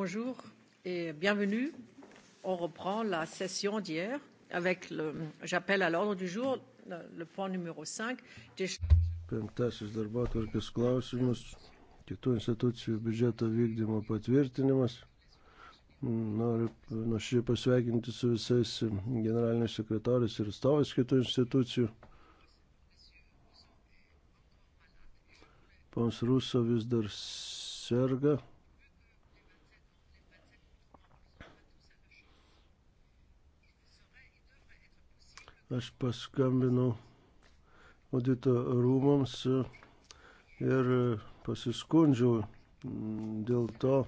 Bonjour et bienvenue. On reprend la session d'hier avec le, j'appelle à l'ordre du jour le point numéro 5. Des... Penktasis darbotvarkės klausimas, kitų institucijų biudžeto vykdymo patvirtinimas. Noriu nuoširdžiai pasveikinti su visais generaliniais sekretoriais ir atstovais kitų institucijų. Pons Ruso vis dar serga. Aš paskambinau audito rūmams ir pasiskundžiau dėl to,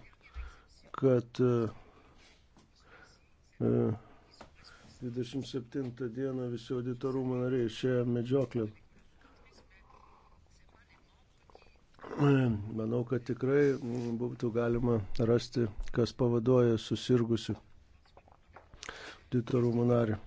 kad 27 e, e, dieną visi audito rūmų nariai išėjo medžioklę. Manau, kad tikrai būtų galima rasti, kas pavaduoja susirgusių ditorumo narį.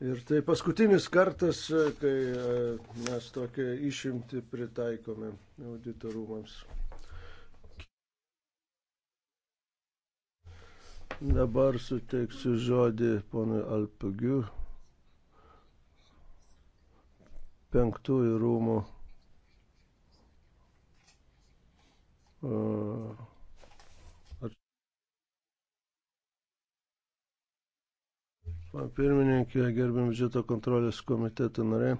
Ir tai paskutinis kartas, kai e, mes tokią išimtį pritaikome auditorumams. Dabar suteiksiu žodį ponui Alpagiu, penktųjų rūmų uh, Pirmininkė, gerbiam biudžeto kontrolės komiteto nariai.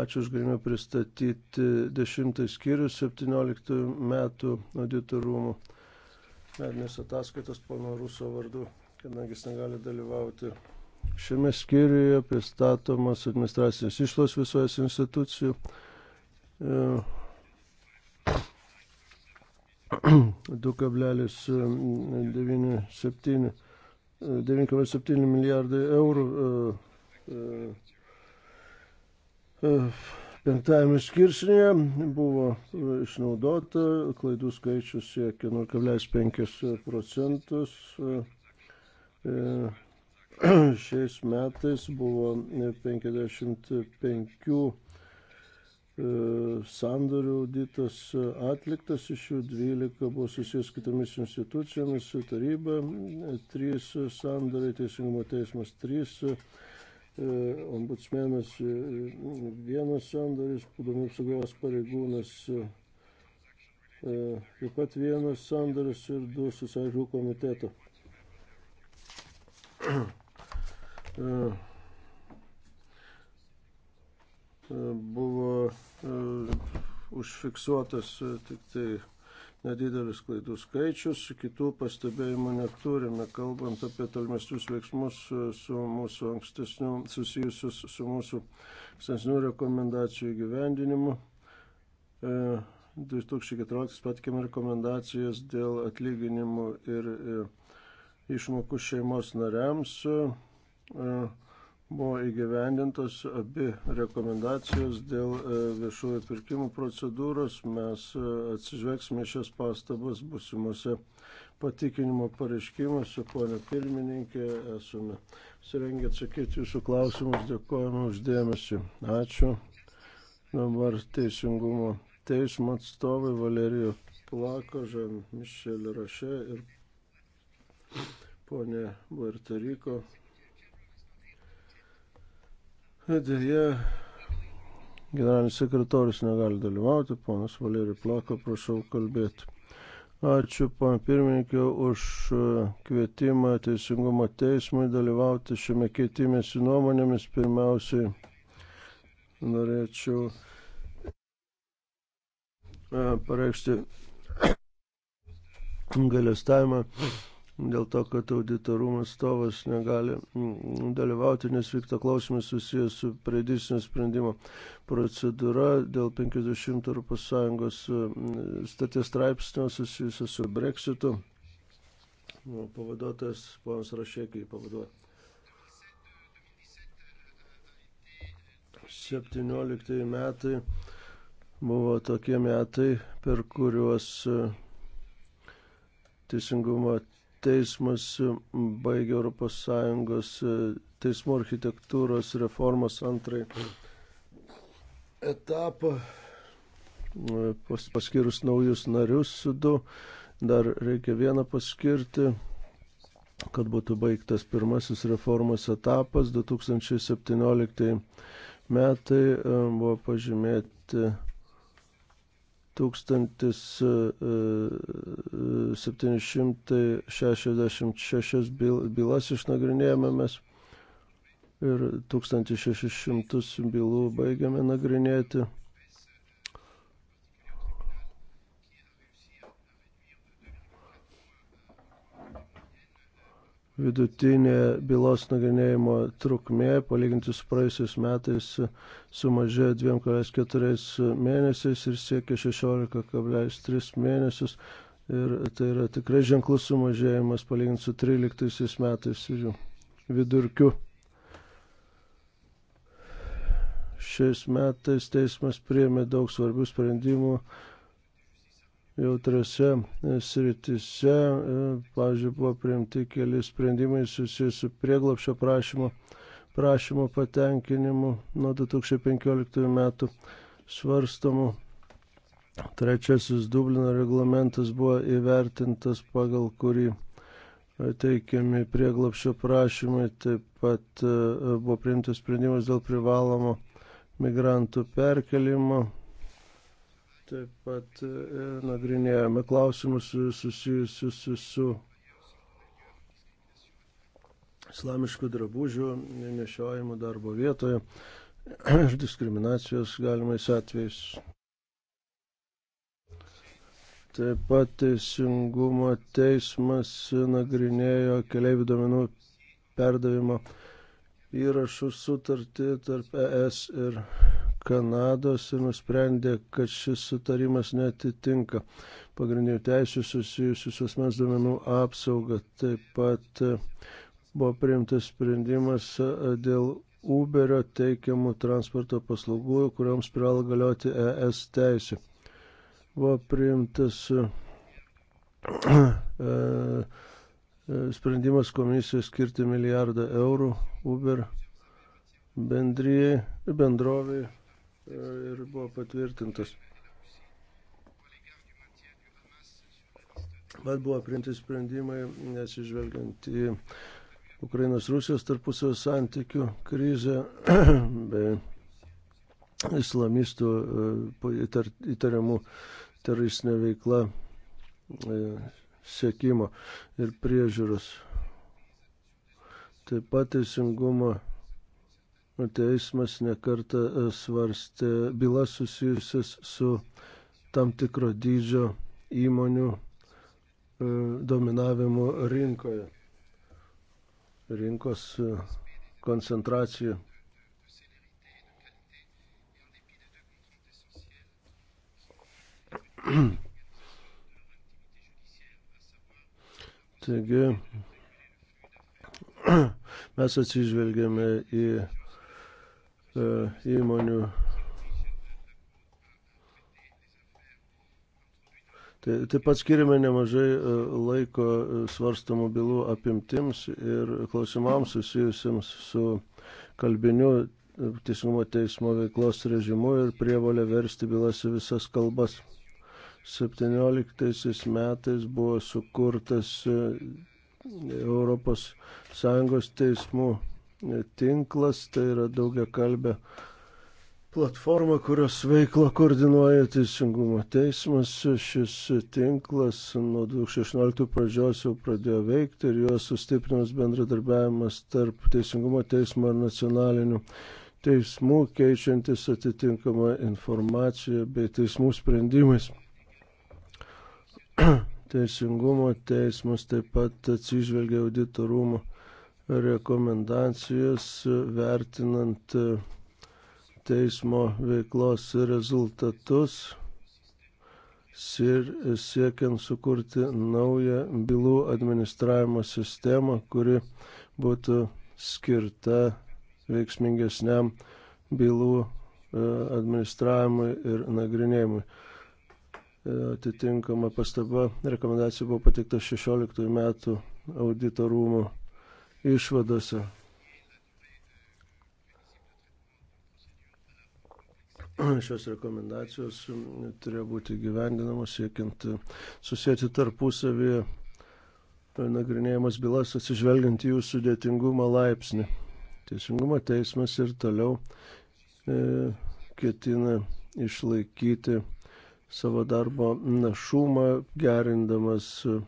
Ačiū už galimybę pristatyti 10 skyrių 17 metų auditorumų metinės ataskaitos pono Ruso vardu, kadangi jis negali dalyvauti. Šiame skyriuje pristatomas administracinės išlos visojas institucijų. E, ehm, 2,97 9,7 milijardai eurų e, e, e, penktajame skirsnėje buvo išnaudota, klaidų skaičius siekia 0,5 procentus. Šiais metais buvo 55 E, sandorių auditas e, atliktas, iš jų 12 buvo susijęs kitomis institucijomis, su taryba 3 e, sandoriai, teisingumo teismas 3, ombudsmenas 1 sandoris, duomenų apsaugos pareigūnas taip pat 1 sandoris ir 2 socialinių komiteto. buvo e, užfiksuotas tik tai nedidelis klaidų skaičius, kitų pastebėjimų neturime, kalbant apie tolimesnius veiksmus e, su mūsų ankstesniu, susijusius su mūsų ankstesnių rekomendacijų gyvendinimu. 2014 e, patikėme rekomendacijas dėl atlyginimų ir išmokų šeimos nariams. Uh, Buvo įgyvendintos abi rekomendacijos dėl e, viešųjų pirkimų procedūros. Mes e, atsižvelgsime šias pastabas busimuose patikinimo pareiškimuose. Pone pirmininkė, esame surengę atsakyti jūsų klausimus. Dėkojame uždėmesi. Ačiū. Dabar teisingumo teismo atstovai Valerijų Plako, Žan Mišel Rašė ir ponė Vartariko. Dėja, generalinis sekretorius negali dalyvauti, ponas Valerij Plaka, prašau kalbėti. Ačiū, pana pirmininkė, už e, kvietimą Teisingumo teismui dalyvauti šiame keitimėsi nuomonėmis. Pirmiausiai norėčiau e, pareikšti galėstavimą dėl to, kad auditorumo atstovas negali mm, dalyvauti, nes vyksta klausimas susijęs su predisinio sprendimo procedūra dėl 50 ES statės straipsnio susijusio su breksitu. Nu, pavaduotojas ponas Rašėkiai pavaduoja. 17 metai buvo tokie metai, per kuriuos mm, teisingumo teismas baigė ES e, teismų architektūros reformos antrai etapą, e, pas, paskirus naujus narius du, dar reikia vieną paskirti, kad būtų baigtas pirmasis reformos etapas 2017 metai e, buvo pažymėti 1766 e, e, e, bylas išnagrinėjome mes ir 1600 bylų baigiame nagrinėti. vidutinė bylos nagrinėjimo trukmė palyginti su praėjusiais metais sumažėjo 2,4 mėnesiais ir siekia 16,3 mėnesius. Ir tai yra tikrai ženklus sumažėjimas palyginti su 13 metais ir jų vidurkiu. Šiais metais teismas priėmė daug svarbių sprendimų jautrose sritise. E, pavyzdžiui, buvo priimti keli sprendimai susijęs su prieglapšio prašymo, prašymo patenkinimu nuo 2015 metų svarstomu. Trečiasis Dublino reglamentas buvo įvertintas, pagal kurį e, teikiami prieglapšio prašymai, taip pat e, buvo priimtas sprendimas dėl privalomo migrantų perkelimo Taip pat e, nagrinėjame klausimus susijusius su, su islamiškų drabužių nešiojimu darbo vietoje ir diskriminacijos galimais atvejais. Taip pat teisingumo teismas nagrinėjo keliaivių duomenų perdavimo įrašų sutartį tarp ES ir Kanados ir nusprendė, kad šis sutarimas netitinka pagrindinių teisų susijusių su asmens duomenų apsauga. Taip pat e, buvo priimtas sprendimas e, dėl Uberio teikiamų transporto paslaugų, kuriams privalo galioti ES teisė. Buvo priimtas e, sprendimas komisijos skirti milijardą eurų Uber bendrijai, bendroviai ir buvo patvirtintas. Bet buvo priimti sprendimai, nesižvelgiant į Ukrainos-Rusijos tarpusio santykių krizę bei islamistų e, įtariamų teroristinė veikla e, sėkimo ir priežiūros. Taip pat teisingumo Teismas nekarta e, svarstė bylas susijusias su tam tikro dydžio įmonių e, dominavimu rinkoje, rinkos e, koncentracija. Taigi mes atsižvelgėme į E, įmonių. Tai, taip pat skiriame nemažai e, laiko e, svarstamų bylų apimtims ir klausimams susijusiems su kalbiniu teisingumo teismo veiklos režimu ir prievalė versti bylas į visas kalbas. 17 metais buvo sukurtas Europos Sąjungos teismų tinklas, tai yra daugia kalbė platforma, kurios veiklą koordinuoja Teisingumo teismas. Šis tinklas nuo 2016 pradžios jau pradėjo veikti ir juos sustiprinamas bendradarbiavimas tarp Teisingumo teismo ir nacionalinių teismų, keičiantis atitinkamą informaciją bei teismų sprendimais. Teisingumo teismas taip pat atsižvelgia auditorumų rekomendacijas vertinant teismo veiklos rezultatus ir siekiant sukurti naują bylų administravimo sistemą, kuri būtų skirta veiksmingesniam bylų e, administravimui ir nagrinėjimui e, atitinkama pastaba, rekomendacija buvo pateikta 16 metų audito rūmų išvadose. Šios rekomendacijos turėjo būti gyvendinamos siekiant susijęti tarpusavyje nagrinėjimas bylas atsižvelgiant jų sudėtingumo laipsnį. Teisingumo teismas ir toliau e, ketina išlaikyti savo darbo našumą, gerindamas e,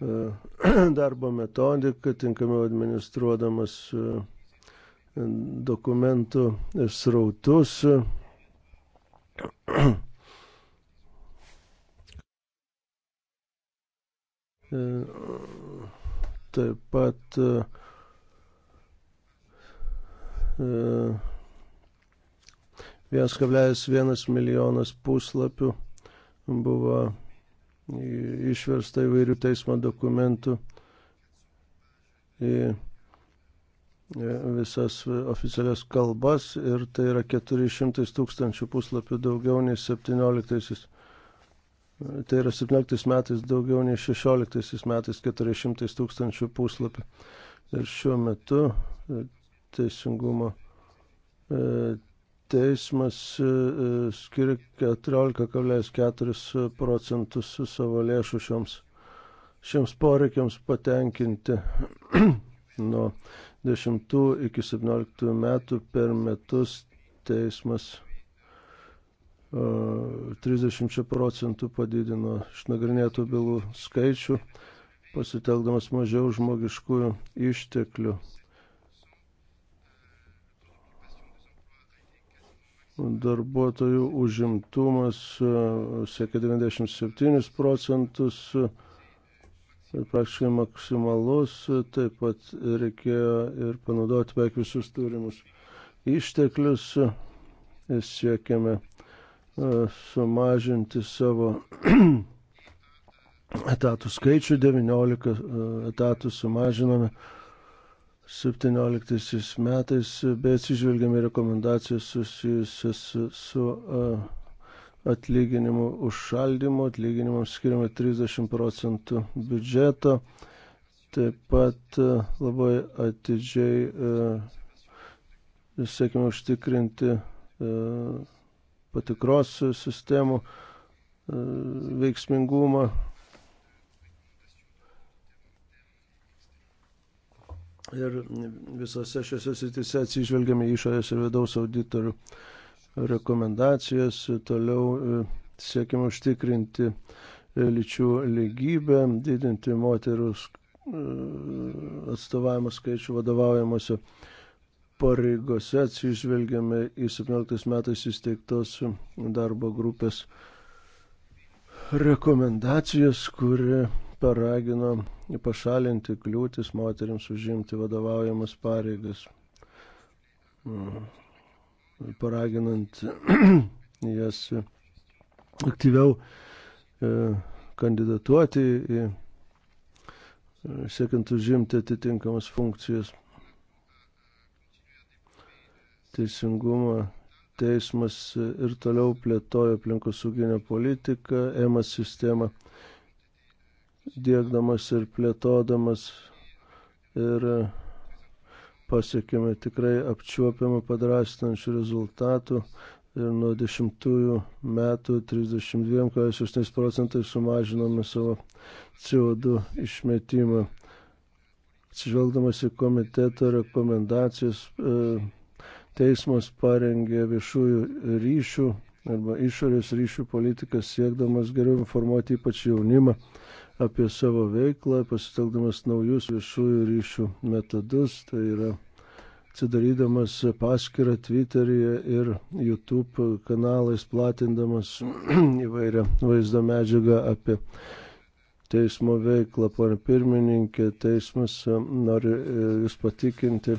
E, darbo metodiką, tinkamiau administruodamas e, dokumentų srautus. E, taip pat uh, 1,1 milijonas puslapių buvo išversta įvairių teismo dokumentų į visas oficialias kalbas ir tai yra 400 tūkstančių puslapių daugiau nei 17. Tai yra 17 metais daugiau nei 16 metais 400 tūkstančių puslapių. Ir šiuo metu e, teisingumo e, teismas e, e, skiria 14,4 procentus savo lėšų šioms, šiems poreikiams patenkinti. Nuo 10 iki 17 metų per metus teismas 30 e, procentų padidino išnagrinėtų bylų skaičių, pasitelkdamas mažiau žmogiškųjų išteklių. darbuotojų užimtumas e, siekia 97 procentus, e, praktiškai maksimalus, e, taip pat reikėjo ir panaudoti beveik visus turimus išteklius, siekiame sumažinti savo etatų skaičių, 19 etatų sumažinome 17 metais, bet atsižvelgiame rekomendacijas susijusias su atlyginimu užšaldymu, atlyginimams skiriame 30 procentų biudžeto. Taip pat labai atidžiai siekime užtikrinti patikros sistemų veiksmingumą Ir visose šiose sritise atsižvelgiame išorės ir vidaus auditorių rekomendacijas. Toliau e, siekiame užtikrinti e, lyčių lygybę, didinti moterų e, atstovavimo skaičių vadovaujamosi pareigose. Atsižvelgiame į 17 metais įsteigtos darbo grupės rekomendacijas, kuri paragino pašalinti kliūtis moteriams užimti vadovaujamas pareigas, mm. paraginant jas aktyviau e, kandidatuoti į e, siekiant užimti atitinkamas funkcijas. Teisingumo teismas ir toliau plėtojo aplinkosauginę politiką, EMA sistemą dėkdamas ir plėtodamas ir pasiekėme tikrai apčiuopiamų padrastančių rezultatų ir nuo 10 metų 32,6 procentai sumažinome savo CO2 išmetimą. Atsižvelgdamas į komiteto rekomendacijas, e, teismas parengė viešųjų ryšių arba išorės ryšių politikas siekdamas geriau informuoti ypač jaunimą apie savo veiklą, pasitelkdamas naujus viešųjų ryšių metodus, tai yra atsidarydamas paskirtą Twitter'yje ir YouTube kanalais platindamas įvairią vaizdo medžiagą apie teismo veiklą. Pane pirmininkė, teismas e, nori e, jūs patikinti,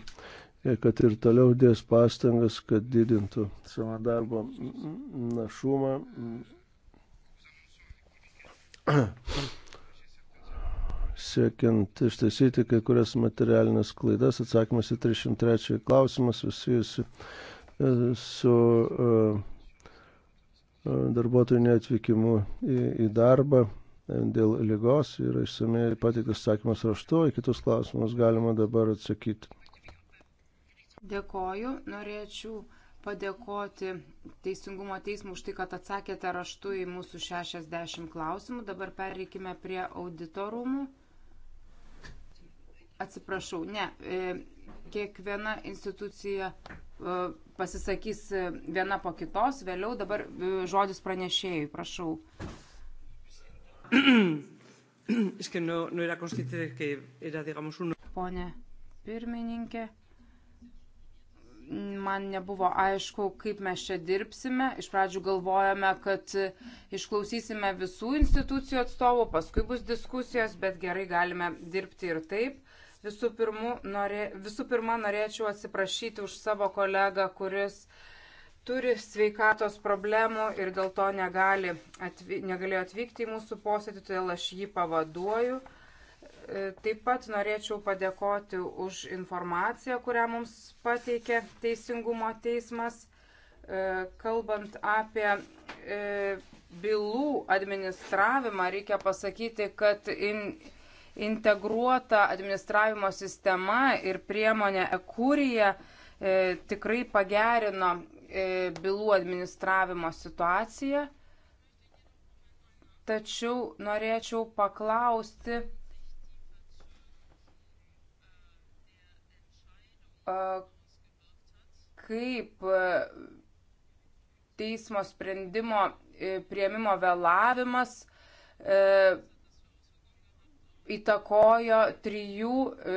e, kad ir toliau dės pastangas, kad didintų savo darbo našumą. siekiant ištaisyti kai kurias materialinės klaidas. Atsakymas į 303 klausimą susijusi e, su e, e, darbuotojų neatvykimu į, į darbą dėl lygos ir išsamei patiktas atsakymas raštu, į kitus klausimus galima dabar atsakyti. Dėkoju, norėčiau padėkoti Teisingumo teismui už tai, kad atsakėte raštu į mūsų 60 klausimų. Dabar pereikime prie auditorumų atsiprašau, ne, e, kiekviena institucija e, pasisakys e, viena po kitos, vėliau dabar žodis pranešėjai, prašau. Es que no, no era consciente de que era, digamos, un... Pone pirmininkė, man nebuvo aišku, kaip mes čia dirbsime. Iš pradžių galvojame, kad išklausysime visų institucijų atstovų, paskui bus diskusijos, bet gerai galime dirbti ir taip. Visų, pirmu, norė, visų pirma, norėčiau atsiprašyti už savo kolegą, kuris turi sveikatos problemų ir dėl to negali, atvi, negalėjo atvykti į mūsų posėdį, todėl aš jį pavaduoju. E, taip pat norėčiau padėkoti už informaciją, kurią mums pateikė Teisingumo teismas, e, kalbant apie e, bylų administravimą, reikia pasakyti, kad in, integruota administravimo sistema ir priemonė Ekurija e, tikrai pagerino e, bylų administravimo situaciją. Tačiau norėčiau paklausti, kaip e, teismo sprendimo e, prieimimo vėlavimas e, įtakojo trijų e,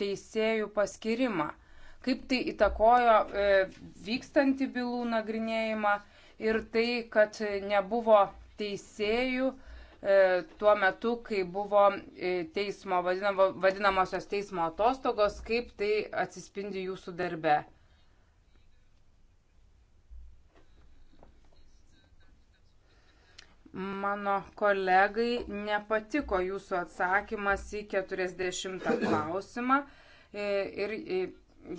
teisėjų paskirimą, kaip tai įtakojo e, vykstantį bylų nagrinėjimą ir tai, kad nebuvo teisėjų e, tuo metu, kai buvo teismo, vadinamo, vadinamosios teismo atostogos, kaip tai atsispindi jūsų darbe. Mano kolegai nepatiko jūsų atsakymas į 40 klausimą e, ir e,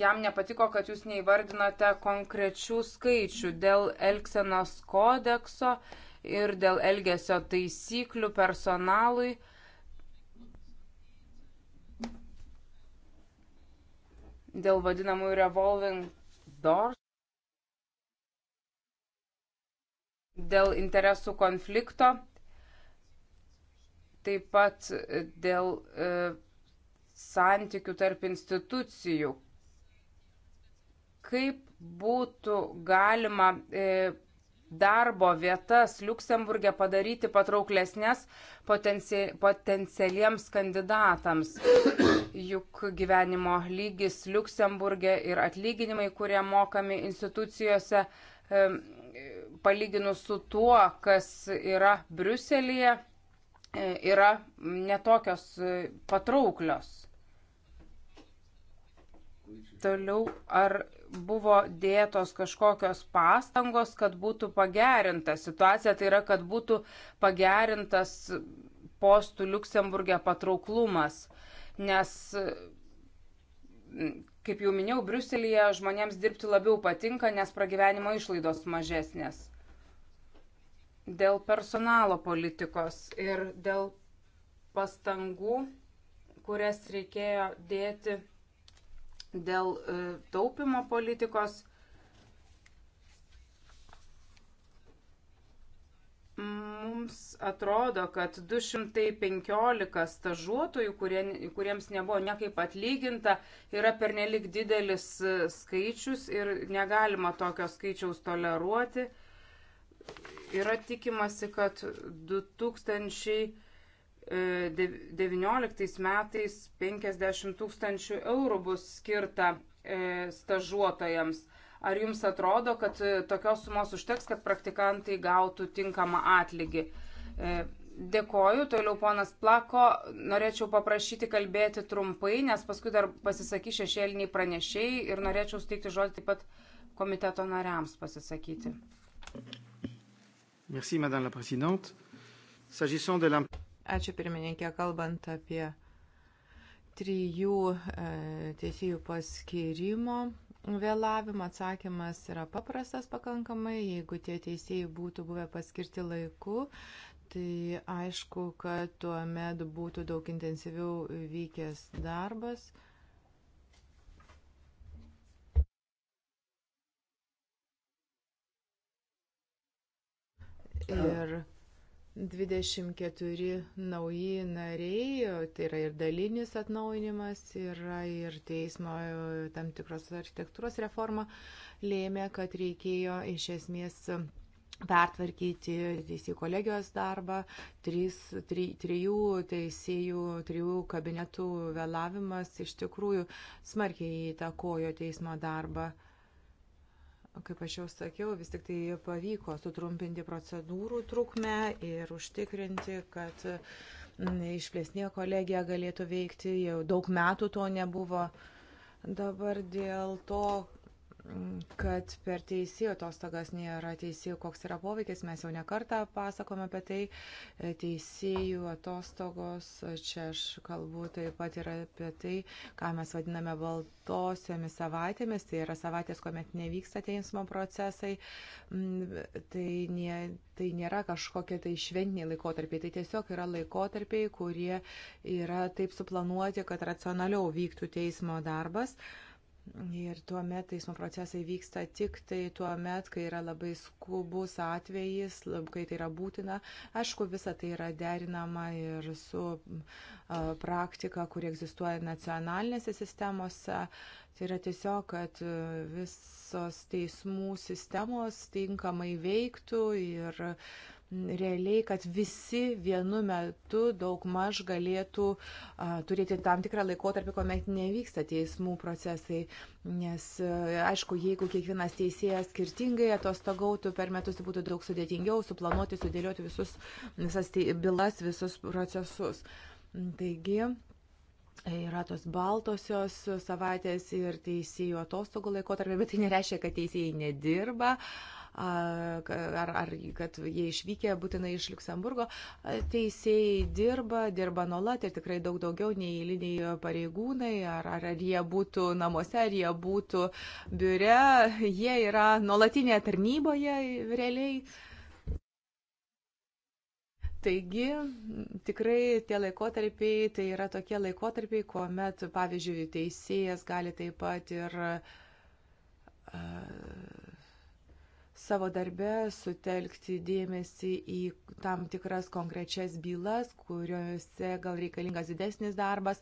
jam nepatiko, kad jūs neįvardinate konkrečių skaičių dėl Elksenos kodekso ir dėl elgesio taisyklių personalui. Dėl vadinamųjų revolving doors. dėl interesų konflikto, taip pat dėl e, santykių tarp institucijų. Kaip būtų galima e, darbo vietas Luksemburgė padaryti patrauklesnės potenci potencialiems kandidatams. Juk gyvenimo lygis Luksemburgė ir atlyginimai, kurie mokami institucijose, e, palyginus su tuo, kas yra Briuselėje, e, yra netokios e, patrauklios. Toliau, ar buvo dėtos kažkokios pastangos, kad būtų pagerinta situacija, tai yra, kad būtų pagerintas postų Luksemburgė patrauklumas, nes Kaip jau minėjau, Briuselėje žmonėms dirbti labiau patinka, nes pragyvenimo išlaidos mažesnės. Dėl personalo politikos ir dėl pastangų, kurias reikėjo dėti dėl e, taupimo politikos, Mums atrodo, kad 215 stažuotojų, kurie, kuriems nebuvo nekaip atlyginta, yra pernelik didelis e, skaičius ir negalima tokio skaičiaus toleruoti. Yra tikimasi, kad 2019 e, metais 50 tūkstančių eurų bus skirta e, stažuotojams. Ar jums atrodo, kad e, tokios sumos užteks, kad praktikantai gautų tinkamą atlygį? E, dėkoju, toliau ponas Plako, norėčiau paprašyti kalbėti trumpai, nes paskui dar pasisakys šešėliniai pranešiai ir norėčiau steikti žodį taip pat komiteto nariams pasisakyti. Merci, madame la présidente. S'agissant de la... Ačiū pirmininkė, kalbant apie trijų e, teisėjų paskirimo vėlavimą. Atsakymas yra paprastas pakankamai. Jeigu tie teisėjai būtų buvę paskirti laiku, tai aišku, kad tuo met būtų daug intensyviau vykęs darbas. Ir yeah 24 nauji nariai, tai yra ir dalinis atnaujinimas, yra ir teismo tam tikros architektūros reforma lėmė, kad reikėjo iš esmės pertvarkyti teisėjų kolegijos darbą, trys, tri, trijų teisėjų, trijų kabinetų vėlavimas iš tikrųjų smarkiai įtakojo teismo darbą kaip aš jau sakiau, vis tik tai pavyko sutrumpinti procedūrų trukmę ir užtikrinti, kad mm, išplėsnė kolegija galėtų veikti, jau daug metų to nebuvo. Dabar dėl to, kad per teisėjo atostogas nėra teisėjų, koks yra poveikis, mes jau nekartą pasakome apie tai, e, teisėjų atostogos, čia aš kalbu taip pat ir apie tai, ką mes vadiname baltosiomis savaitėmis, tai yra savaitės, kuomet nevyksta teismo procesai, mm, tai, nė, tai nėra kažkokie tai šventiniai laikotarpiai, tai tiesiog yra laikotarpiai, kurie yra taip suplanuoti, kad racionaliau vyktų teismo darbas. Uh, Ir tuo metu teismo procesai vyksta tik tai tuo metu, kai yra labai skubus atvejis, kai tai yra būtina. Aišku, visa tai yra derinama ir su praktika, kuri egzistuoja nacionalinėse sistemose. Tai yra tiesiog, kad e, visos teismų sistemos tinkamai veiktų ir uh, realiai, kad visi vienu metu daug maž galėtų a, turėti tam tikrą laikotarpį, kuomet nevyksta teismų procesai. Nes, a, aišku, jeigu kiekvienas teisėjas skirtingai atostogautų per metus, tai būtų daug sudėtingiau suplanuoti, sudėlioti visus, visas te, bylas, visus procesus. Taigi, Yra tos baltosios savaitės ir teisėjų atostogų laikotarpiai, bet tai nereiškia, kad teisėjai nedirba. Uh, ar, ar kad jie išvykę būtinai iš Luksemburgo. Teisėjai dirba, dirba nuolat ir tikrai daug daugiau nei eiliniai pareigūnai, ar, ar, ar jie būtų namuose, ar jie būtų biure, jie yra nuolatinėje tarnyboje realiai. Taigi, tikrai tie laikotarpiai, tai yra tokie laikotarpiai, kuomet, pavyzdžiui, teisėjas gali taip pat ir uh, savo darbę sutelkti dėmesį į tam tikras konkrečias bylas, kuriuose gal reikalingas didesnis darbas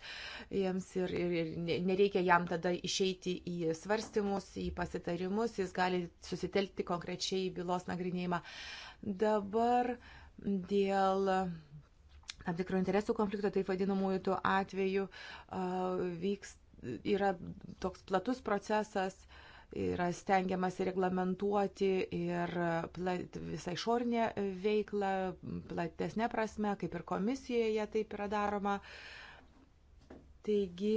jiems ir, ir, ir nereikia jam tada išeiti į svarstymus, į pasitarimus, jis gali susitelkti konkrečiai į bylos nagrinėjimą. Dabar dėl tam tikro interesų konflikto, taip vadinamųjų tų atvejų, vyks, yra toks platus procesas. Uh, yra stengiamas reglamentuoti ir plat, visą išornę veiklą platesnė prasme, kaip ir komisijoje taip yra daroma. Taigi,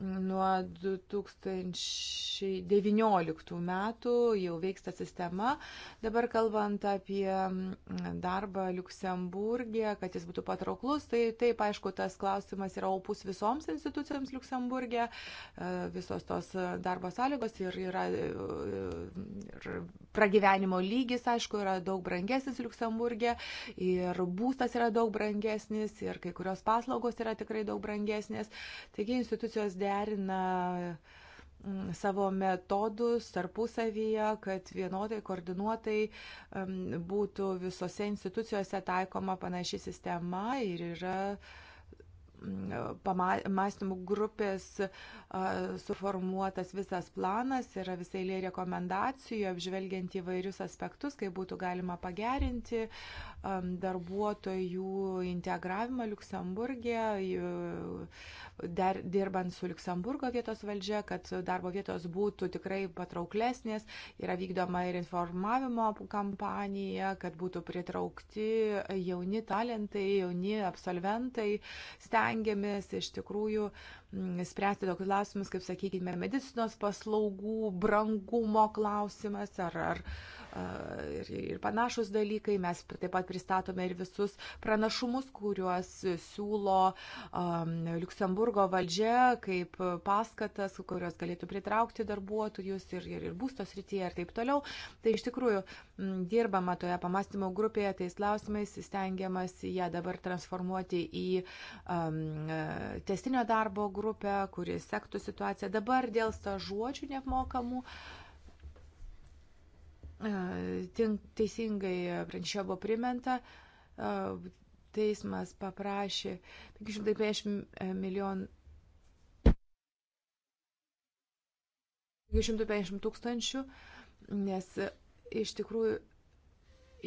Nuo 2019 metų jau veiksta sistema. Dabar kalbant apie darbą Luksemburgė, kad jis būtų patrauklus, tai taip, aišku, tas klausimas yra opus visoms institucijoms Luksemburgė, e, visos tos darbo sąlygos ir yra e, ir pragyvenimo lygis, aišku, yra daug brangesnis Luksemburgė ir būstas yra daug brangesnis ir kai kurios paslaugos yra tikrai daug brangesnės. Taigi institucijos dėl derina mm, savo metodus tarpusavyje, kad vienodai koordinuotai mm, būtų visose institucijose taikoma panaši sistema ir yra mm, pamastymų grupės suformuotas visas planas, yra visai lė rekomendacijų, apžvelgiant įvairius aspektus, kaip būtų galima pagerinti darbuotojų integravimą Luksemburgė, dar dirbant su Luksemburgo vietos valdžia, kad darbo vietos būtų tikrai patrauklesnės, yra vykdoma ir informavimo kampanija, kad būtų pritraukti jauni talentai, jauni absolventai, stengiamės iš tikrųjų spręsti tokius klausimus, kaip, sakykime, medicinos paslaugų brangumo klausimas ar, ar ir, ir panašus dalykai. Mes taip pat pristatome ir visus pranašumus, kuriuos siūlo um, Luksemburgo valdžia kaip paskatas, kurios galėtų pritraukti darbuotojus ir, ir, ir būstos rytyje ir taip toliau. Tai iš tikrųjų m, dirbama toje pamastymo grupėje tais klausimais, stengiamas ją dabar transformuoti į um, testinio darbo grupę, kuris sektų situaciją. Dabar dėl stažuočių neapmokamų. Uh, teisingai pranešė buvo primenta, teismas paprašė 550 milijonų. 250 tūkstančių, nes iš tikrųjų,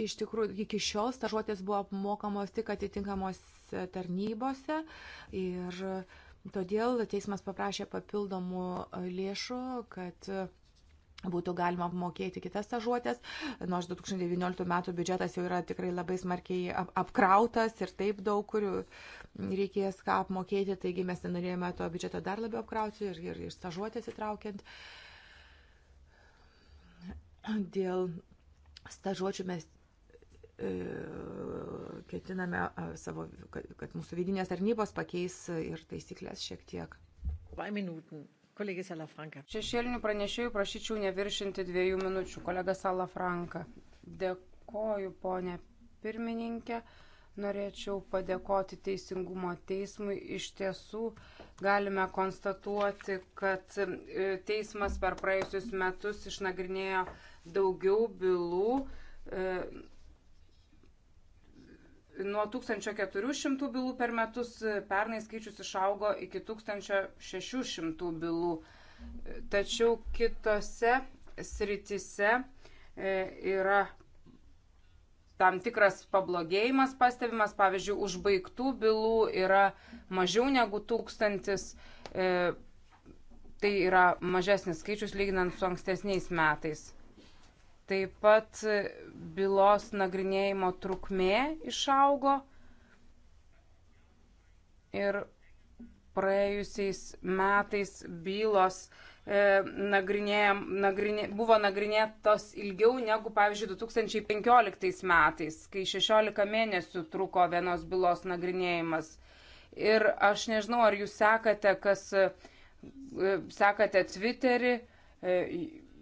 iš tikrųjų iki šiol stažuotės buvo apmokamos tik atitinkamos tarnybose ir todėl teismas paprašė papildomų lėšų, kad būtų galima apmokėti kitas stažuotės, nors 2019 metų biudžetas jau yra tikrai labai smarkiai ap apkrautas ir taip daug, kurių reikės ką apmokėti, taigi mes nenorėjome to biudžeto dar labiau apkrauti ir, ir, ir stažuotės įtraukiant. Dėl stažuočių mes e, ketiname savo, kad, kad mūsų vidinės tarnybos pakeis ir taisyklės šiek tiek. Vai minuten. Kolegė Salafranka. Šešėlinių pranešėjų prašyčiau neviršinti dviejų minučių. Kolega Salafranka. Dėkoju, ponė pirmininkė. Norėčiau padėkoti Teisingumo teismui. Iš tiesų galime konstatuoti, kad e, teismas per praėjusius metus išnagrinėjo daugiau bylų e, nuo 1400 bylų per metus pernai skaičius išaugo iki 1600 bylų. Tačiau kitose sritise e, yra tam tikras pablogėjimas pastebimas, pavyzdžiui, užbaigtų bylų yra mažiau negu tūkstantis, e, tai yra mažesnis skaičius lyginant su ankstesniais metais. Taip pat bylos nagrinėjimo trukmė išaugo ir praėjusiais metais bylos e, nagrinė, nagrinė, buvo nagrinėtos ilgiau negu, pavyzdžiui, 2015 metais, kai 16 mėnesių truko vienos bylos nagrinėjimas. Ir aš nežinau, ar jūs sekate, kas e, sekate Twitterį, e,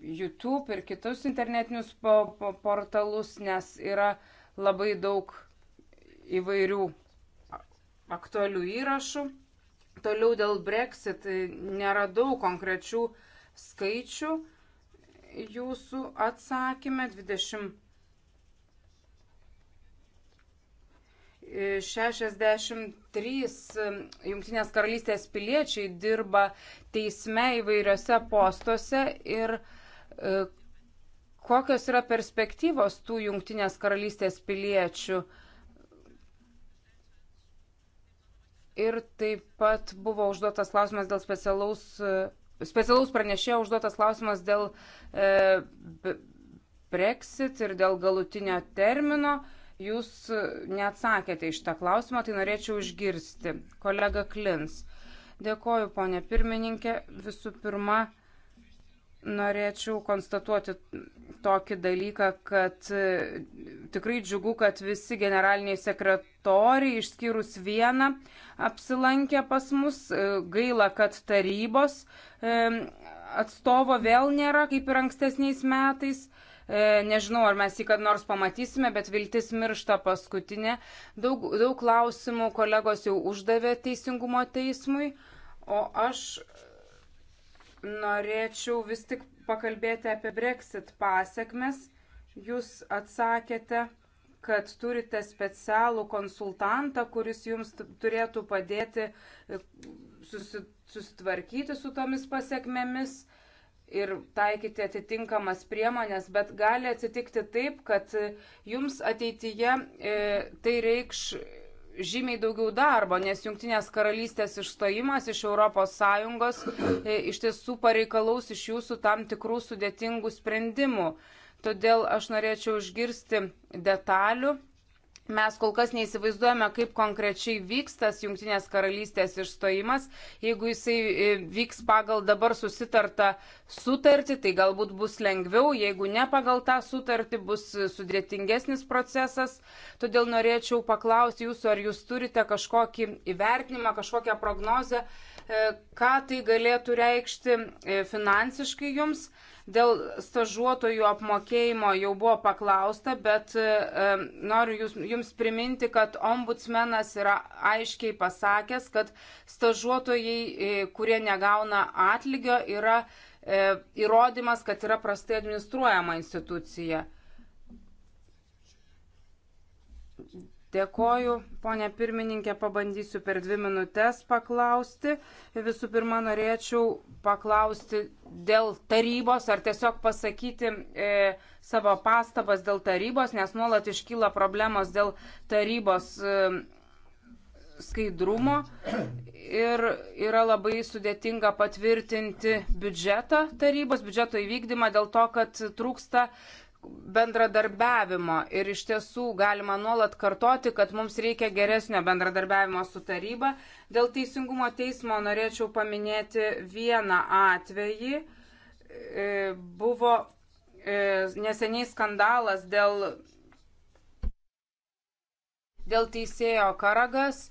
YouTube ir kitus internetinius po, po, portalus, nes yra labai daug įvairių aktualių įrašų. Toliau dėl Brexit e, nėra daug konkrečių skaičių jūsų atsakymė 20. 63 Junktinės karalystės piliečiai dirba teisme įvairiose postuose ir uh, E, kokios yra perspektyvos tų jungtinės karalystės piliečių. Ir taip pat buvo užduotas klausimas dėl specialaus, e, specialaus pranešėjo užduotas klausimas dėl e, Brexit ir dėl galutinio termino. Jūs neatsakėte iš tą klausimą, tai norėčiau išgirsti. Kolega Klins. Dėkoju, ponė pirmininkė. Visų pirma, norėčiau konstatuoti tokį dalyką, kad e, tikrai džiugu, kad visi generaliniai sekretoriai, išskyrus vieną, apsilankė pas mus. E, gaila, kad tarybos e, atstovo vėl nėra, kaip ir ankstesniais metais. Nežinau, ar mes jį kad nors pamatysime, bet viltis miršta paskutinė. Daug, daug klausimų kolegos jau uždavė teisingumo teismui, o aš norėčiau vis tik pakalbėti apie Brexit pasiekmes. Jūs atsakėte, kad turite specialų konsultantą, kuris jums turėtų padėti e, susitvarkyti su tomis pasiekmėmis ir taikyti atitinkamas priemonės, bet gali atsitikti taip, kad jums ateityje e, tai reikš žymiai daugiau darbo, nes Junktinės karalystės išstojimas iš ES e, iš tiesų pareikalaus iš jūsų tam tikrų sudėtingų sprendimų. Todėl aš norėčiau išgirsti detalių Mes kol kas neįsivaizduojame, kaip konkrečiai vyks tas Junktinės karalystės išstojimas. Jeigu jisai e, vyks pagal dabar susitartą sutartį, tai galbūt bus lengviau, jeigu ne pagal tą sutartį, bus sudėtingesnis procesas. Todėl norėčiau paklausti jūsų, ar jūs turite kažkokį įvertinimą, kažkokią prognozę, e, ką tai galėtų reikšti e, finansiškai jums. Dėl stažuotojų apmokėjimo jau buvo paklausta, bet e, noriu jūs, jums priminti, kad ombudsmenas yra aiškiai pasakęs, kad stažuotojai, e, kurie negauna atlygio, yra e, įrodymas, kad yra prastai administruojama institucija. Dėkoju, ponė pirmininkė, pabandysiu per dvi minutės paklausti. Visų pirma, norėčiau paklausti dėl tarybos ar tiesiog pasakyti e, savo pastabas dėl tarybos, nes nuolat iškyla problemos dėl tarybos e, skaidrumo ir yra labai sudėtinga patvirtinti biudžetą tarybos, biudžeto įvykdymą dėl to, kad trūksta bendradarbiavimo ir iš tiesų galima nuolat kartoti, kad mums reikia geresnio bendradarbiavimo su taryba. Dėl teisingumo teismo norėčiau paminėti vieną atvejį. E, buvo e, neseniai skandalas dėl, dėl teisėjo Karagas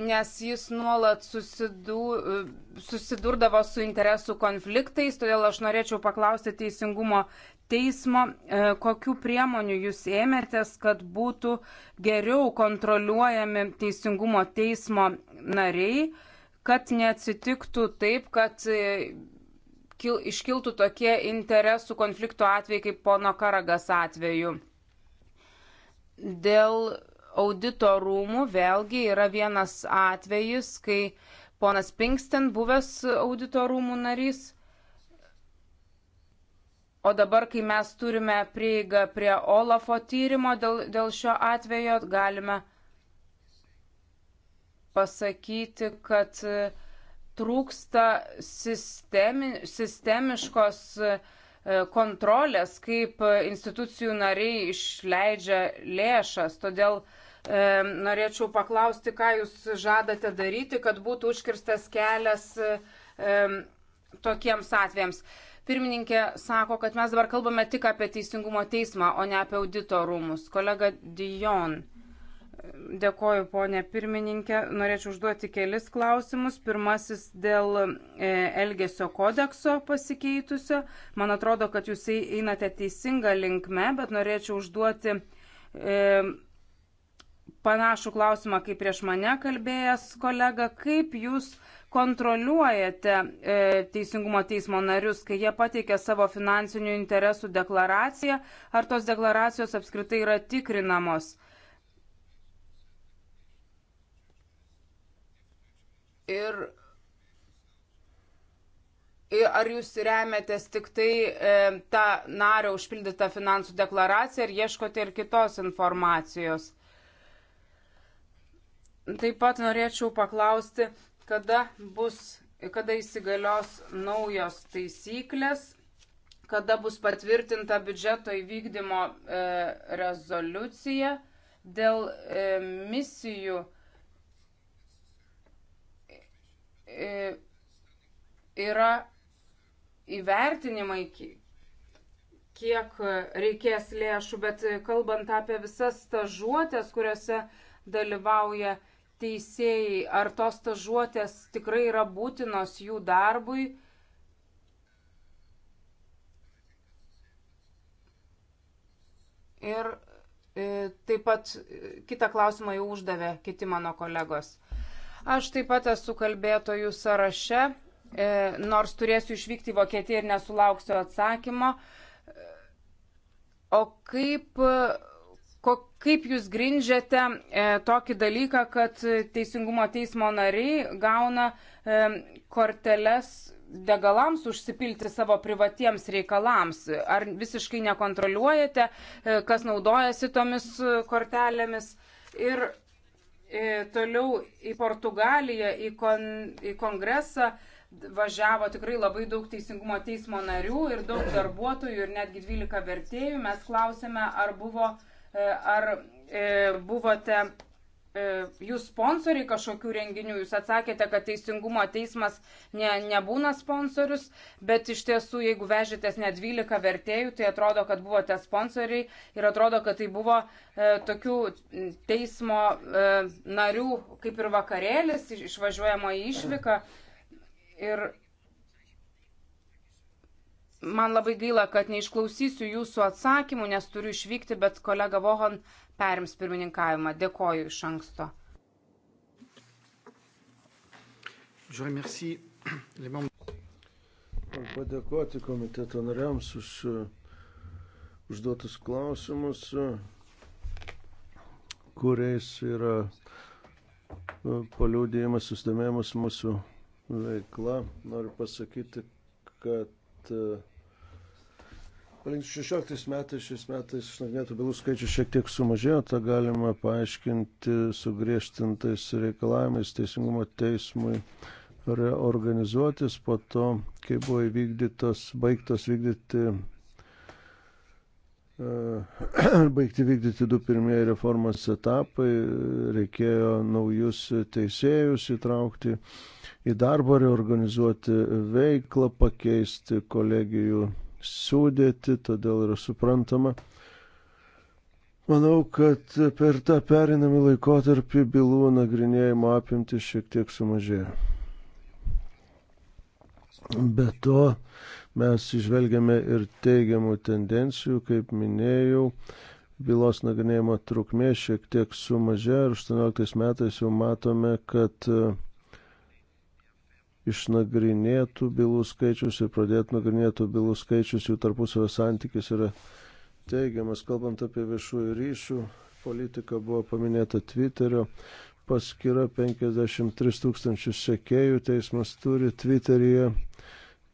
nes jis nuolat susidu, susidurdavo su interesų konfliktais, todėl aš norėčiau paklausti teisingumo teismo, e, kokiu priemoniu jūs ėmėtės, kad būtų geriau kontroliuojami teisingumo teismo nariai, kad neatsitiktų taip, kad e, kil, iškiltų tokie interesų konflikto atvejai kaip pono Karagas atveju. Dėl audito rūmų vėlgi yra vienas atvejis, kai ponas Pinksten, buvęs audito rūmų narys, O dabar, kai mes turime prieigą prie Olafo tyrimo dėl, dėl šio atvejo, galime pasakyti, kad e, trūksta sistemi, sistemiškos e, kontrolės, kaip e, institucijų nariai išleidžia lėšas. Todėl uh, E, norėčiau paklausti, ką jūs žadate daryti, kad būtų užkirstas kelias e, tokiems atvejams. Pirmininkė sako, kad mes dabar kalbame tik apie teisingumo teismą, o ne apie audito rūmus. Kolega Dijon. Dėkoju, ponė pirmininkė. Norėčiau užduoti kelis klausimus. Pirmasis dėl e, Elgesio kodekso pasikeitusio. Man atrodo, kad jūs einate teisinga linkme, bet norėčiau užduoti. E, panašų klausimą kaip prieš mane kalbėjęs kolega, kaip jūs kontroliuojate e, Teisingumo teismo narius, kai jie pateikia savo finansinių interesų deklaraciją, ar tos deklaracijos apskritai yra tikrinamos? Ir ar jūs remiatės tik tai e, tą nario užpildytą finansų deklaraciją ir ieškote ir kitos informacijos? Taip pat norėčiau paklausti, kada bus, kada įsigalios naujos taisyklės, kada bus patvirtinta biudžeto įvykdymo e, rezoliucija dėl e, misijų e, yra įvertinimai, kiek reikės lėšų, bet kalbant apie visas stažuotės, kuriuose dalyvauja teisėjai, ar tos stažuotės tikrai yra būtinos jų darbui. Ir e, taip pat e, kitą klausimą jau uždavė kiti mano kolegos. Aš taip pat esu kalbėtojų sąraše, e, nors turėsiu išvykti į Vokietiją ir nesulauksiu atsakymo. O kaip Ko, kaip jūs grindžiate e, tokį dalyką, kad Teisingumo teismo nariai gauna e, korteles degalams užsipilti savo privatiems reikalams? Ar visiškai nekontroliuojate, e, kas naudojasi tomis e, kortelėmis? Ir e, toliau į Portugaliją, į, kon, į kongresą važiavo tikrai labai daug teisingumo teismo narių ir daug darbuotojų ir netgi 12 vertėjų. Mes klausėme, ar buvo E, ar e, buvote e, jūs sponsoriai kažkokių renginių, jūs atsakėte, kad teisingumo teismas ne, nebūna sponsorius, bet iš tiesų, jeigu vežėtės ne 12 vertėjų, tai atrodo, kad buvote sponsoriai ir atrodo, kad tai buvo e, tokių teismo e, narių kaip ir vakarėlis, išvažiuojama į išvyką. Ir Man labai gaila, kad neišklausysiu jūsų atsakymų, nes turiu išvykti, bet kolega Vohon perims pirmininkavimą. Dėkoju iš anksto. Padėkoti komiteto nariams už uh, užduotus klausimus, uh, kuriais yra uh, paliūdėjimas, susidomėjimas mūsų veikla. Noriu pasakyti, kad Palinks 16 metais, šiais metais išnagrinėtų bylų skaičius šiek tiek sumažėjo, tą galima paaiškinti sugriežtintais reikalavimais teisingumo teismui reorganizuotis po to, kai buvo įvykdytos, baigtos vykdyti, e, baigti vykdyti du pirmieji reformos etapai, reikėjo naujus teisėjus įtraukti į darbą, reorganizuoti veiklą, pakeisti kolegijų sudėti, todėl yra suprantama. Manau, kad per tą perinamį laikotarpį bylų nagrinėjimo apimtis šiek tiek sumažėjo. Be to, mes išvelgiame ir teigiamų tendencijų, kaip minėjau, bylos nagrinėjimo trukmė šiek tiek sumažėjo ir 18 metais jau matome, kad uh, išnagrinėtų bylų skaičius ir pradėtų nagrinėtų bylų skaičius, jų tarpusavio santykis yra teigiamas. Kalbant apie viešųjų ryšių politiką, buvo paminėta Twitterio paskyra 53 tūkstančius sekėjų, teismas turi Twitteryje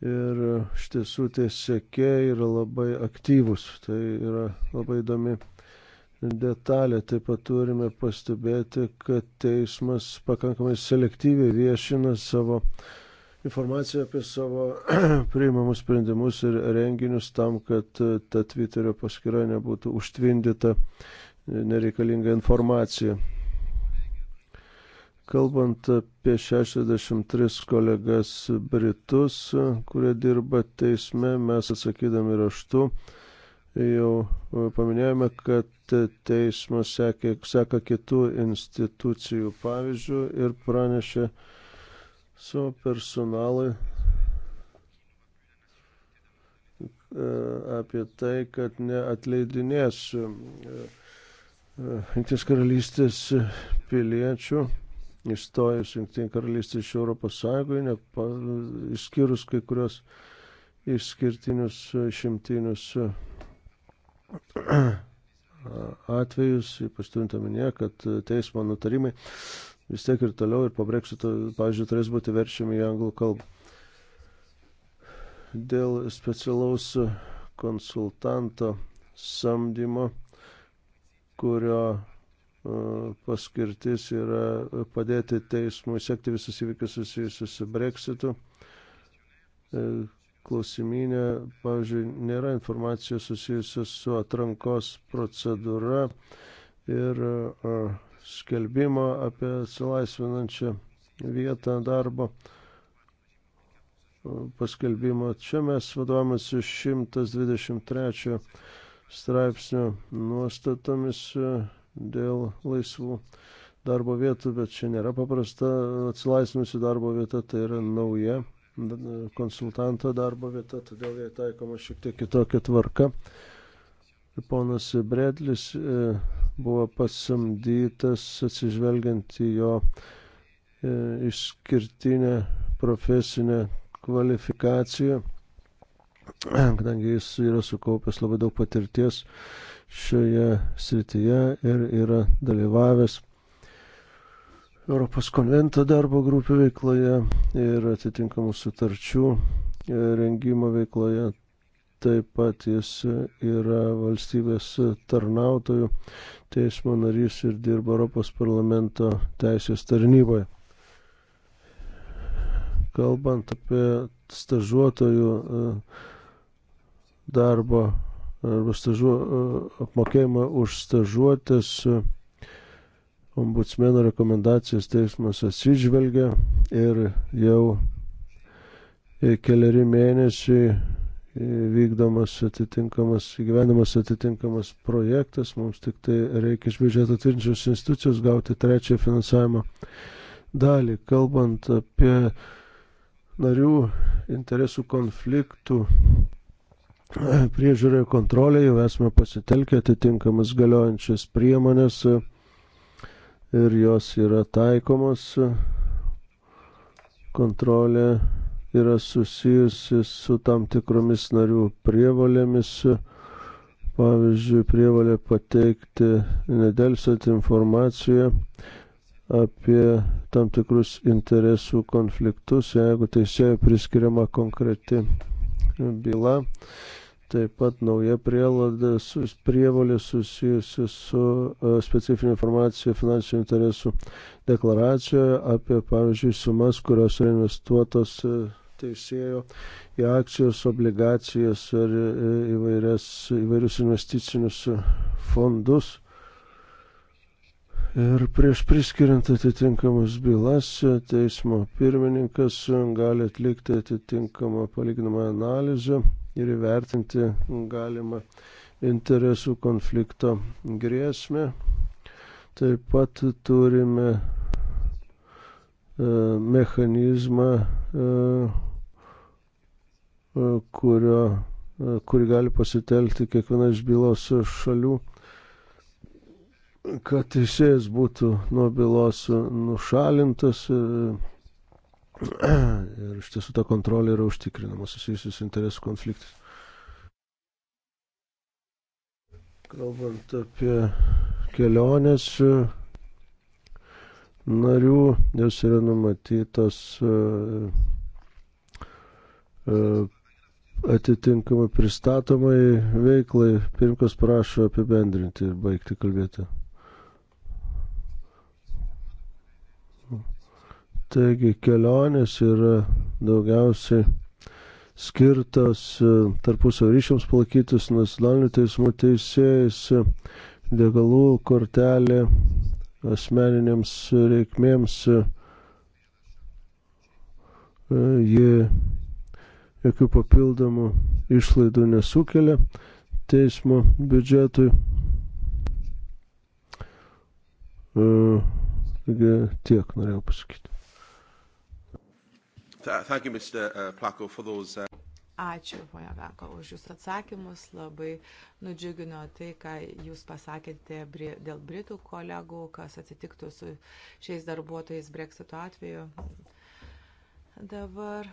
ir iš tiesų tie sekėjai yra labai aktyvus. Tai yra labai įdomi detalė. Taip pat turime pastebėti, kad teismas pakankamai selektyviai viešina savo informaciją apie savo priimamus sprendimus ir renginius tam, kad ta Twitterio paskyra nebūtų užtvindyta nereikalinga informacija. Kalbant apie 63 kolegas Britus, kurie dirba teisme, mes atsakydami raštu jau e, paminėjome, kad teismas sekė, seka kitų institucijų pavyzdžių ir pranešė savo personalui e, apie tai, kad neatleidinės e, Junktinės karalystės piliečių įstojus Junktinė karalystė iš Europos Sąjungoje, išskyrus kai kurios išskirtinius šimtinius atvejus, ypač turint omenyje, kad teismo nutarimai vis tiek ir toliau ir po breksito, pavyzdžiui, turės būti verčiami į anglų kalbą. Dėl specialaus konsultanto samdymo, kurio e, paskirtis yra padėti teismui sekti visus įvykius susijusius su breksitu, e, klausimynė, pavyzdžiui, nėra informacijos susijusios su atrankos procedūra ir skelbimo apie atsilaisvinančią vietą darbo paskelbimo. Čia mes vadovomės 123 straipsnio nuostatomis dėl laisvų darbo vietų, bet čia nėra paprasta atsilaisvinusi darbo vieta, tai yra nauja konsultanto darbo vieta, todėl jai taikoma šiek tiek kitokia tvarka. Ponas Bredlis e, buvo pasamdytas atsižvelgiant į jo e, išskirtinę profesinę kvalifikaciją, kadangi jis yra sukaupęs labai daug patirties šioje srityje ir yra dalyvavęs Europos konvento darbo grupių veikloje ir atitinkamų sutarčių e, rengimo veikloje. Taip pat jis yra valstybės tarnautojų teismo narys ir dirba Europos parlamento teisės tarnyboje. Kalbant apie stažuotojų e, darbo arba stažu, e, apmokėjimą už stažuotės, ombudsmeno rekomendacijas teismas atsižvelgia ir jau e, keliari mėnesiai e, vykdomas atitinkamas, gyvenimas atitinkamas projektas, mums tik tai reikia iš biudžeto tvirtinčios institucijos gauti trečią finansavimo dalį. Kalbant apie narių interesų konfliktų e, priežiūrą ir kontrolę, jau esame pasitelkę atitinkamas galiojančias priemonės ir jos yra taikomos. Kontrolė yra susijusi su tam tikromis narių prievalėmis, pavyzdžiui, prievalė pateikti nedelsat informaciją apie tam tikrus interesų konfliktus, jeigu teisėjai priskiriama konkreti byla. Taip pat nauja prielaida, sus, prievalė susijusi su uh, e, specifinė informacija finansinių interesų deklaracijoje apie, pavyzdžiui, sumas, kurios yra investuotos uh, teisėjo į akcijos, obligacijas ir uh, e, įvairias, įvairius investicinius fondus. Ir prieš priskiriant atitinkamas bylas, teismo pirmininkas gali atlikti atitinkamą palyginamą analizę ir įvertinti galimą interesų konflikto grėsmę. Taip pat turime e, mechanizmą, e, e kurio, e, kurį gali pasitelkti kiekviena iš bylos šalių, kad teisėjas būtų nuo bylos nušalintas. E, Ir iš tiesų ta kontrolė yra užtikrinama susijusi su interesų konfliktais. Kalbant apie keliones narių, jos yra numatytos e, e, atitinkamai pristatomai veiklai. Pirmkas prašo apibendrinti ir baigti kalbėti. Taigi kelionės yra daugiausiai skirtos e, tarpusio ryšiams palaikytis nacionalinių teismų teisėjais, degalų kortelė asmeninėms reikmėms. E, Ji jokių papildomų išlaidų nesukelia teismo biudžetui. E, taigi tiek norėjau pasakyti. Thank you, Mr. Uh, Plako, for those. Uh... Ačiū, ponia Veko, už Jūsų atsakymus. Labai nudžiugino tai, ką Jūs pasakėte dėl Britų kolegų, kas atsitiktų su šiais darbuotojais breksito atveju. Dabar,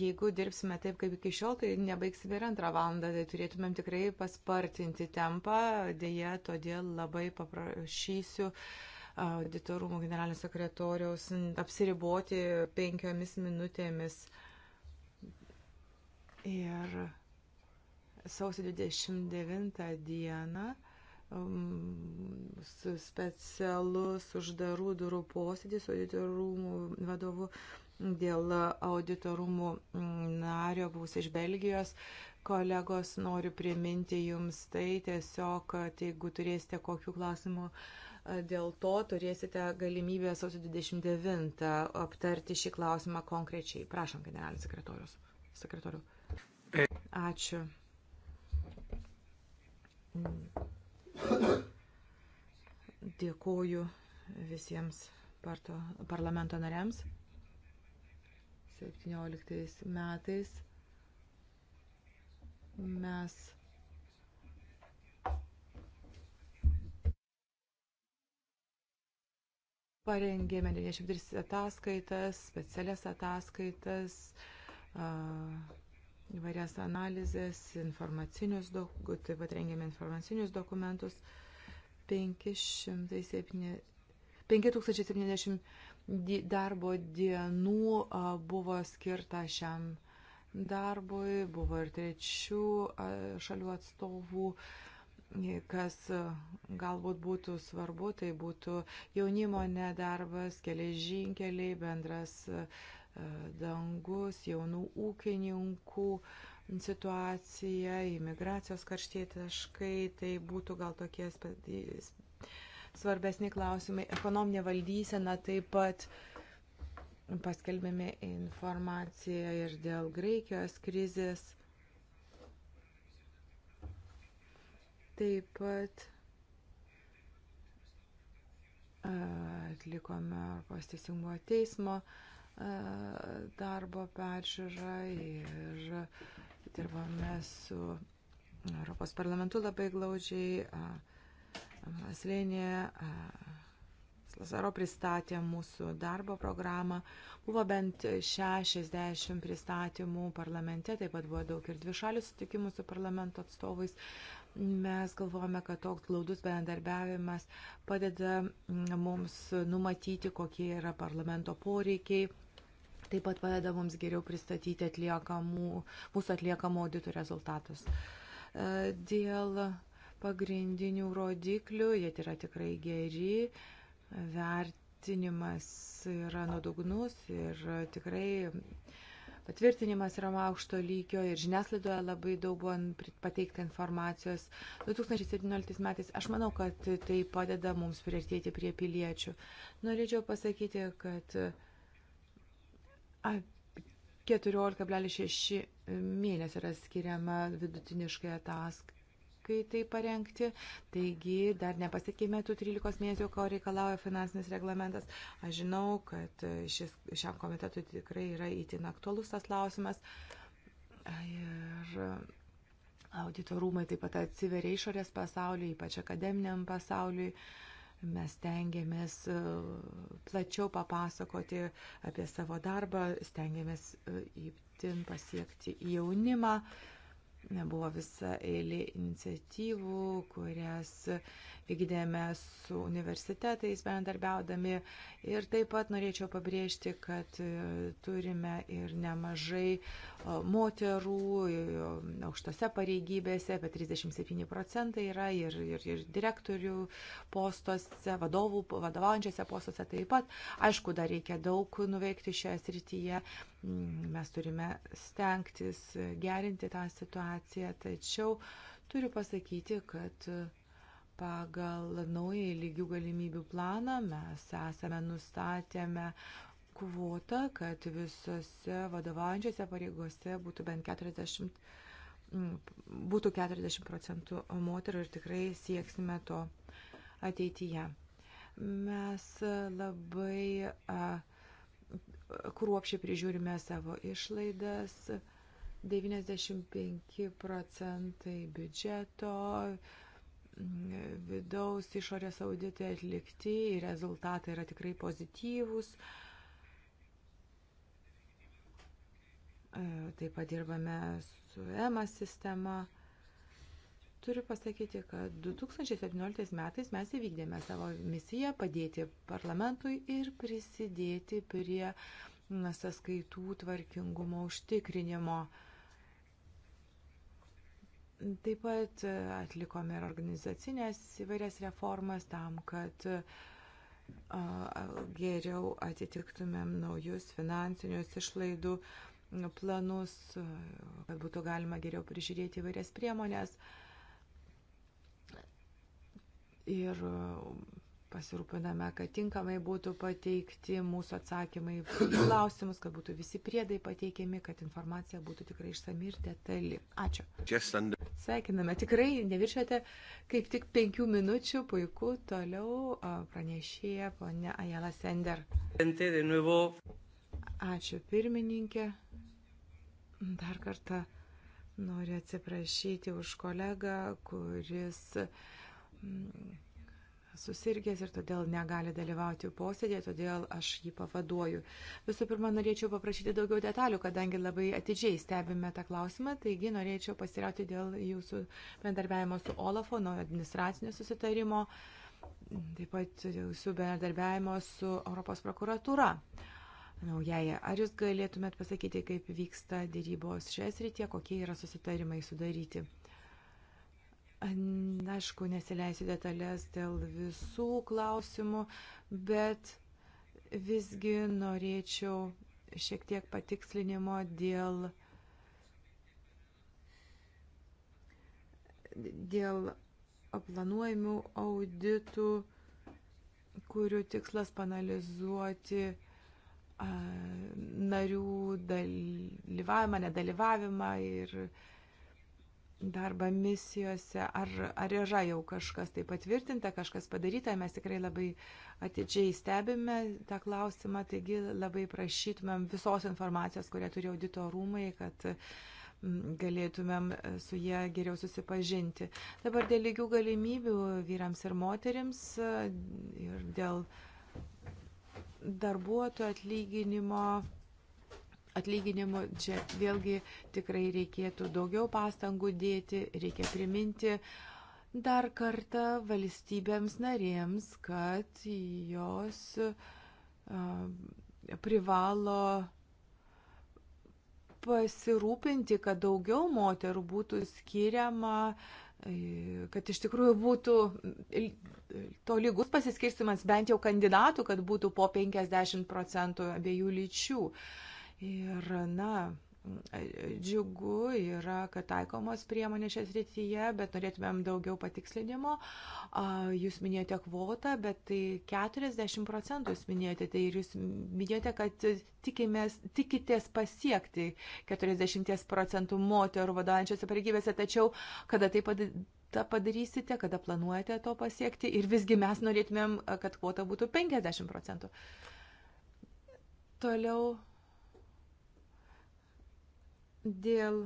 jeigu dirbsime taip, kaip iki šiol, tai nebaigsime ir antrą valandą, tai turėtumėm tikrai paspartinti tempą. Deja, todėl labai paprašysiu. Uh, auditorumų generalinio sekretoriaus apsiriboti penkiomis minutėmis. Ir sausio 29 dieną um, specialus uždarų durų posėdis auditorumų vadovų dėl auditorumų mm, nario bus iš Belgijos. Kolegos, noriu priminti jums tai tiesiog, kad jeigu turėsite kokių klausimų, uh, Dėl to turėsite galimybę sausio 29 aptarti šį klausimą konkrečiai. Prašom, generalinis sekretorius. Sekretoriu. Ačiū. Dėkuoju visiems parto, parlamento nariams. 17 metais mes Parengėme 93 ataskaitas, specialias ataskaitas, įvairias analizės, informacinius, taip pat rengėme informacinius dokumentus. 507, 5070 darbo dienų buvo skirta šiam darbui, buvo ir trečių šalių atstovų kas e, galbūt būtų svarbu, tai būtų jaunimo nedarbas, geležinkeliai, bendras e, dangus, jaunų ūkininkų situacija, imigracijos karštie taškai, tai būtų gal tokie svarbesni klausimai. Ekonominė valdysena taip pat paskelbėme informaciją ir dėl Graikijos krizės Taip pat atlikome Europos teisingumo teismo darbo peržiūrą ir dirbame su Europos parlamentu labai glaudžiai. Slėnė Lazaro pristatė mūsų darbo programą. Buvo bent 60 pristatymų parlamente, taip pat buvo daug ir dvišalių sutikimų su parlamento atstovais. Mes galvojame, kad toks glaudus bendarbiavimas padeda mm, mums numatyti, kokie yra parlamento poreikiai. Taip pat padeda mums geriau pristatyti atliekamų, mūsų atliekamų auditų rezultatus. E, dėl pagrindinių rodiklių, jie yra tikrai geri, vertinimas yra nuodugnus ir tikrai patvirtinimas yra aukšto lygio ir žiniaslaidoje labai daug buvo pateikta informacijos 2017 metais. Aš manau, kad tai padeda mums priartėti prie piliečių. Norėčiau pasakyti, kad 14,6 mėnesį yra skiriama vidutiniškai ataskaitai kai tai parengti. Taigi dar nepasiekėme tų 13 mėnesių, ko reikalauja finansinis reglamentas. Aš žinau, kad šis, šiam komitetui tikrai yra įtin aktualus tas klausimas. Ir auditorumai taip pat atsiveria išorės pasauliui, ypač akademiniam pasauliui mes tengiamės e, plačiau papasakoti apie savo darbą, stengiamės įtin e, pasiekti jaunimą. Uh, Buvo visa eilė iniciatyvų, kurias vykdėme su universitetais bendarbiaudami. Ir taip pat norėčiau pabrėžti, kad e, turime ir nemažai e, moterų e, aukštose pareigybėse, apie 37 procentai yra ir, ir, ir direktorių postuose, vadovų, vadovaujančiose postuose taip pat. Aišku, dar reikia daug nuveikti šioje srityje. Mm, mes turime stengtis gerinti tą situaciją, tačiau turiu pasakyti, kad Pagal naują lygių galimybių planą mes esame nustatėme kvotą, kad visose vadovaujančiose pareigose būtų bent 40, būtų 40 procentų moterų ir tikrai sieksime to ateityje. Mes labai kruopšiai prižiūrime savo išlaidas. 95 procentai biudžeto vidaus išorės auditai atlikti, rezultatai yra tikrai pozityvūs. Taip pat dirbame su EMA sistema. Turiu pasakyti, kad 2017 metais mes įvykdėme savo misiją padėti parlamentui ir prisidėti prie sąskaitų tvarkingumo užtikrinimo. Uh, Taip pat atlikome ir organizacinės įvairias reformas tam, kad geriau atitiktumėm naujus finansinius išlaidų planus, kad būtų galima geriau prižiūrėti įvairias priemonės. Ir pasirūpiname, kad tinkamai būtų pateikti mūsų atsakymai į klausimus, kad būtų visi priedai pateikiami, kad informacija būtų tikrai išsami ir detali. Ačiū. Sveikiname, tikrai neviršėte kaip tik penkių minučių, puiku, toliau pranešėja ponia Ajala Sender. Ačiū pirmininkė. Dar kartą noriu atsiprašyti už kolegą, kuris susirgęs ir todėl negali dalyvauti posėdėje, todėl aš jį pavaduoju. Visų pirma, norėčiau paprašyti daugiau detalių, kadangi labai atidžiai stebime tą klausimą, taigi norėčiau pasirauti dėl jūsų bendarbiavimo su Olafo, nuo administracinio susitarimo, taip pat jūsų bendarbiavimo su Europos prokuratūra. Naujaja, ar jūs galėtumėt pasakyti, kaip vyksta dėrybos šioje srityje, kokie yra susitarimai sudaryti? Aišku, nesileisiu detalės dėl visų klausimų, bet visgi norėčiau šiek tiek patikslinimo dėl, dėl planuojamų auditų, kurių tikslas panalizuoti a, narių dalyvavimą, nedalyvavimą ir a, darbą misijose, ar, ar yra jau kažkas tai patvirtinta, kažkas padaryta, mes tikrai labai atidžiai stebime tą klausimą, taigi labai prašytumėm visos informacijos, kurią turi audito rūmai, kad galėtumėm e, su jie geriau susipažinti. Dabar dėl lygių galimybių vyrams ir moterims e, ir dėl darbuotojų atlyginimo atlyginimų, čia vėlgi tikrai reikėtų daugiau pastangų dėti, reikia priminti dar kartą valstybėms narėms, kad jos privalo pasirūpinti, kad daugiau moterų būtų skiriama, kad iš tikrųjų būtų to lygus pasiskirstimas bent jau kandidatų, kad būtų po 50 procentų abiejų lyčių. Uh, Ir, na, džiugu yra, kad taikomos priemonės šią srityje, bet norėtumėm daugiau patikslinimo. Jūs minėjote kvotą, bet tai 40 procentų jūs minėjote, tai ir jūs minėjote, kad tikimės, tikitės pasiekti 40 procentų moterų vadovančiose pareigybėse, tačiau kada tai padarysite? padarysite, kada planuojate to pasiekti ir visgi mes norėtumėm, kad kvota būtų 50 procentų. Toliau Dėl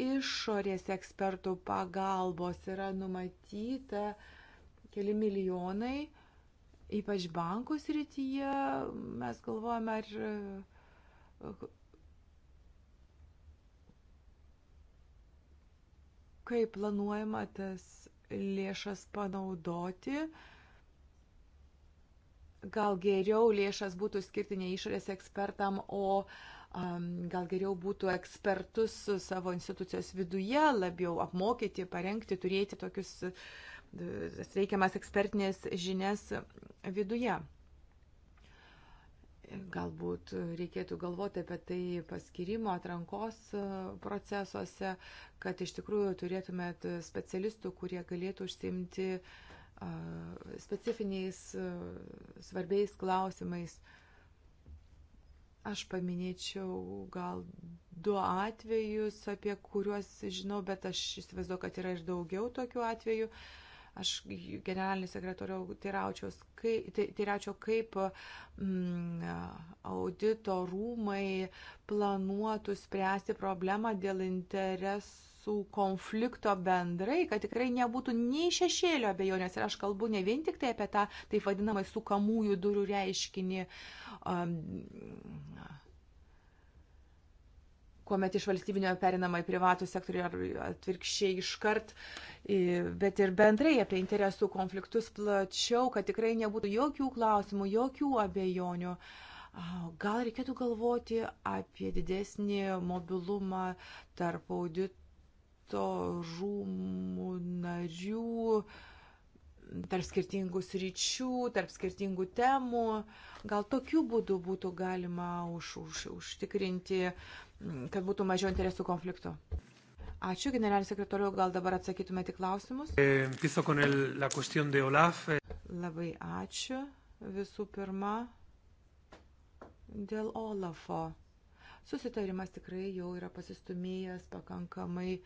išorės ekspertų pagalbos yra numatyta keli milijonai, ypač bankų srityje. Mes galvojame, ar kaip planuojama tas lėšas panaudoti. Gal geriau lėšas būtų skirti ne išorės ekspertam, o uh, gal geriau būtų ekspertus savo institucijos viduje labiau apmokyti, parengti, turėti tokius e, reikiamas ekspertinės žinias viduje. Galbūt reikėtų galvoti apie tai paskirimo atrankos e, procesuose, kad iš tikrųjų turėtumėt specialistų, kurie galėtų užsimti specifiniais e, svarbiais klausimais. Uh, Aš paminėčiau gal du atvejus, apie kuriuos žinau, bet aš įsivaizduoju, kad yra ir daugiau tokių atvejų. Aš generalinį sekretoriau teiraučiau, teiraučiau, kaip mm, audito rūmai planuotų spręsti problemą dėl interesų interesų konflikto bendrai, kad tikrai nebūtų nei šešėlio abejonės. Ir aš kalbu ne vien tik tai apie tą taip vadinamą sukamųjų durų reiškinį. Um, kuomet iš valstybinio perinama į privatų sektorių ar atvirkščiai iškart, bet ir bendrai apie interesų konfliktus plačiau, kad tikrai nebūtų jokių klausimų, jokių abejonių. Gal reikėtų galvoti apie didesnį mobilumą tarp auditų parlamento rūmų narių, tarp skirtingų sričių, tarp skirtingų temų. Gal tokiu būdu būtų galima už, už, užtikrinti, kad būtų mažiau interesų konflikto. Ačiū, generalinis sekretoriau, gal dabar atsakytumėte į klausimus. Eh, eh. Labai ačiū visų pirma dėl Olafo. Susitarimas tikrai jau yra pasistumėjęs pakankamai uh,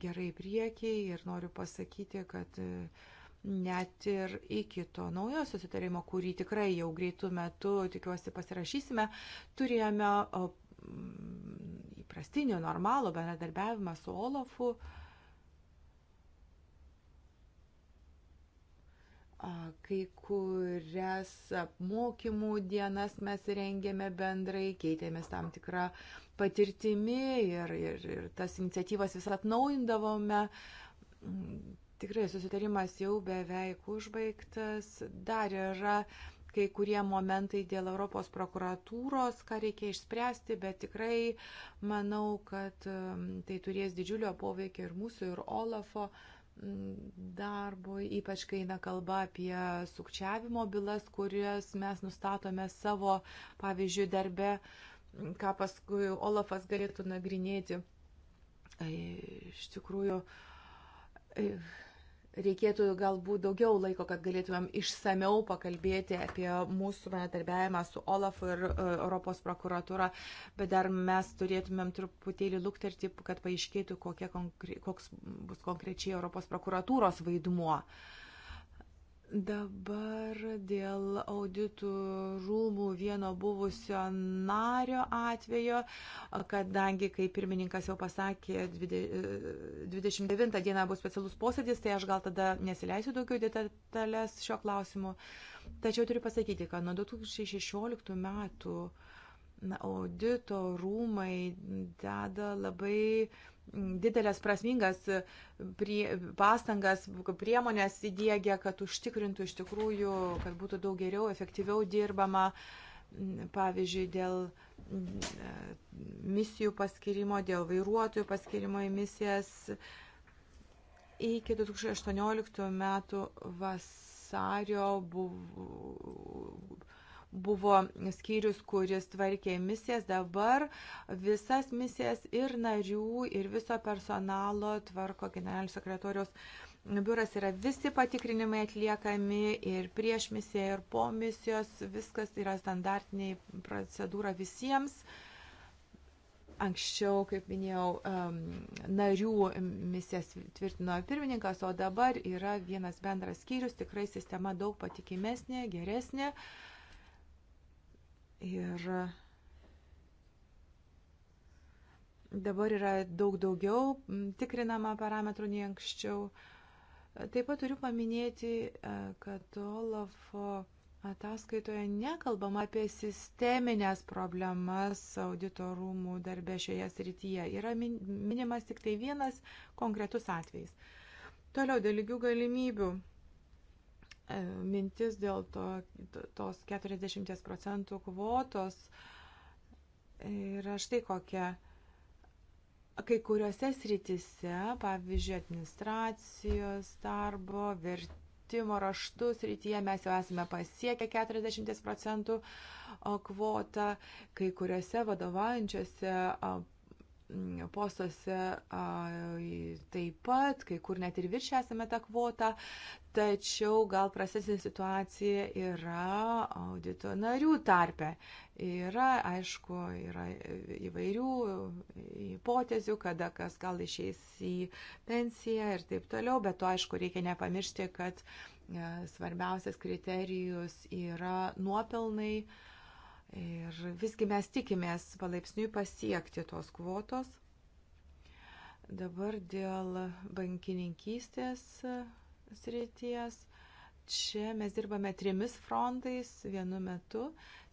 gerai priekiai ir noriu pasakyti, kad e, net ir iki to naujo susitarimo, kurį tikrai jau greitų metų, tikiuosi, pasirašysime, turėjome mm, įprastinį, normalų bendradarbiavimą su Olafu. Kai kurias apmokymų dienas mes rengėme bendrai, keitėmės tam tikrą uh, patirtimi ir, ir, ir tas iniciatyvas vis atnaujindavome. Tikrai susitarimas jau beveik užbaigtas. Dar yra kai kurie momentai dėl Europos prokuratūros, ką reikia išspręsti, bet tikrai manau, kad um, tai turės didžiulio poveikio ir mūsų, ir Olafo mm, darbo, ypač kai eina kalba apie sukčiavimo bylas, kurias mes nustatome savo, pavyzdžiui, darbe. Uh, ką paskui Olafas galėtų nagrinėti. E, iš tikrųjų, e, reikėtų galbūt daugiau laiko, kad galėtumėm išsameu pakalbėti apie mūsų bendradarbiavimą su Olafu ir e, Europos prokuratūra, bet dar mes turėtumėm truputėlį lukterti, kad paaiškėtų, kokie, koks bus konkrečiai Europos prokuratūros vaidmuo. Uh, Dabar dėl auditų rūmų vieno buvusio nario atvejo, kadangi, kaip pirmininkas jau pasakė, 29 dieną bus specialus posėdis, tai aš gal tada nesileisiu daugiau detalės šio klausimu. Tačiau turiu pasakyti, kad nuo 2016 metų audito rūmai deda labai didelės prasmingas prie, pastangas, priemonės įdėgia, kad užtikrintų iš tikrųjų, kad būtų daug geriau, efektyviau dirbama, pavyzdžiui, dėl misijų paskirimo, dėl vairuotojų paskirimo į misijas. Iki 2018 metų vasario buvo buvo skyrius, kuris tvarkė misijas, dabar visas misijas ir narių, ir viso personalo tvarko generalinio sekretoriaus biuras yra visi patikrinimai atliekami ir prieš misiją, ir po misijos, viskas yra standartiniai procedūra visiems. Anksčiau, kaip minėjau, narių misijas tvirtino pirmininkas, o dabar yra vienas bendras skyrius, tikrai sistema daug patikimesnė, geresnė. Uh, Ir dabar yra daug daugiau tikrinama parametrų nei anksčiau. Taip pat turiu paminėti, e, kad Olafo ataskaitoje nekalbama apie sisteminės problemas auditorumų darbė šioje srityje. Yra minimas tik tai vienas konkretus atvejis. Toliau dėl lygių galimybių E, mintis dėl to, tos 40 procentų kvotos yra štai kokia. Kai kuriuose sritise, pavyzdžiui, administracijos darbo, vertimo raštų srityje mes jau esame pasiekę 40 procentų kvotą, kai kuriuose vadovaujančiose postuose taip pat, kai kur net ir virš esame tą kvotą, tačiau gal prastesnė situacija yra audito narių tarpe. Yra, aišku, yra įvairių hipotezių, kada kas gal išeis į pensiją ir taip toliau, bet to, aišku, reikia nepamiršti, kad e, svarbiausias kriterijus yra nuopelnai Ir visgi mes tikimės palaipsniui pasiekti tos kvotos. Dabar dėl bankininkystės srities. Čia mes dirbame trimis frontais vienu metu.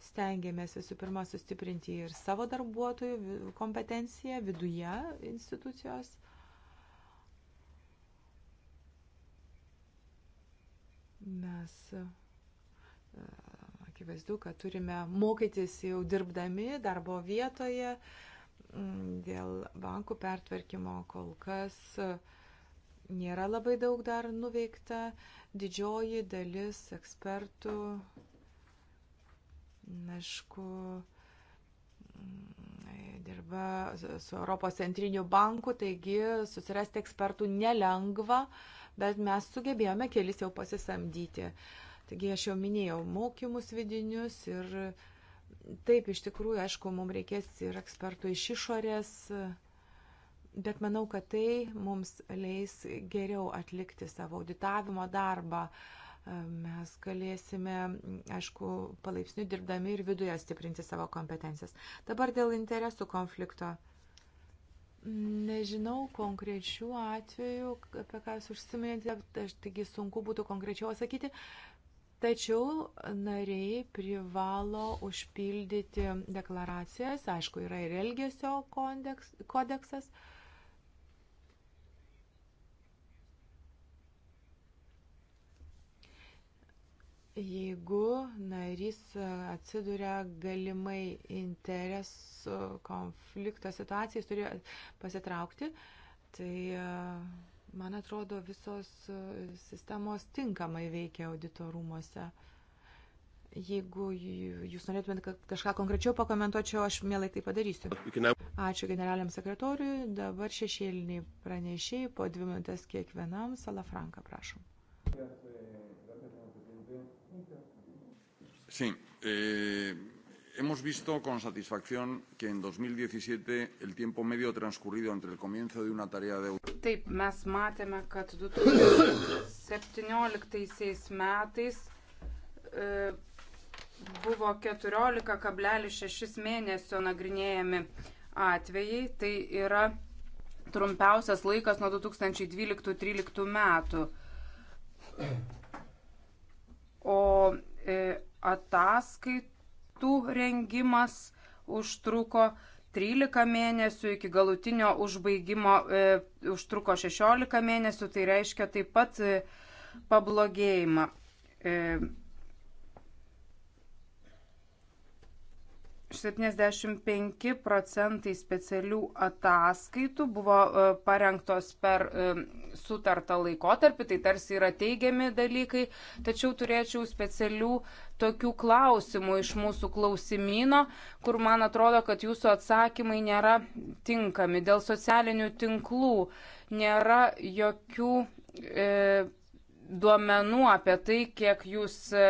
Stengiamės visų pirma sustiprinti ir savo darbuotojų kompetenciją viduje institucijos. Mes akivaizdu, kad turime mokytis jau dirbdami darbo vietoje mm, dėl bankų pertvarkymo kol kas e, nėra labai daug dar nuveikta. Didžioji dalis ekspertų, mm, aišku, mm, e, dirba su Europos centriniu banku, taigi susirasti ekspertų nelengva, bet mes sugebėjome kelis jau pasisamdyti. Uh, Taigi aš jau minėjau mokymus vidinius ir taip iš tikrųjų, aišku, mums reikės ir ekspertų iš išorės, bet manau, kad tai mums leis geriau atlikti savo auditavimo darbą. Mes galėsime, aišku, palaipsniui dirbdami ir viduje stiprinti savo kompetencijas. Dabar dėl interesų konflikto. Nežinau konkrečių atvejų, apie ką jūs užsiminėte, aš taigi sunku būtų konkrečiau atsakyti, Tačiau nariai privalo užpildyti deklaracijas, aišku, yra ir Elgesio kodeksas. Jeigu narys atsiduria galimai interesų konflikto situacijai, jis turi pasitraukti, tai Man atrodo, visos e, sistemos tinkamai veikia auditorumuose. Jeigu jūs norėtumėt, kad kažką konkrečiau pakomentuočiau, aš mielai tai padarysiu. Ačiū generaliam sekretoriui. Dabar šešėliniai pranešiai po dvi minutės kiekvienam. Salafranka, prašom. Sí, eh, Hemos visto con satisfacción que en 2017 el tiempo medio transcurrido entre el comienzo de una tarea de... Taip, mes matėme, kad 2017 metais e, buvo 14,6 mėnesio nagrinėjami atvejai. Tai yra trumpiausias laikas nuo 2012-2013 metų. O e, ataskaitų aktų rengimas užtruko 13 mėnesių, iki galutinio užbaigimo e, užtruko 16 mėnesių, tai reiškia taip pat e, pablogėjimą. E, 75 procentai specialių ataskaitų buvo e, parengtos per e, sutartą laikotarpį, tai tarsi yra teigiami dalykai, tačiau turėčiau specialių tokių klausimų iš mūsų klausimino, kur man atrodo, kad jūsų atsakymai nėra tinkami. Dėl socialinių tinklų nėra jokių e, duomenų apie tai, kiek jūs e,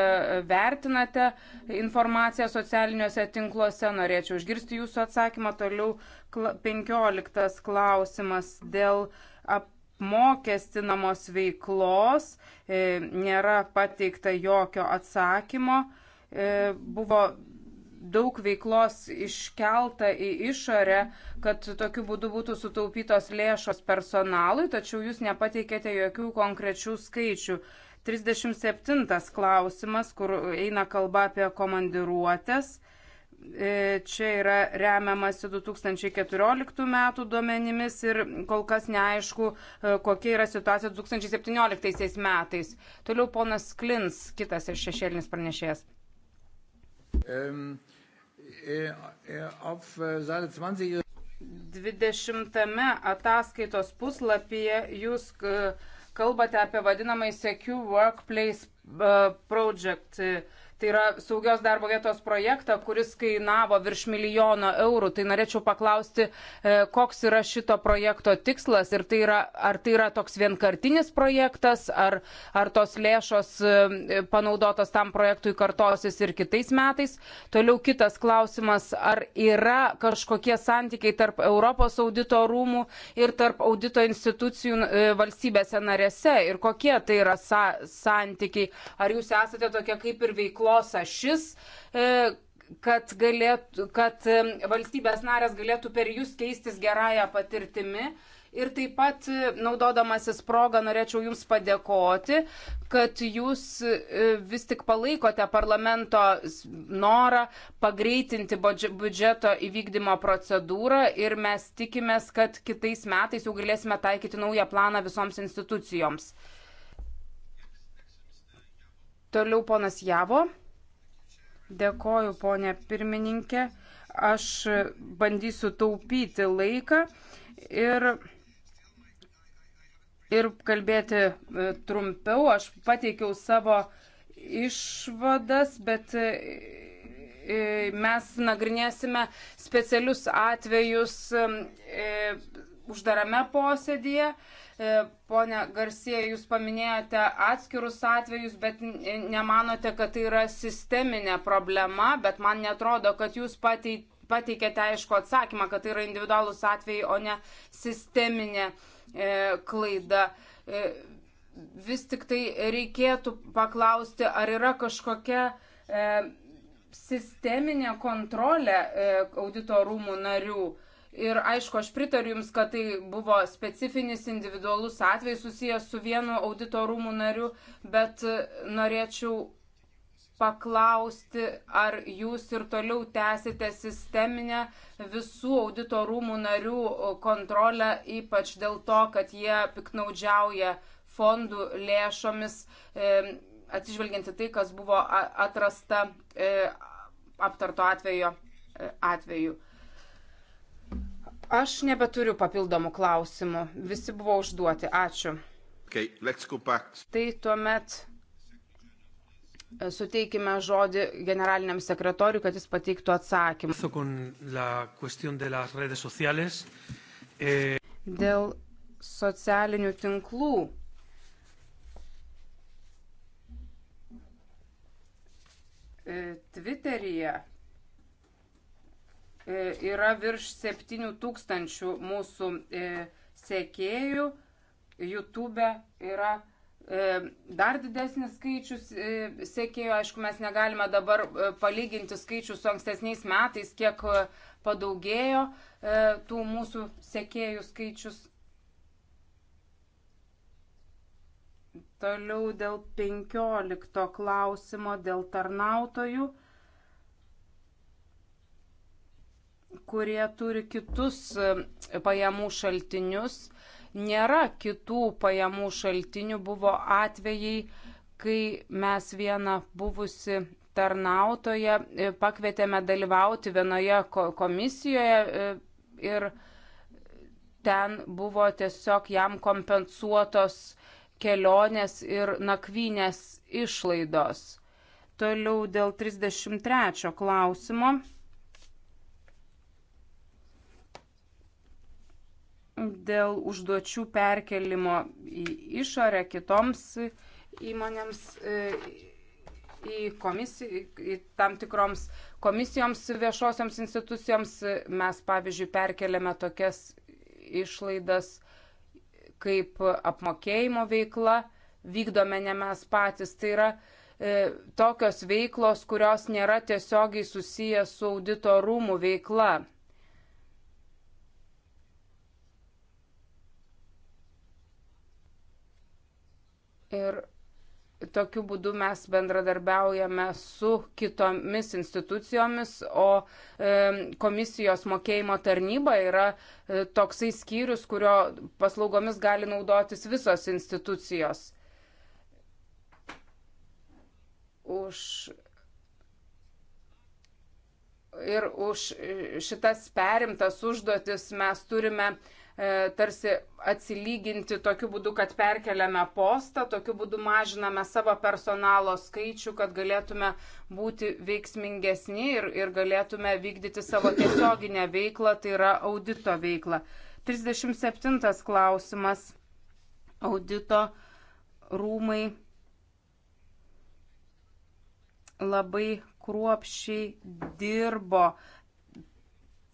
vertinate informaciją socialiniuose tinkluose. Norėčiau išgirsti jūsų atsakymą. Toliau 15 klausimas dėl apmokestinamos veiklos. E, nėra pateikta jokio atsakymo. E, buvo daug veiklos iškelta į išorę, kad tokiu būdu būtų sutaupytos lėšos personalui, tačiau jūs nepateikėte jokių konkrečių skaičių. 37 klausimas, kur eina kalba apie komandiruotės. E, čia yra remiamasi 2014 metų duomenimis ir kol kas neaišku, e, kokia yra situacija 2017 metais. Toliau ponas Klins, kitas ir šešėlinis pranešėjas. Um, auf Seite 20. 20 ataskaitos puslapyje jūs e, kalbate apie vadinamąjį Secure Workplace e, Project tai yra saugios darbo vietos projektą, kuris kainavo virš milijono eurų. Tai norėčiau paklausti, e, koks yra šito projekto tikslas ir tai yra, ar tai yra toks vienkartinis projektas, ar, ar tos lėšos e, panaudotos tam projektui kartosis ir kitais metais. Toliau kitas klausimas, ar yra kažkokie santykiai tarp Europos audito rūmų ir tarp audito institucijų e, valstybėse narėse ir kokie tai yra sa santykiai. Ar jūs esate tokia kaip ir veiklo veiklos ašis, e, kad, galėtų, kad e, valstybės narės galėtų per jūs keistis gerąją patirtimi. Ir taip pat, e, naudodamasis progą, norėčiau Jums padėkoti, kad Jūs vis tik palaikote parlamento norą pagreitinti biudžeto įvykdymo procedūrą ir mes tikimės, kad kitais metais jau galėsime taikyti naują planą visoms institucijoms. Toliau ponas Javo. Dėkoju, ponė pirmininkė. Aš bandysiu taupyti laiką ir, ir kalbėti e, trumpiau. Aš pateikiau savo išvadas, bet e, e, mes nagrinėsime specialius atvejus uždarame posėdėje. E, pone Garsė, jūs paminėjote atskirus atvejus, bet e, nemanote, kad tai yra sisteminė problema, bet man netrodo, kad jūs pateikėte aišku atsakymą, kad tai yra individualus atvejai, o ne sisteminė e, klaida. E, vis tik tai reikėtų paklausti, ar yra kažkokia e, sisteminė kontrolė e, audito rūmų narių. E, Ir aišku, aš pritariu Jums, kad tai buvo specifinis individualus atvejs susijęs su vienu auditorumų nariu, bet e, norėčiau paklausti, ar Jūs ir toliau tęsite sisteminę visų auditorumų narių kontrolę, ypač dėl to, kad jie piknaudžiauja fondų lėšomis, e, atsižvelgianti tai, kas buvo atrasta e, aptarto atvejo atveju. atveju. Aš nebeturiu papildomų klausimų. Visi buvo užduoti. Ačiū. Okay, tai tuomet e, suteikime žodį generaliniam sekretoriui, kad jis pateiktų atsakymą. Eh, Dėl socialinių tinklų. E, Twitteryje E, yra virš 7 tūkstančių mūsų e, sekėjų. YouTube yra e, dar didesnis skaičius sekėjų. Aišku, mes negalime dabar palyginti skaičių su ankstesniais metais, kiek padaugėjo tų mūsų sekėjų skaičius. Toliau dėl 15 klausimo dėl tarnautojų. kurie turi kitus e, pajamų šaltinius. Nėra kitų pajamų šaltinių. Buvo atvejai, kai mes vieną buvusi tarnautoją e, pakvietėme dalyvauti vienoje komisijoje e, ir ten buvo tiesiog jam kompensuotos kelionės ir nakvynės išlaidos. Toliau dėl 33 klausimo. dėl užduočių perkelimo į išorę kitoms įmonėms, e, į, komisiją, į tam tikroms komisijoms viešosioms institucijoms. Mes, pavyzdžiui, perkeliame tokias išlaidas kaip apmokėjimo veikla, vykdome ne mes patys. Tai yra e, tokios veiklos, kurios nėra tiesiogiai susijęs su audito rūmų veikla. Ir tokiu būdu mes bendradarbiaujame su kitomis institucijomis, o e, komisijos mokėjimo tarnyba yra e, toksai skyrius, kurio paslaugomis gali naudotis visos institucijos. Už ir už šitas perimtas užduotis mes turime uh, E, tarsi atsilyginti tokiu būdu, kad perkeliame postą, tokiu būdu mažiname savo personalo skaičių, kad galėtume būti veiksmingesni ir, ir galėtume vykdyti savo tiesioginę veiklą, tai yra audito veiklą. 37 klausimas. Audito rūmai labai kruopšiai dirbo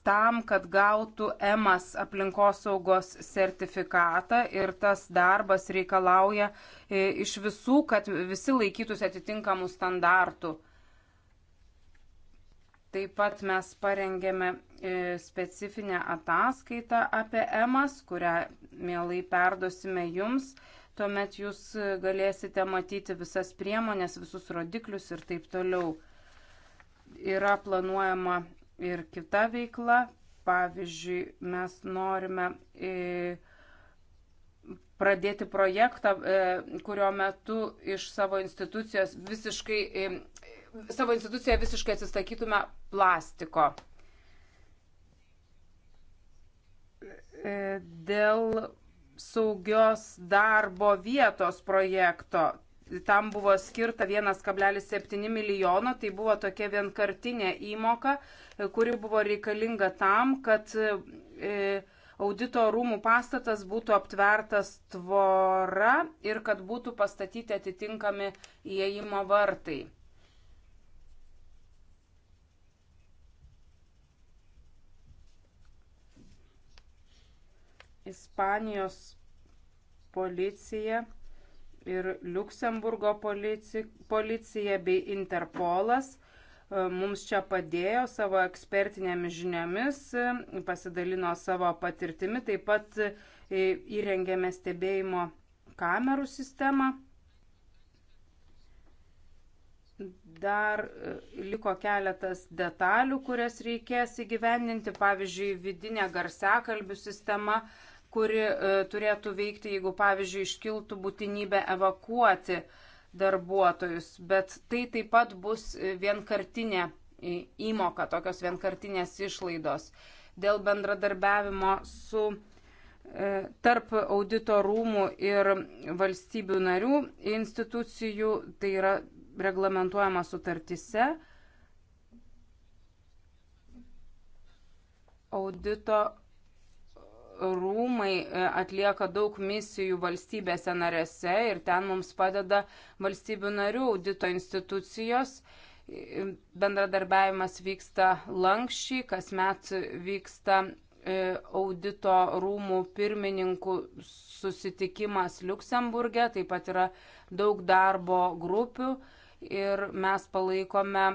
tam, kad gautų EMAS aplinkosaugos sertifikatą ir tas darbas reikalauja e, iš visų, kad visi laikytųsi atitinkamų standartų. Taip pat mes parengėme e, specifinę ataskaitą apie EMAS, kurią mielai perdosime jums. Tuomet jūs galėsite matyti visas priemonės, visus rodiklius ir taip toliau. Yra planuojama ir kita veikla. Pavyzdžiui, mes norime e, pradėti projektą, e, kurio metu iš savo institucijos visiškai, e, savo instituciją visiškai atsisakytume plastiko. Dėl saugios darbo vietos projekto tam buvo skirta 1,7 milijono, tai buvo tokia vienkartinė įmoka, e, kuri buvo reikalinga tam, kad e, audito rūmų pastatas būtų aptvertas tvora ir kad būtų pastatyti atitinkami įėjimo vartai. Ispanijos policija ir Luksemburgo policija, policija bei Interpolas e, mums čia padėjo savo ekspertinėmis žiniomis, e, pasidalino savo patirtimi, taip pat e, įrengėme stebėjimo kamerų sistemą. Dar liko keletas detalių, kurias reikės įgyvendinti, pavyzdžiui, vidinė garsiakalbių sistema, uh, kuri e, turėtų veikti, jeigu, pavyzdžiui, iškiltų būtinybė evakuoti darbuotojus. Bet tai taip pat bus e, vienkartinė e, įmoka, tokios vienkartinės išlaidos. Dėl bendradarbiavimo su tarp audito rūmų ir valstybių narių institucijų, tai yra reglamentuojama sutartise. Audito rūmai e, atlieka daug misijų valstybėse narėse ir ten mums padeda valstybių narių audito institucijos. E, bendradarbiavimas vyksta lankščiai, kasmet vyksta e, audito rūmų pirmininkų susitikimas Luksemburgė, taip pat yra daug darbo grupių ir mes palaikome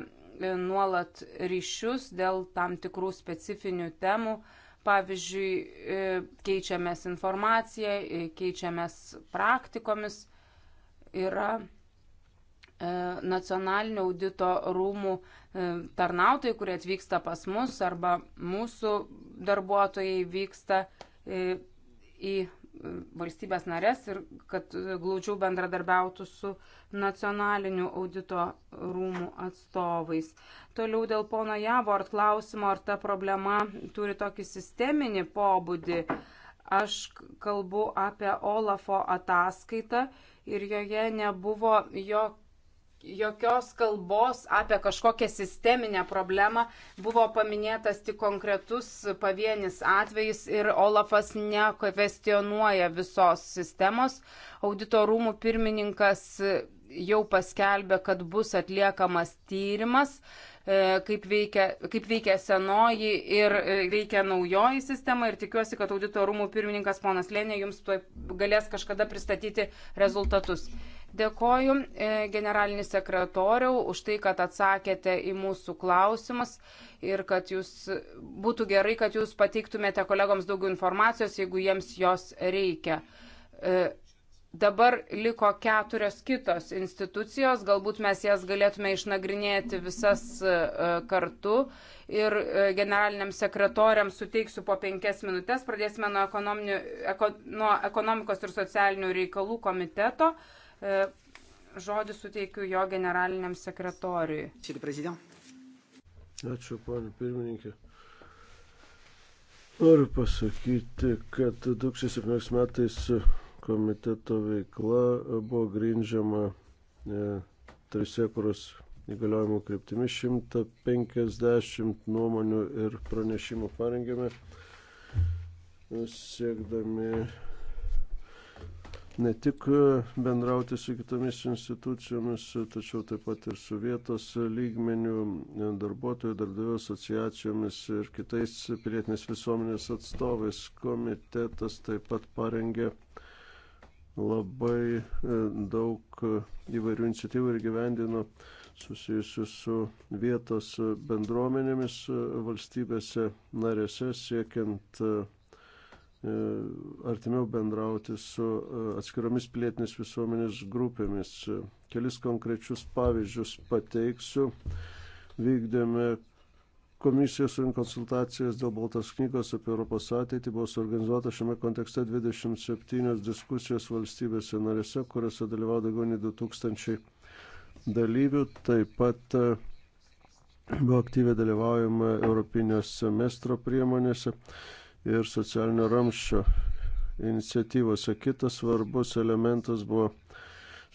nuolat ryšius dėl tam tikrų specifinių temų. Pavyzdžiui, e, keičiamės informaciją, e, keičiamės praktikomis. Yra e, nacionalinio audito rūmų tarnautojai, kurie atvyksta pas mus arba mūsų darbuotojai vyksta į valstybės narės ir kad glaučiau bendradarbiautų su nacionaliniu audito rūmų atstovais. Toliau dėl pono Javort klausimo, ar ta problema turi tokį sisteminį pobūdį. Aš kalbu apie Olafo ataskaitą ir joje nebuvo jokio jokios kalbos apie kažkokią sisteminę problemą. Buvo paminėtas tik konkretus pavienis atvejis ir Olafas nekvestionuoja visos sistemos. Auditorumų pirmininkas jau paskelbė, kad bus atliekamas tyrimas, e, kaip veikia, kaip veikia senoji ir e, veikia naujoji sistema ir tikiuosi, kad audito rūmų pirmininkas ponas Lenė jums galės kažkada pristatyti rezultatus. Dėkoju e, generalinį sekretoriau už tai, kad atsakėte į mūsų klausimus ir kad jūs būtų gerai, kad jūs pateiktumėte kolegoms daugiau informacijos, jeigu jiems jos reikia. E, dabar liko keturios kitos institucijos, galbūt mes jas galėtume išnagrinėti visas e, kartu ir generaliniam sekretoriam suteiksiu po penkias minutės, pradėsime nuo, eko, nuo ekonomikos ir socialinių reikalų komiteto. Uh, E, žodį suteikiu jo generaliniam sekretoriui. Ačiū, ponė pirmininkė. Noriu pasakyti, kad 2017 metais komiteto veikla buvo grindžiama e, teisėkuros įgaliojimų kryptimi 150 nuomonių ir pranešimų parengėme siekdami ne tik bendrauti su kitomis institucijomis, tačiau taip pat ir su vietos lygmeniu, darbuotojų, darbdavių asociacijomis ir kitais pilietinės visuomenės atstovais. Komitetas taip pat parengė labai e, daug įvairių iniciatyvų ir gyvendino susijusių su vietos bendruomenėmis valstybėse narėse siekiant e, E, artimiau bendrauti su e, atskiromis pilietinės visuomenės grupėmis. Kelis konkrečius pavyzdžius pateiksiu. Vykdėme komisijos surink konsultacijas dėl Baltos knygos apie Europos ateitį. Buvo suorganizuota šiame kontekste 27 diskusijos valstybėse narėse, kuriuose dalyvavo daugiau nei 2000 dalyvių. Taip pat e, buvo aktyviai dalyvaujama Europinio semestro priemonėse ir socialinio ramščio iniciatyvose. Kitas svarbus elementas buvo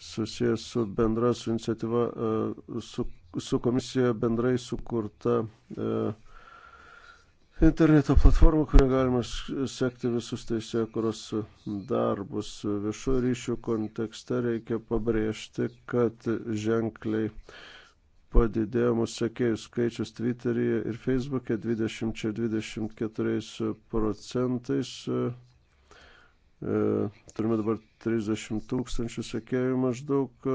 susijęs su bendra su iniciatyva, e, su, su komisija bendrai sukurta e, interneto platforma, kurią galima sekti visus teisėkuros darbus. Viešų ryšių kontekste reikia pabrėžti, kad ženkliai padidėjo mūsų sekėjų skaičius Twitteryje ir Facebook'e 20-24 e, procentais. E, e, turime dabar 30 tūkstančių sekėjų maždaug.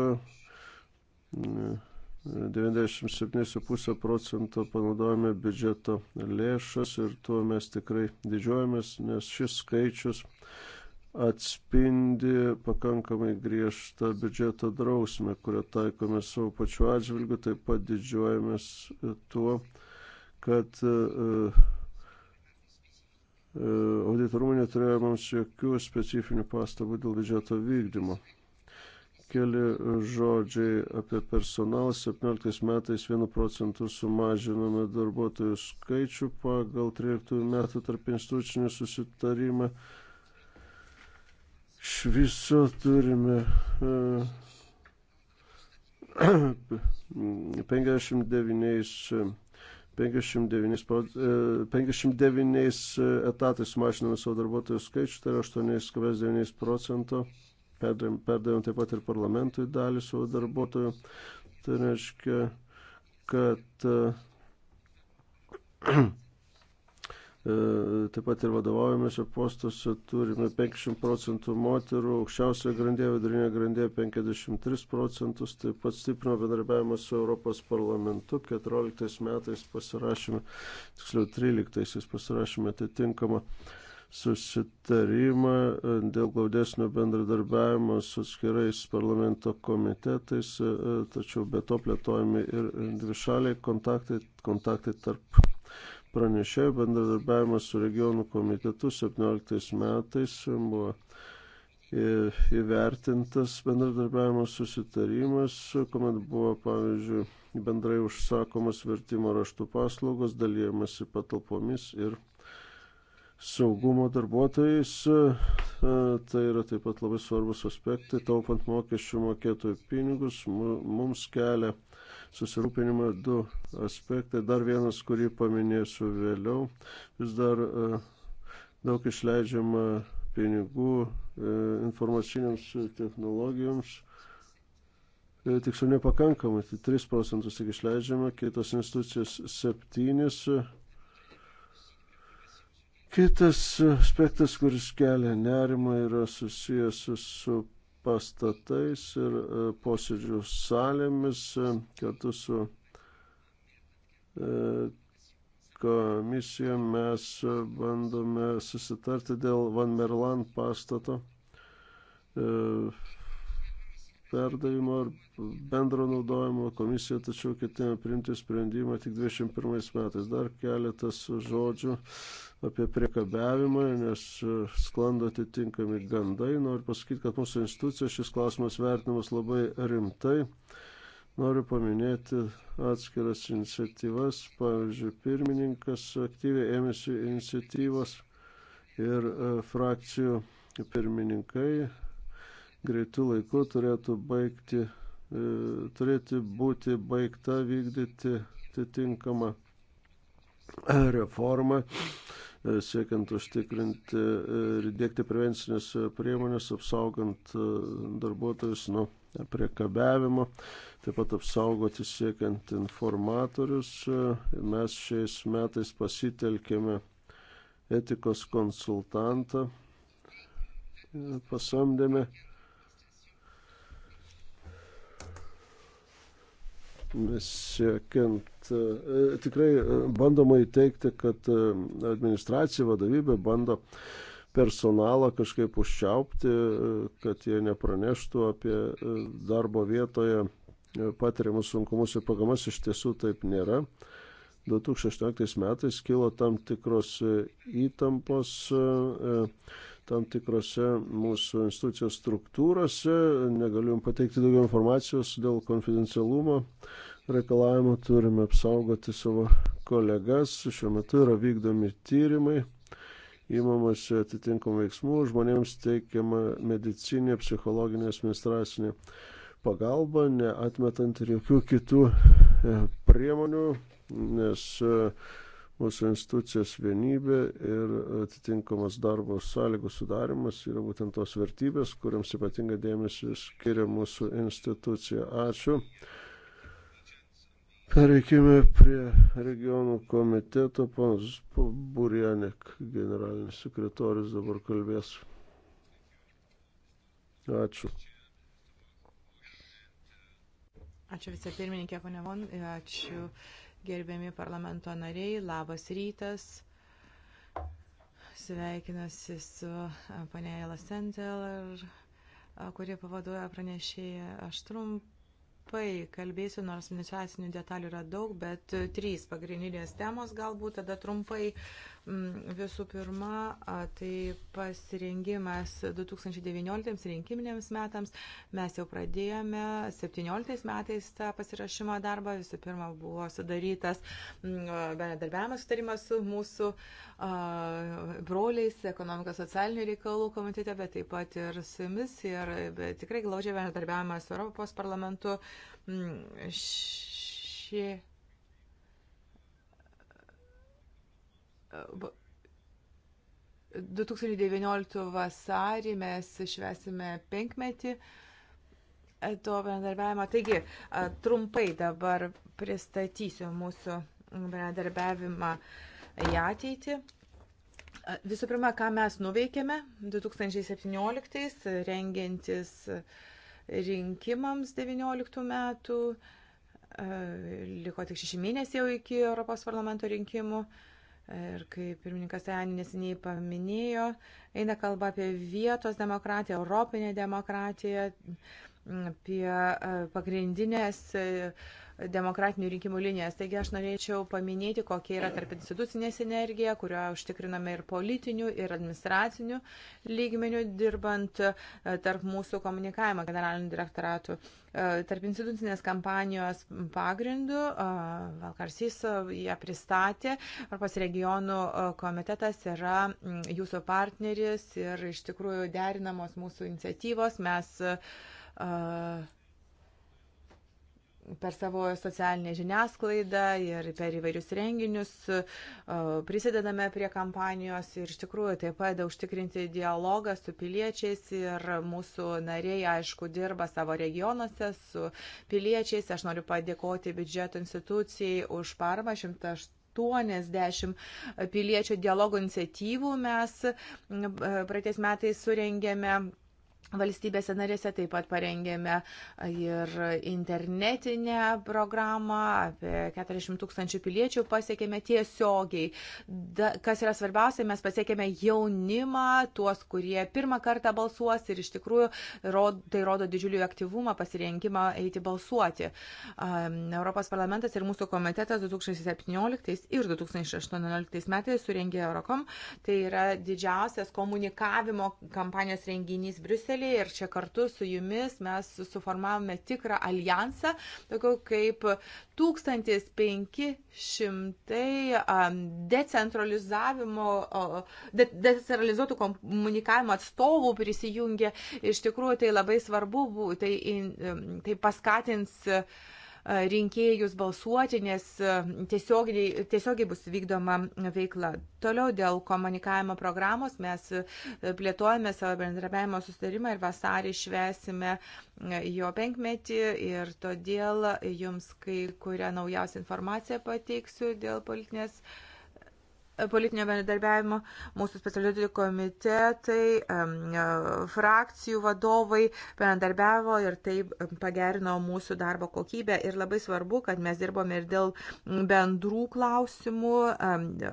97,5 procento panaudojame biudžeto lėšas ir tuo mes tikrai didžiuojamės, nes šis skaičius atspindi pakankamai griežtą biudžeto drausmę, kurią taikome savo pačiu atžvilgiu, taip pat didžiuojamės tuo, kad e, e, auditorumai neturėjo mums jokių specifinių pastabų dėl biudžeto vykdymo. Keli žodžiai apie personalą. 17 metais 1 procentų sumažinome darbuotojų skaičių pagal 13 metų tarp institucinį susitarimą. Iš viso turime 59 59, 59 etatais mažiname savo darbuotojų skaičių, tai yra 8,9 procento, perdavėm taip pat ir parlamentui dalį savo darbuotojų. Tai reiškia, kad e, E, taip pat ir vadovaujamėse postuose turime 50 procentų moterų, aukščiausioje grandėje, vidurinėje grandėje 53 procentus, taip pat stiprino bendarbiavimą su Europos parlamentu, 14 metais pasirašėme, tiksliau 13 pasirašėme atitinkamą susitarimą e, dėl glaudesnio bendradarbiavimo su atskirais parlamento komitetais, e, tačiau be to plėtojami ir dvišaliai kontaktai, kontaktai tarp pranešėjų bendradarbiavimas su regionų komitetu 17 metais buvo įvertintas bendradarbiavimo susitarimas, kuomet buvo, pavyzdžiui, bendrai užsakomas vertimo raštų paslaugos, dalyjamasi patalpomis ir saugumo darbuotojais. Tai yra taip pat labai svarbus aspektai, taupant mokesčių mokėtojų pinigus, mums kelia susirūpinimą du aspektai. Dar vienas, kurį paminėsiu vėliau. Vis dar e, daug išleidžiama pinigų e, informaciniams technologijoms. E, tiksliau nepakankamai, tai 3 procentus tik išleidžiama, kitos institucijos 7, Kitas aspektas, kuris kelia nerimą, yra susijęs su pastatais ir e, posėdžių salėmis e, kartu su e, komisija mes bandome susitarti dėl Van Merlan pastato perdavimo ar bendro naudojimo komisija, tačiau ketina priimti sprendimą tik 21 metais. Dar keletas žodžių apie priekabiavimą, nes e, sklando atitinkami gandai. Noriu pasakyti, kad mūsų institucija šis klausimas vertinamas labai rimtai. Noriu paminėti atskiras iniciatyvas. Pavyzdžiui, pirmininkas aktyviai ėmėsi iniciatyvos ir e, frakcijų pirmininkai greitų laikų turėtų baigti, e, turėtų būti baigta vykdyti atitinkamą reformą E, siekiant užtikrinti e, ir dėkti prevencinės priemonės, apsaugant e, darbuotojus nuo priekabiavimo, taip pat apsaugoti siekiant informatorius. Mes šiais metais pasitelkėme etikos konsultantą, pasamdėme siekiant, e, tikrai e, bandoma įteikti, kad e, administracija, vadovybė bando personalą kažkaip užčiaupti, kad jie nepraneštų apie darbo vietoje patiriamus sunkumus ir pagamas iš tiesų taip nėra. 2016 metais kilo tam tikros įtampos tam tikrose mūsų institucijos struktūrose. Negaliu jums pateikti daugiau informacijos dėl konfidencialumo reikalavimų. Turime apsaugoti savo kolegas. Šiuo metu yra vykdomi tyrimai. Įmamas atitinkamų veiksmų, žmonėms teikiama medicinė, psichologinė, administracinė pagalba, neatmetant ir jokių kitų e, priemonių, nes uh, mūsų institucijos vienybė ir atitinkamas darbo sąlygų sudarimas yra būtent tos vertybės, kuriams ypatinga dėmesį skiria mūsų institucija. Ačiū. Pereikime prie regionų komiteto, panas Burjanek, generalinis sekretorius dabar kalbės. Ačiū. Ačiū vicepirmininkė, ponia Von, ačiū gerbiami parlamento nariai, labas rytas. Sveikinuosi su ponė Ela Sentel, kurie pavaduoja pranešėją. Aš trumpai trumpai kalbėsiu, nors administracinių detalių yra daug, bet trys pagrindinės temos galbūt tada trumpai Mm, visų pirma, tai pasirengimas 2019 rinkiminiams metams. Mes jau pradėjome 17 metais tą pasirašymo darbą. Visų pirma, buvo sudarytas mm, bendradarbiavimas sutarimas su mūsų broliais ekonomikos socialinių reikalų komitete, bet taip pat ir su jumis. Ir e, tikrai glaudžiai bendradarbiavimas su Europos parlamentu. Mm, ši 2019 vasarį mes švesime penkmetį to bendarbiavimo. Taigi, trumpai dabar pristatysiu mūsų bendarbiavimą į ateitį. Visų pirma, ką mes nuveikėme 2017, rengiantis rinkimams 19 metų, liko tik šeši mėnesiai jau iki Europos parlamento rinkimų. Ir kaip pirmininkas Tajani nesiniai paminėjo, eina kalba apie vietos demokratiją, europinę demokratiją, apie e, pagrindinės e, demokratinių rinkimų linijas. Taigi aš norėčiau paminėti, kokia yra tarp institucinė sinergija, kurio užtikriname ir politinių, ir administracinių lygmenių dirbant e, tarp mūsų komunikavimo generalinių direktoratų. E, tarp institucinės kampanijos pagrindų e, Valkarsys ją pristatė, Europos regionų komitetas yra jūsų partneris ir iš tikrųjų derinamos mūsų iniciatyvos. Mes uh, per savo socialinę žiniasklaidą ir per įvairius renginius e, prisidedame prie kampanijos ir iš tikrųjų taip pat užtikrinti dialogą su piliečiais ir mūsų nariai, aišku, dirba savo regionuose su piliečiais. Aš noriu padėkoti biudžeto institucijai už parmą 108. 80 piliečių dialogo iniciatyvų mes praeitais metais surengėme Valstybėse narėse taip pat parengėme ir internetinę programą, apie 40 tūkstančių piliečių pasiekėme tiesiogiai. Da, kas yra svarbiausia, mes pasiekėme jaunimą, tuos, kurie pirmą kartą balsuos ir iš tikrųjų rod, tai rodo didžiulį aktyvumą, pasirinkimą eiti balsuoti. Um, Europos parlamentas ir mūsų komitetas 2017 ir 2018 metais surengė Eurokom, tai yra didžiausias komunikavimo kampanijos renginys Briuselėje modeliai ir čia kartu su jumis mes suformavome tikrą alijansą, daugiau kaip 1500 decentralizavimo, de, decentralizuotų komunikavimo atstovų prisijungė. Iš tikrųjų tai labai svarbu, tai, tai paskatins rinkėjus balsuoti, nes e, tiesiogiai, tiesiogiai bus vykdoma veikla. Toliau dėl komunikavimo programos mes e, plėtojame savo bendrabiavimo sustarimą ir vasarį švesime e, jo penkmetį ir todėl jums kai kurią naujausią informaciją pateiksiu dėl politinės uh, politinio bendradarbiavimo, mūsų specialiųjų komitetai, e, frakcijų vadovai bendradarbiavo ir tai pagerino mūsų darbo kokybę. Ir labai svarbu, kad mes dirbome ir dėl bendrų klausimų,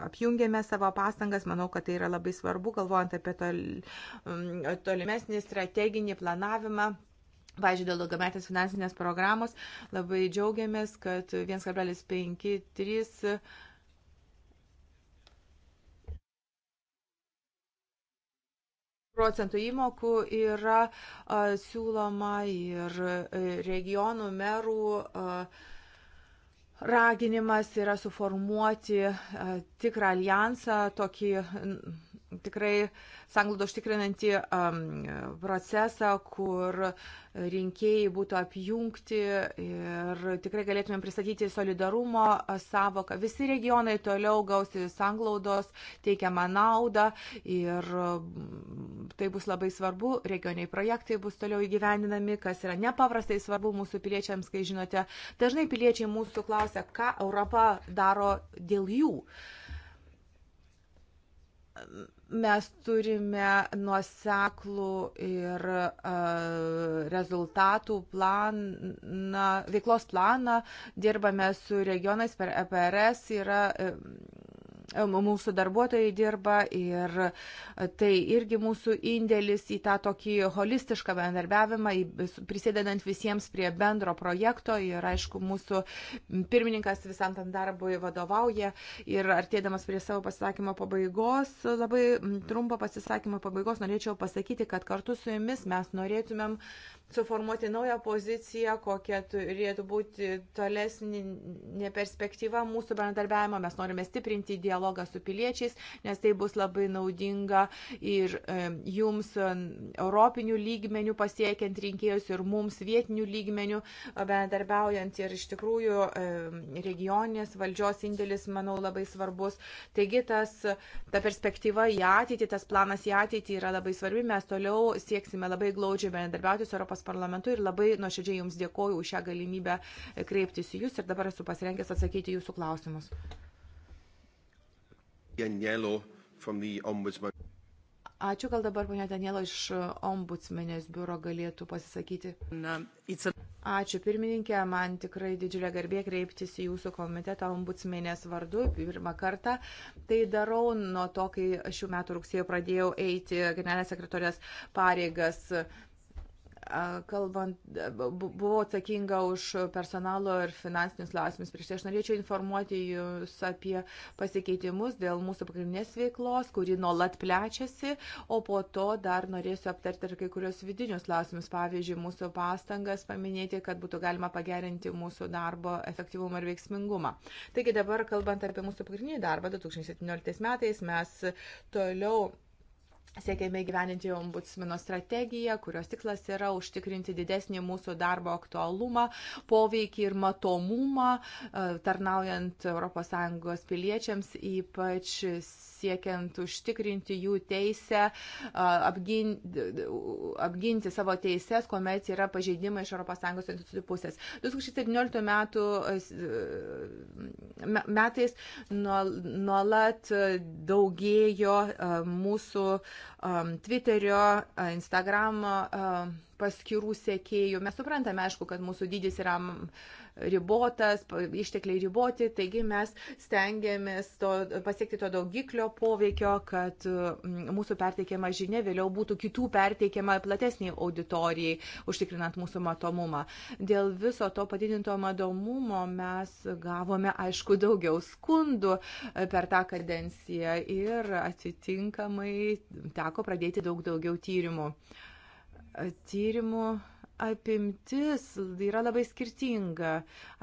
apjungėme savo pastangas. Manau, kad tai yra labai svarbu, galvojant apie tolimesnį strateginį planavimą. Pavyzdžiui, dėl daugiametės finansinės programos labai džiaugiamės, kad 1,53 procentų įmokų yra a, siūloma ir e, regionų merų a, raginimas yra suformuoti a, tikrą alijansą, tokį tikrai sanglaudą užtikrinantį um, procesą, kur rinkėjai būtų apjungti ir tikrai galėtumėm pristatyti solidarumo savoką. Visi regionai toliau gausi sanglaudos teikiamą naudą ir tai bus labai svarbu. Regioniai projektai bus toliau įgyvendinami, kas yra nepaprastai svarbu mūsų piliečiams, kai žinote, dažnai piliečiai mūsų klausia, ką Europa daro dėl jų mes turime nuoseklų ir uh, rezultatų planą, veiklos planą, dirbame su regionais per EPRS, yra uh, mūsų darbuotojai dirba ir tai irgi mūsų indėlis į tą tokį holistišką bendarbiavimą, prisidedant visiems prie bendro projekto ir aišku, mūsų pirmininkas visam tam darbui vadovauja ir artėdamas prie savo pasisakymo pabaigos, labai trumpo pasisakymo pabaigos norėčiau pasakyti, kad kartu su jumis mes norėtumėm suformuoti naują poziciją, kokia turėtų būti tolesnė perspektyva mūsų bendradarbiavimo. Mes norime stiprinti dialogą su piliečiais, nes tai bus labai naudinga ir jums europinių lygmenių pasiekiant rinkėjus ir mums vietinių lygmenių bendradarbiaujant. Ir iš tikrųjų regioninės valdžios indėlis, manau, labai svarbus. Taigi tas, ta perspektyva į ateitį, tas planas į ateitį yra labai svarbi. Mes toliau sieksime labai glaudžiai bendradarbiauti su Europos parlamentu ir labai nuoširdžiai Jums dėkoju už šią galimybę kreiptis į Jūs ir dabar esu pasirengęs atsakyti Jūsų klausimus. Danielo from the Ombudsman. Ačiū, gal dabar ponia Daniela iš ombudsmenės biuro galėtų pasisakyti. Na, a... Ačiū pirmininkė, man tikrai didžiulė garbė kreiptis į jūsų komitetą ombudsmenės vardu pirmą kartą. Tai darau nuo to, kai šių metų rugsėjo pradėjau eiti generalinės sekretorės pareigas kalbant, buvau atsakinga už personalo ir finansinius klausimus. Prieš tai aš norėčiau informuoti Jūs apie pasikeitimus dėl mūsų pagrindinės veiklos, kuri nuolat plečiasi, o po to dar norėsiu aptarti ir kai kurios vidinius klausimus, pavyzdžiui, mūsų pastangas paminėti, kad būtų galima pagerinti mūsų darbo efektyvumą ir veiksmingumą. Taigi dabar, kalbant apie mūsų pagrindinį darbą, 2017 metais mes toliau Siekėme gyveninti ombudsmino strategiją, kurios tikslas yra užtikrinti didesnį mūsų darbo aktualumą, poveikį ir matomumą, e, tarnaujant ES piliečiams, ypač siekiant užtikrinti jų teisę apginti, apginti savo teises, kuomet yra pažeidimai iš ES institucijų pusės. 2017 metų e, metais nuolat daugėjo e, mūsų e, Twitterio, Instagramo paskirų sėkėjų. Mes suprantame, aišku, kad mūsų dydis yra ribotas, ištekliai riboti, taigi mes stengiamės to, pasiekti to daugiklio poveikio, kad mūsų perteikiama žinia vėliau būtų kitų perteikiama platesniai auditorijai, užtikrinant mūsų matomumą. Dėl viso to padidinto matomumo mes gavome, aišku, daugiau skundų e, per tą kadenciją ir atitinkamai teko pradėti daug daugiau tyrimų. Uh, tyrimų apimtis yra labai skirtinga.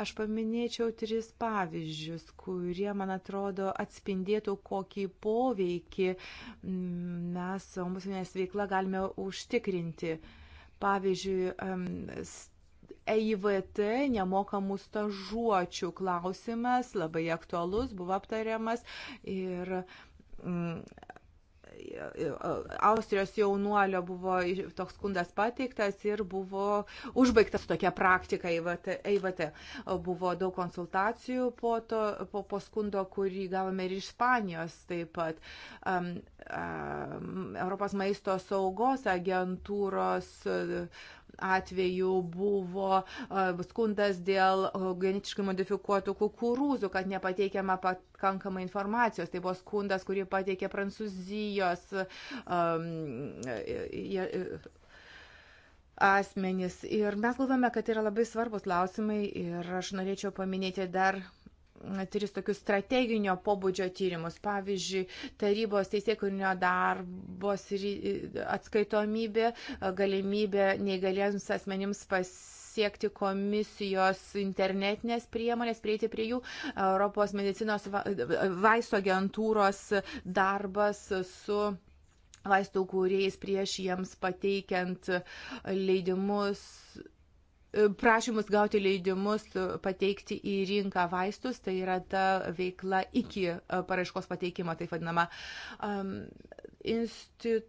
Aš paminėčiau tris pavyzdžius, kurie, man atrodo, atspindėtų, kokį poveikį mm, mes ombudsmenės veikla galime užtikrinti. Pavyzdžiui, EIVT e nemokamų stažuočių klausimas labai aktualus, buvo aptariamas ir mm, Austrijos jaunuolio buvo toks skundas pateiktas ir buvo užbaigtas tokia praktika EIVT. E buvo daug konsultacijų po, to, po, po skundo, kurį gavome ir iš Ispanijos taip pat. Um, um, Europos maisto saugos agentūros. Uh, atveju buvo skundas dėl genetiškai modifikuotų kukurūzų, kad nepateikiama pakankamai informacijos. Tai buvo skundas, kurį pateikė Prancūzijos um, asmenys. Ir mes galvome, kad tai yra labai svarbus klausimai ir aš norėčiau paminėti dar tris tokius strateginio pobūdžio tyrimus, pavyzdžiui, tarybos teisėkurinio darbos atskaitomybė, galimybė neįgaliems asmenims pasirinkti siekti komisijos internetinės priemonės, prieiti prie jų, Europos medicinos va, vaisto agentūros darbas su vaistų kūrėjais prieš jiems pateikiant leidimus E, prašymus gauti leidimus pateikti į rinką vaistus, tai yra ta veikla iki e, paraiškos pateikimo, tai vadinama. Um, institu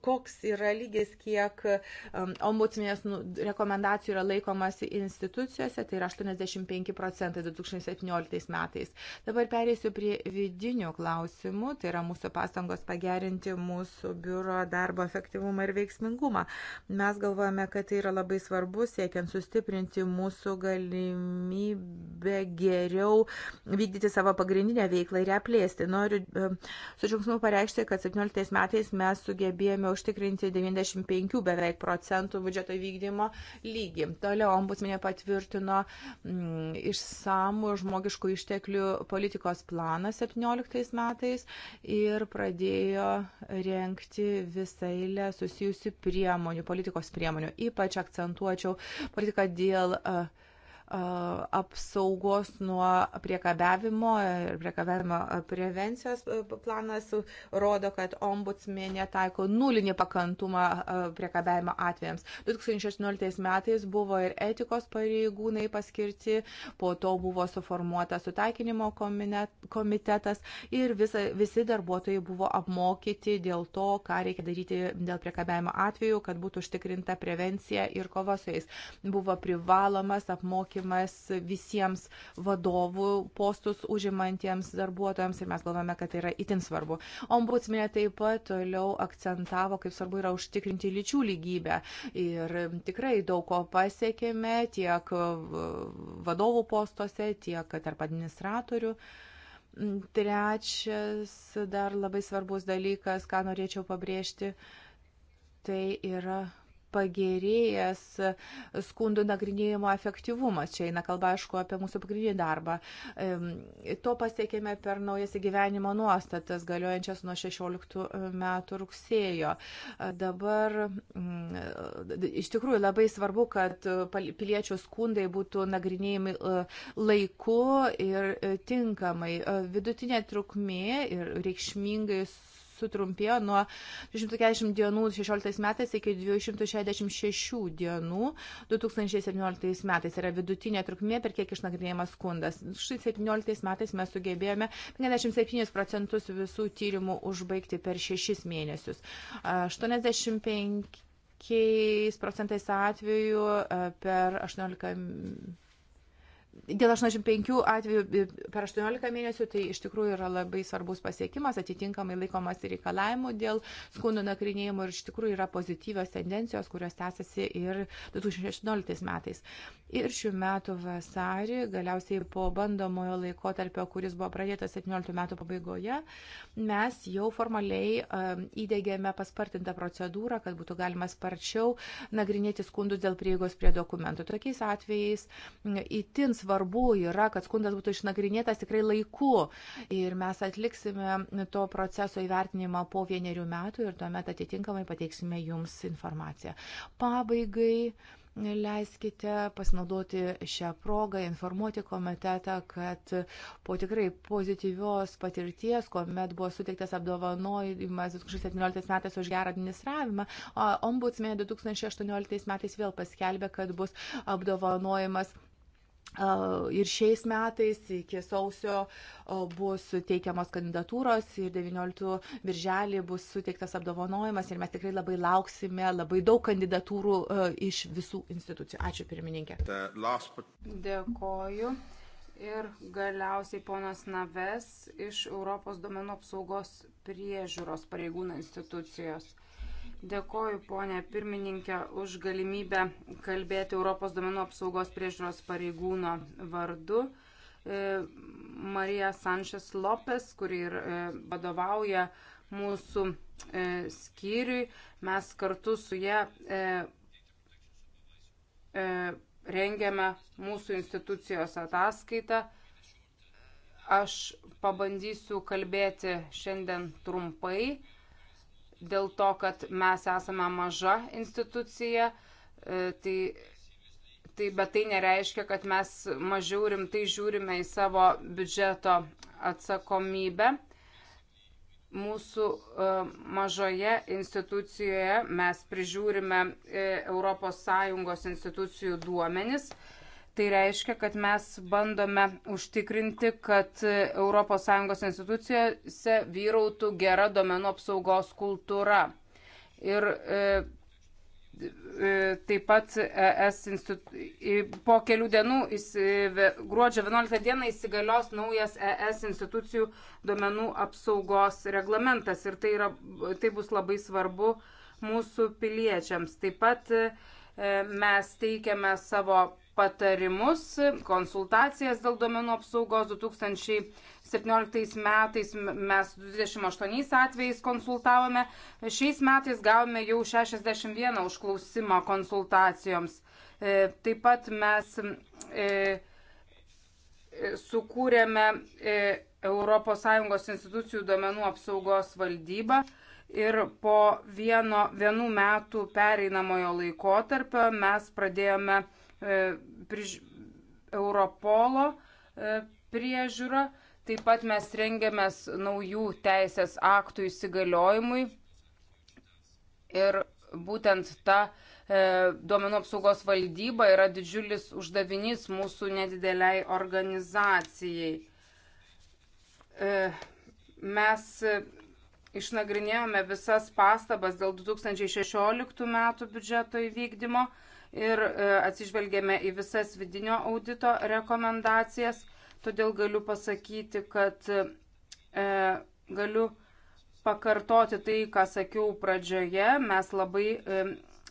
koks yra lygis, kiek um, ombudsminės nu, rekomendacijų yra laikomasi institucijose, tai yra 85 procentai 2017 metais. Dabar perėsiu prie vidinių klausimų, tai yra mūsų pastangos pagerinti mūsų biuro darbo efektyvumą ir veiksmingumą. Mes galvojame, kad tai yra labai svarbu, siekiant sustiprinti mūsų galimybę geriau vykdyti savo pagrindinę veiklą ir ją plėsti. Noriu um, su džiaugsmu pareikšti, kad 2017 metais mes mes sugebėjome užtikrinti 95 beveik procentų biudžeto vykdymo lygį. Toliau ombudsmenė patvirtino m, mm, išsamų žmogiškų išteklių politikos planą 17 metais ir pradėjo renkti visą eilę susijusių priemonių, politikos priemonių. Ypač akcentuočiau politiką dėl uh, apsaugos nuo priekabiavimo ir priekabiavimo prevencijos planas rodo, kad ombudsmenė taiko nulinį pakantumą priekabiavimo atvejams. 2016 metais buvo ir etikos pareigūnai paskirti, po to buvo suformuota sutaikinimo komitetas ir visa, visi darbuotojai buvo apmokyti dėl to, ką reikia daryti dėl priekabiavimo atveju, kad būtų užtikrinta prevencija ir kova su jais. Buvo privalomas apmokymas taikymas visiems vadovų postus užimantiems darbuotojams ir mes galvome, kad tai yra itin svarbu. Ombudsmenė taip pat toliau akcentavo, kaip svarbu yra užtikrinti lyčių lygybę. Ir tikrai daug ko pasiekėme tiek vadovų postuose, tiek tarp administratorių. Trečias dar labai svarbus dalykas, ką norėčiau pabrėžti, tai yra pagerėjęs skundų nagrinėjimo efektyvumas. Čia eina kalba, aišku, apie mūsų pagrindinį darbą. To pasiekėme per naujas įgyvenimo nuostatas, galiojančias nuo 16 metų rugsėjo. Dabar mm, iš tikrųjų labai svarbu, kad piliečių skundai būtų nagrinėjami e, laiku ir e, tinkamai. E, vidutinė trukmė ir reikšmingai sutrumpėjo nuo 240 dienų 16 metais iki 266 dienų 2017 metais. Yra vidutinė trukmė, per kiek išnagrinėjamas skundas. Štai 2017 metais mes sugebėjome 57 procentus visų tyrimų užbaigti per 6 mėnesius. 85 procentais atvejų e, per 18 Dėl 85 atvejų per 18 mėnesių tai iš tikrųjų yra labai svarbus pasiekimas, atitinkamai laikomas reikalavimų dėl skundų nagrinėjimo ir iš tikrųjų yra pozityvios tendencijos, kurios tęsiasi ir 2016 metais. Ir šių metų vasarį, galiausiai po bandomojo laiko tarpio, kuris buvo pradėtas 17 metų pabaigoje, mes jau formaliai um, įdėgėme paspartintą procedūrą, kad būtų galima sparčiau nagrinėti skundus dėl prieigos prie dokumentų. Tokiais atvejais įtins svarbu yra, kad skundas būtų išnagrinėtas tikrai laiku. Ir mes atliksime to proceso įvertinimą po vienerių metų ir tuomet atitinkamai pateiksime jums informaciją. Pabaigai leiskite pasinaudoti šią progą, informuoti komitetą, kad po tikrai pozityvios patirties, kuomet buvo suteiktas apdovanojimas 2017 metais už gerą administravimą, ombudsmenė 2018 metais vėl paskelbė, kad bus apdovanojimas Ir šiais metais iki sausio bus teikiamos kandidatūros ir 19 birželį bus suteiktas apdovanojimas ir mes tikrai labai lauksime labai daug kandidatūrų iš visų institucijų. Ačiū pirmininkė. Dėkoju. Ir galiausiai ponas Naves iš Europos domenų apsaugos priežiūros pareigūnų institucijos. Dėkoju, ponė pirmininkė, už galimybę kalbėti Europos domenų apsaugos priežiūros pareigūno vardu. E, Marija Sančes Lopes, kuri ir e, vadovauja mūsų e, skyriui. Mes kartu su ją rengiame mūsų institucijos ataskaitą. Aš pabandysiu kalbėti šiandien trumpai dėl to, kad mes esame maža institucija, e, tai, tai bet tai nereiškia, kad mes mažiau rimtai žiūrime į savo biudžeto atsakomybę. Mūsų e, mažoje institucijoje mes prižiūrime ES institucijų duomenis Tai reiškia, kad mes bandome užtikrinti, kad ES institucijose vyrautų gera domenų apsaugos kultūra. Ir e, e taip pat ES institu... po kelių dienų, gruodžio 11 dieną įsigalios naujas ES institucijų duomenų apsaugos reglamentas ir tai, yra, tai bus labai svarbu mūsų piliečiams. Taip pat e, mes teikiame savo patarimus, konsultacijas dėl duomenų apsaugos 2017 metais mes 28 atvejais konsultavome, šiais metais gavome jau 61 užklausimą konsultacijoms. E, taip pat mes e, e, sukūrėme ES institucijų duomenų apsaugos valdybą ir po vieno, vienų metų pereinamojo laikotarpio mes pradėjome uh, E, priž... Europolo e, priežiūra. Taip pat mes rengiamės naujų teisės aktų įsigaliojimui. Ir būtent ta e, duomenų apsaugos valdyba yra didžiulis uždavinys mūsų nedideliai organizacijai. E, mes e, išnagrinėjome visas pastabas dėl 2016 metų biudžeto įvykdymo. E, ir e, atsižvelgėme į visas vidinio audito rekomendacijas. Todėl galiu pasakyti, kad e, galiu pakartoti tai, ką sakiau pradžioje. Mes labai e,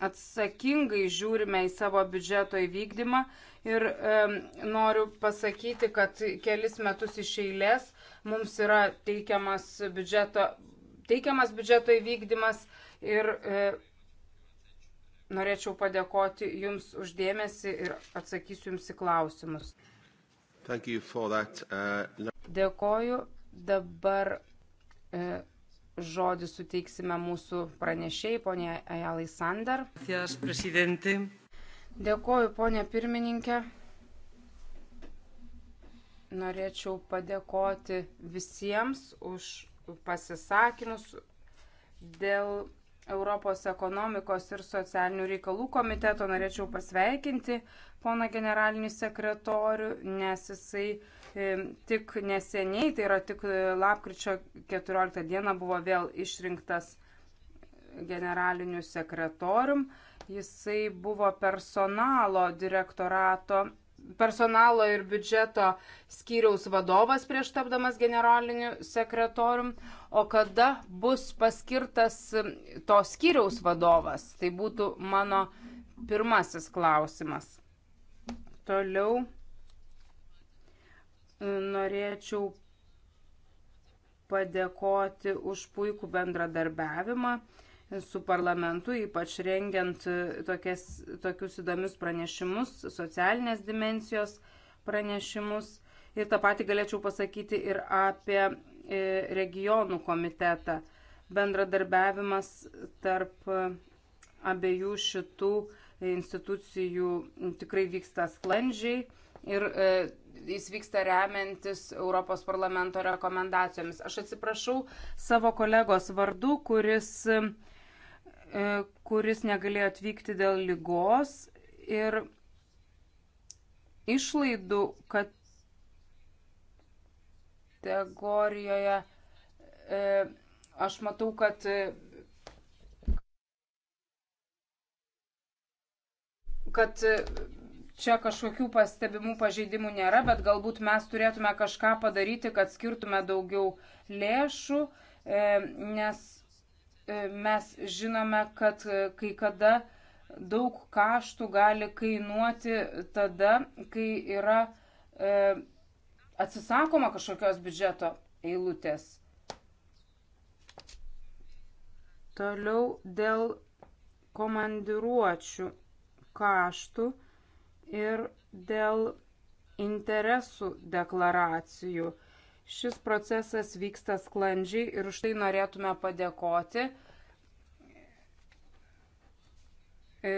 atsakingai žiūrime į savo biudžeto įvykdymą ir e, noriu pasakyti, kad kelis metus iš eilės mums yra teikiamas biudžeto, teikiamas biudžeto įvykdymas ir e, norėčiau padėkoti Jums uždėmesi ir atsakysiu Jums į klausimus. Uh... Dėkoju. Dabar e, žodį suteiksime mūsų pranešėjai, ponė Ajalai Sander. Dėkoju, ponė pirmininkė. Norėčiau padėkoti visiems už pasisakymus dėl Europos ekonomikos ir socialinių reikalų komiteto norėčiau pasveikinti poną generalinį sekretorių, nes jisai e, tik neseniai, tai yra tik e, lapkričio 14 dieną buvo vėl išrinktas generaliniu sekretorium. Jisai buvo personalo direktorato personalo ir biudžeto skyriaus vadovas prieš tapdamas generaliniu sekretorium, o kada bus paskirtas to skyriaus vadovas. Tai būtų mano pirmasis klausimas. Toliau norėčiau padėkoti už puikų bendradarbiavimą su parlamentu, ypač rengiant tokias, tokius įdomius pranešimus, socialinės dimensijos pranešimus. Ir tą patį galėčiau pasakyti ir apie e, regionų komitetą. Bendradarbiavimas tarp abiejų šitų institucijų tikrai vyksta sklandžiai ir e, jis vyksta remiantis Europos parlamento rekomendacijomis. Aš atsiprašau savo kolegos vardu, kuris e, E, kuris negalėjo atvykti dėl lygos ir išlaidų kategorijoje e, aš matau, kad kad čia kažkokių pastebimų pažeidimų nėra, bet galbūt mes turėtume kažką padaryti, kad skirtume daugiau lėšų, e, nes E, mes žinome, kad e, kai kada daug kaštų gali kainuoti tada, kai yra e, atsisakoma kažkokios biudžeto eilutės. Toliau dėl komandiruočių kaštų ir dėl interesų deklaracijų. E, Šis procesas vyksta sklandžiai ir už tai norėtume padėkoti. E,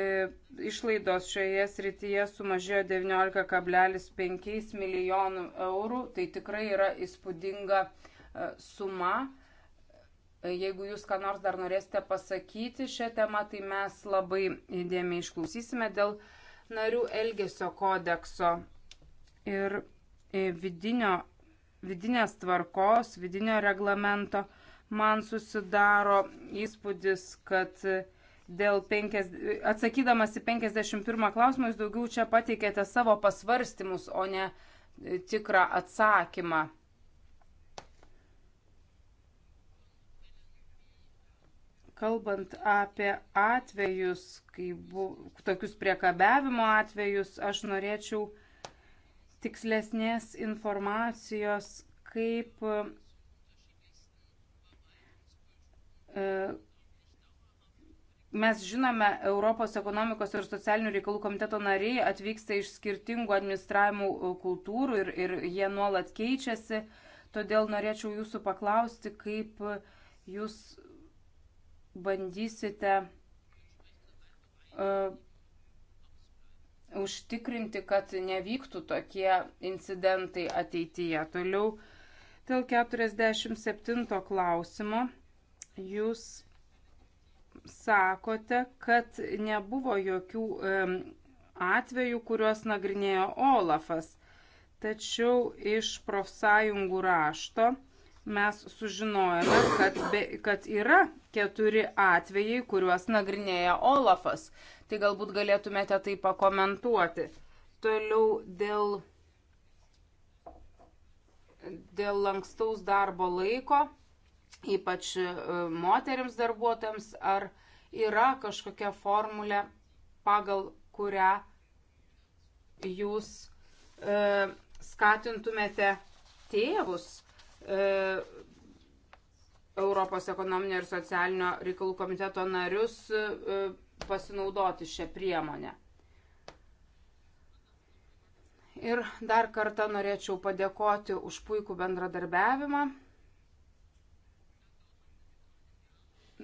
išlaidos šioje srityje sumažėjo 19,5 milijonų eurų. Tai tikrai yra įspūdinga e, suma. E, jeigu jūs ką nors dar norėsite pasakyti šią temą, tai mes labai įdėmiai išklausysime dėl narių elgesio kodekso ir vidinio vidinės tvarkos, vidinio reglamento, man susidaro įspūdis, kad dėl 50, atsakydamas į 51 klausimą jūs daugiau čia pateikėte savo pasvarstymus, o ne e, tikrą atsakymą. Kalbant apie atvejus, kai bu, tokius priekabiavimo atvejus, aš norėčiau tikslesnės informacijos, kaip e, mes žinome, Europos ekonomikos ir socialinių reikalų komiteto nariai atvyksta iš skirtingų administravimų e, kultūrų ir, ir jie nuolat keičiasi. Todėl norėčiau jūsų paklausti, kaip jūs bandysite uh, užtikrinti, kad nevyktų tokie incidentai ateityje. Toliau dėl 47 klausimo jūs sakote, kad nebuvo jokių atvejų, kuriuos nagrinėjo Olafas. Tačiau iš profsąjungų rašto mes sužinojame, kad, be, kad yra keturi atvejai, kuriuos nagrinėja Olafas tai galbūt galėtumėte tai pakomentuoti. Toliau dėl, dėl lankstaus darbo laiko, ypač e, moteriams darbuotojams, ar yra kažkokia formulė, pagal kurią jūs e, skatintumėte tėvus e, Europos ekonominio ir socialinio reikalų komiteto narius e, pasinaudoti šią priemonę. Ir dar kartą norėčiau padėkoti už puikų bendradarbiavimą.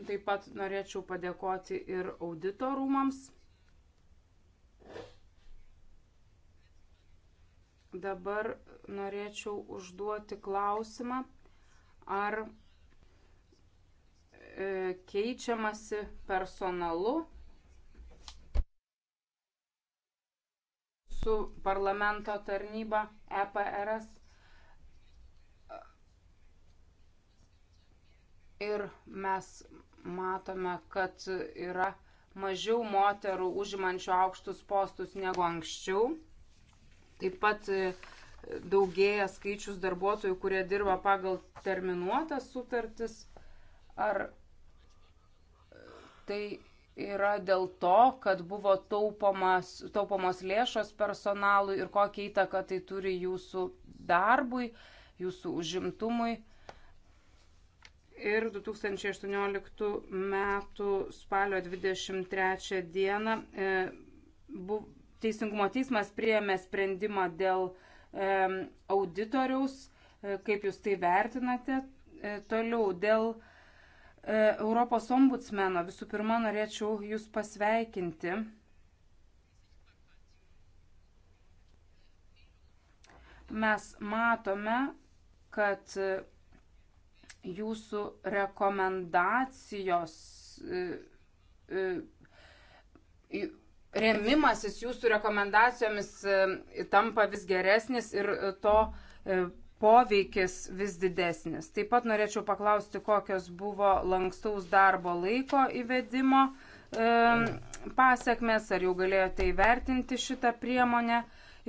Taip pat norėčiau padėkoti ir auditorumams. Dabar norėčiau užduoti klausimą, ar e, keičiamasi personalu su parlamento tarnyba EPRS. Ir mes matome, kad yra mažiau moterų užimančių aukštus postus negu anksčiau. Taip pat e, daugėja skaičius darbuotojų, kurie dirba pagal terminuotas sutartis. Ar e, tai yra dėl to, kad buvo taupomas, taupomos lėšos personalui ir kokią įtaką tai turi jūsų darbui, jūsų užimtumui. Ir 2018 m. spalio 23 d. E, bu, Teisingumo teismas priėmė sprendimą dėl e, auditoriaus, e, kaip jūs tai vertinate. E, toliau dėl e, E, Europos ombudsmeno. Visų pirma, norėčiau Jūs pasveikinti. Mes matome, kad Jūsų rekomendacijos, e, e, remimasis Jūsų rekomendacijomis tampa vis geresnis ir to poveikis vis didesnis. Taip pat norėčiau paklausti, kokios buvo lankstaus darbo laiko įvedimo e, pasiekmes, ar jau galėjote įvertinti šitą priemonę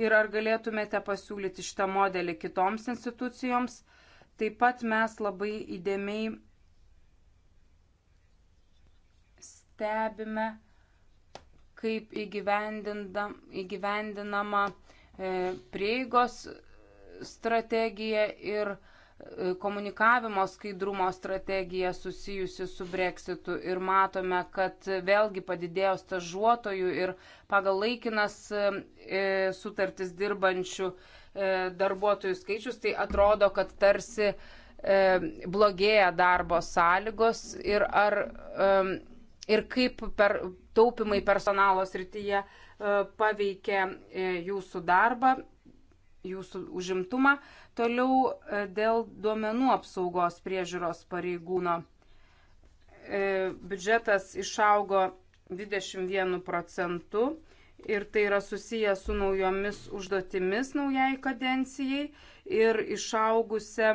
ir ar galėtumėte pasiūlyti šitą modelį kitoms institucijoms. Taip pat mes labai įdėmiai stebime, kaip įgyvendinama e, prieigos strategija ir e, komunikavimo skaidrumo strategija susijusi su breksitu ir matome, kad vėlgi padidėjo stažuotojų ir pagal laikinas e, sutartis dirbančių e, darbuotojų skaičius, tai atrodo, kad tarsi blogėja darbo sąlygos ir ar ir kaip per taupimai personalo srityje paveikia jūsų darbą jūsų užimtumą. Toliau e, dėl duomenų apsaugos priežiūros pareigūno e, biudžetas išaugo 21 procentu ir tai yra susiję su naujomis užduotimis naujai kadencijai ir išaugusia,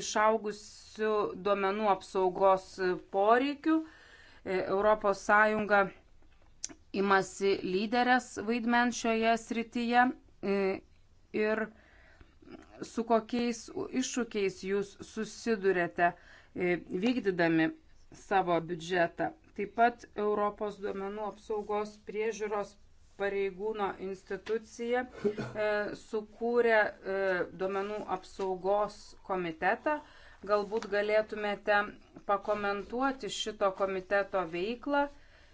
išaugusiu duomenų apsaugos poreikiu. ES imasi lyderės vaidmen šioje srityje e, ir su kokiais iššūkiais jūs susidurėte e, vykdydami savo biudžetą. Taip pat Europos duomenų apsaugos priežiūros pareigūno institucija e, sukūrė e, duomenų apsaugos komitetą. Galbūt galėtumėte pakomentuoti šito komiteto veiklą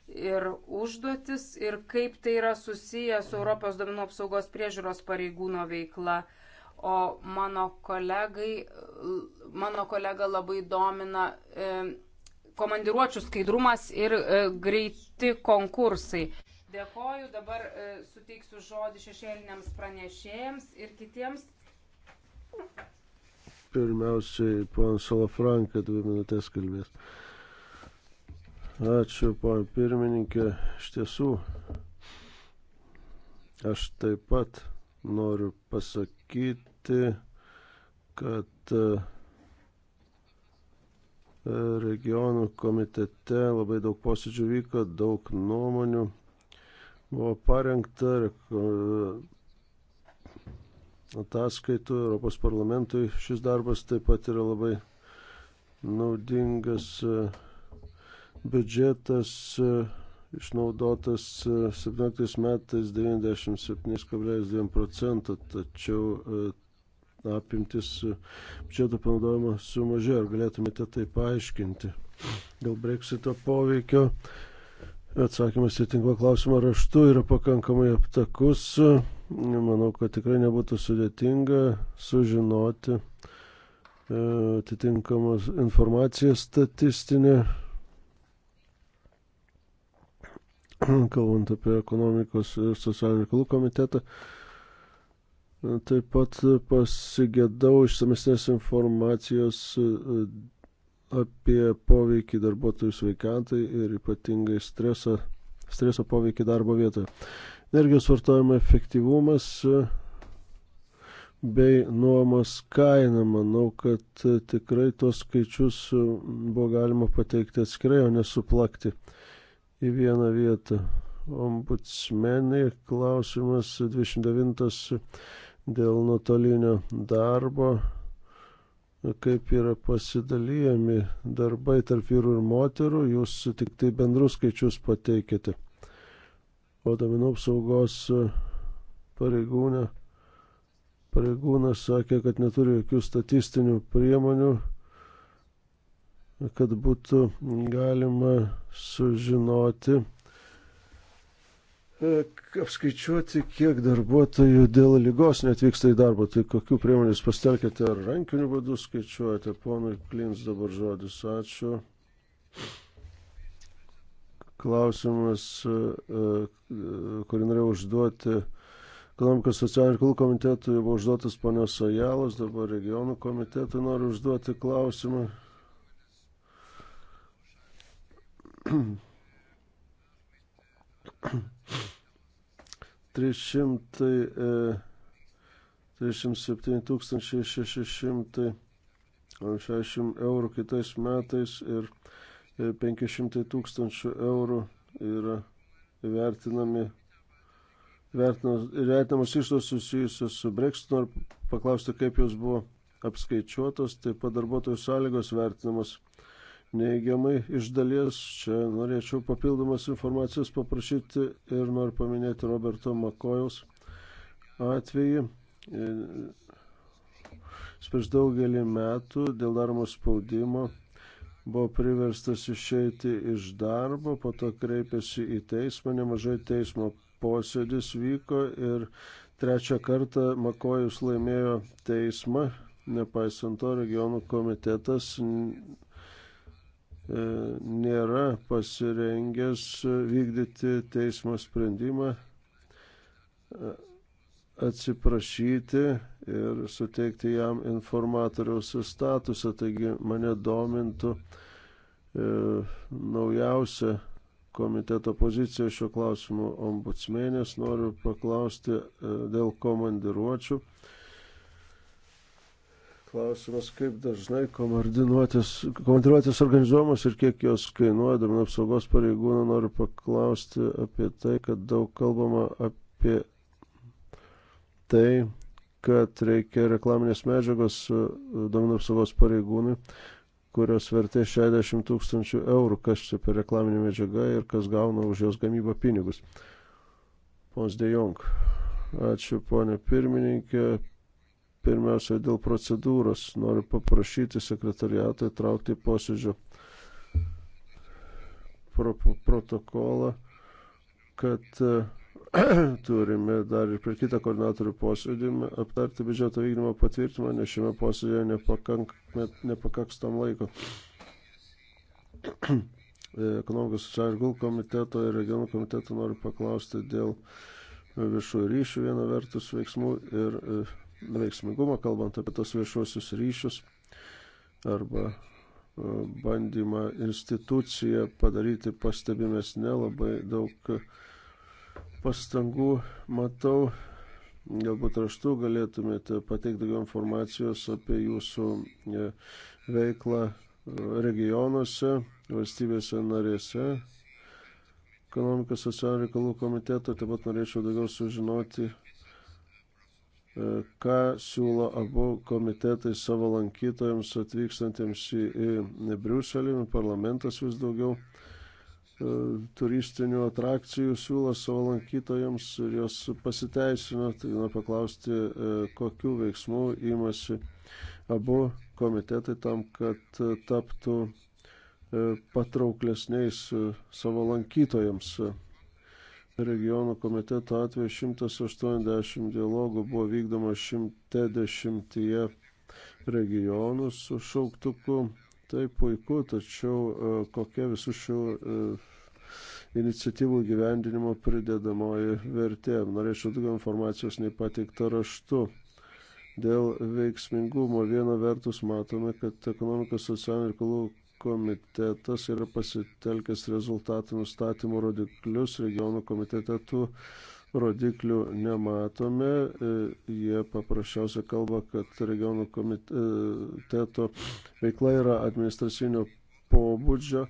ir užduotis ir kaip tai yra susiję su Europos duomenų apsaugos priežiūros pareigūno veikla. O mano, kolegai, mano kolega labai domina e, komandiruočių skaidrumas ir e, greiti konkursai. Dėkoju, dabar e, suteiksiu žodį šešėliniams pranešėjams ir kitiems. Pirmiausiai, pan Salafranka, dvi minutės kalbės. E, Ačiū, ponia pirmininkė. Iš tiesų, aš taip pat noriu pasakyti, kad e, regionų komitete labai daug posėdžių vyko, daug nuomonių buvo parengta ataskaitų Europos parlamentui. Šis darbas taip pat yra labai naudingas. Uh, Biudžetas e, išnaudotas 17 e, metais 97,2 procento, tačiau e, apimtis biudžeto panaudojimo sumažėjo. Ar galėtumėte tai paaiškinti? Dėl breksito poveikio atsakymas į tinklą klausimą raštu yra pakankamai aptakus. Manau, kad tikrai nebūtų sudėtinga sužinoti atitinkamas informacija statistinė kalbant apie ekonomikos ir socialinių reikalų komitetą. Taip pat pasigėdau išsamesnės informacijos e, apie poveikį darbuotojų sveikatai ir ypatingai stresą, streso poveikį darbo vietoje. Energijos vartojimo efektyvumas e, bei nuomos kaina. Manau, kad e, tikrai tuos skaičius buvo galima pateikti atskirai, o nesuplakti į vieną vietą. Ombudsmenė klausimas 29 dėl nuotolinio darbo, kaip yra pasidalyjami darbai tarp vyrų ir moterų, jūs tik tai bendrus skaičius pateikite. O domenų apsaugos pareigūnė, pareigūnas sakė, kad neturi jokių statistinių priemonių kad būtų galima sužinoti, e, apskaičiuoti, kiek darbuotojų dėl lygos netvyksta į darbą. Tai kokiu priemonės pastelkite, ar rankiniu būdu skaičiuojate, ponui Klins dabar žodis, ačiū. Klausimas, e, e, kurį norėjau užduoti ekonomikos socialinių reikalų komitetui, buvo užduotas ponios Sojalos, dabar regionų komitetui noriu užduoti klausimą. 337 660 e, e, eurų kitais metais ir 500 e, tūkstančių eurų yra vertinami vertinamos išlaidos susijusios su Brexit. Noriu paklausti, kaip jos buvo apskaičiuotos, taip pat darbuotojų sąlygos vertinamos neigiamai iš dalies. Čia norėčiau papildomas informacijos paprašyti ir noriu paminėti Roberto Makojaus atvejį. Jis prieš daugelį metų dėl darbo spaudimo buvo priverstas išeiti iš darbo, po to kreipėsi į teismą, nemažai teismo posėdis vyko ir trečią kartą Makojus laimėjo teismą, nepaisant to regionų komitetas E, nėra pasirengęs vykdyti teismo sprendimą, e, atsiprašyti ir suteikti jam informatoriaus statusą. Taigi mane domintų e, naujausia komiteto pozicija šio klausimu ombudsmenės. Noriu paklausti dėl komandiruočių Klausimas, kaip dažnai komandiruotės organizuojamos ir kiek jos kainuoja, duomenų apsaugos pareigūną noriu paklausti apie tai, kad daug kalbama apie tai, kad reikia reklaminės medžiagos e, duomenų apsaugos pareigūnui, kurios vertė 60 tūkstančių eurų, kas čia per reklaminę medžiagą ir kas gauna už jos gamybą pinigus. Pons de Jong. Ačiū, ponė pirmininkė Pirmiausia, dėl procedūros noriu paprašyti sekretariatą įtraukti į posėdžio pro, protokolą, kad turime dar ir prie kitą koordinatorių posėdį aptarti biudžeto vykdymo patvirtinimą, nes šiame posėdėje nepakank, nepakaks tam laiko. Ekonomikos socialinių komiteto ir regionų komiteto noriu paklausti dėl viešųjų ryšių viena vertus veiksmų ir veiksmingumą, kalbant apie tos viešuosius ryšius arba e, bandymą instituciją padaryti pastebimesnė, labai daug pastangų matau. Galbūt raštu galėtumėte pateikti daugiau informacijos apie jūsų e, veiklą e, regionuose, valstybėse narėse, ekonomikos socialinių reikalų komiteto. Taip pat norėčiau daugiau sužinoti ką siūlo abu komitetai savo lankytojams atvykstantiems į, į Briuselį. Parlamentas vis daugiau e, turistinių atrakcijų siūlo savo lankytojams ir jos pasiteisino. Tai na, paklausti, e, kokiu veiksmu įmasi abu komitetai tam, kad taptų e, patrauklesniais e, savo lankytojams. E, regionų komiteto atveju 180 dialogų buvo vykdoma 110 regionų su šauktuku. Tai puiku, tačiau e, kokia visų šių e, iniciatyvų gyvendinimo pridedamoji vertė. Norėčiau daugiau informacijos nei pateikta raštu. Dėl veiksmingumo viena vertus matome, kad ekonomikos socialinių reikalų komitetas yra pasitelkęs rezultatų nustatymo rodiklius, regionų komitete tų rodiklių nematome. E, jie paprasčiausiai kalba, kad regionų komiteto veikla yra administracinio pobūdžio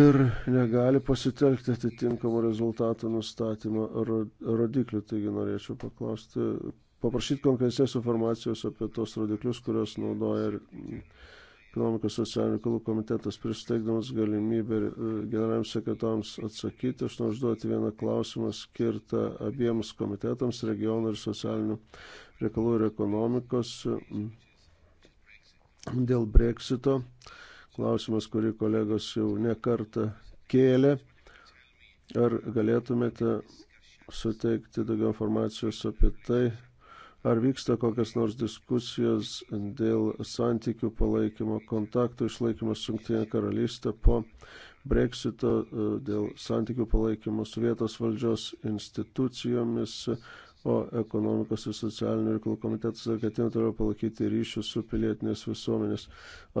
ir negali pasitelkti atitinkamų rezultatų nustatymo rodiklių. Taigi norėčiau paklausti, paprašyti konkrečios informacijos apie tos rodiklius, kurios naudoja ekonomikos socialinių reikalų komitetas pristeigdamas galimybę e, generaliniam sekretoriams atsakyti. Aš noriu užduoti vieną klausimą skirtą abiems komitetams - regionų ir socialinių reikalų ir ekonomikos. Dėl breksito klausimas, kurį kolegos jau nekartą kėlė. Ar galėtumėte suteikti daugiau informacijos apie tai, Ar vyksta kokias nors diskusijos dėl santykių palaikymo, kontaktų išlaikymo su Junktinė karalystė po breksito, e, dėl santykių palaikymo su vietos valdžios institucijomis, o ekonomikos ir socialinių reikalų komitetas dar ketina toliau palaikyti ryšius su pilietinės visuomenės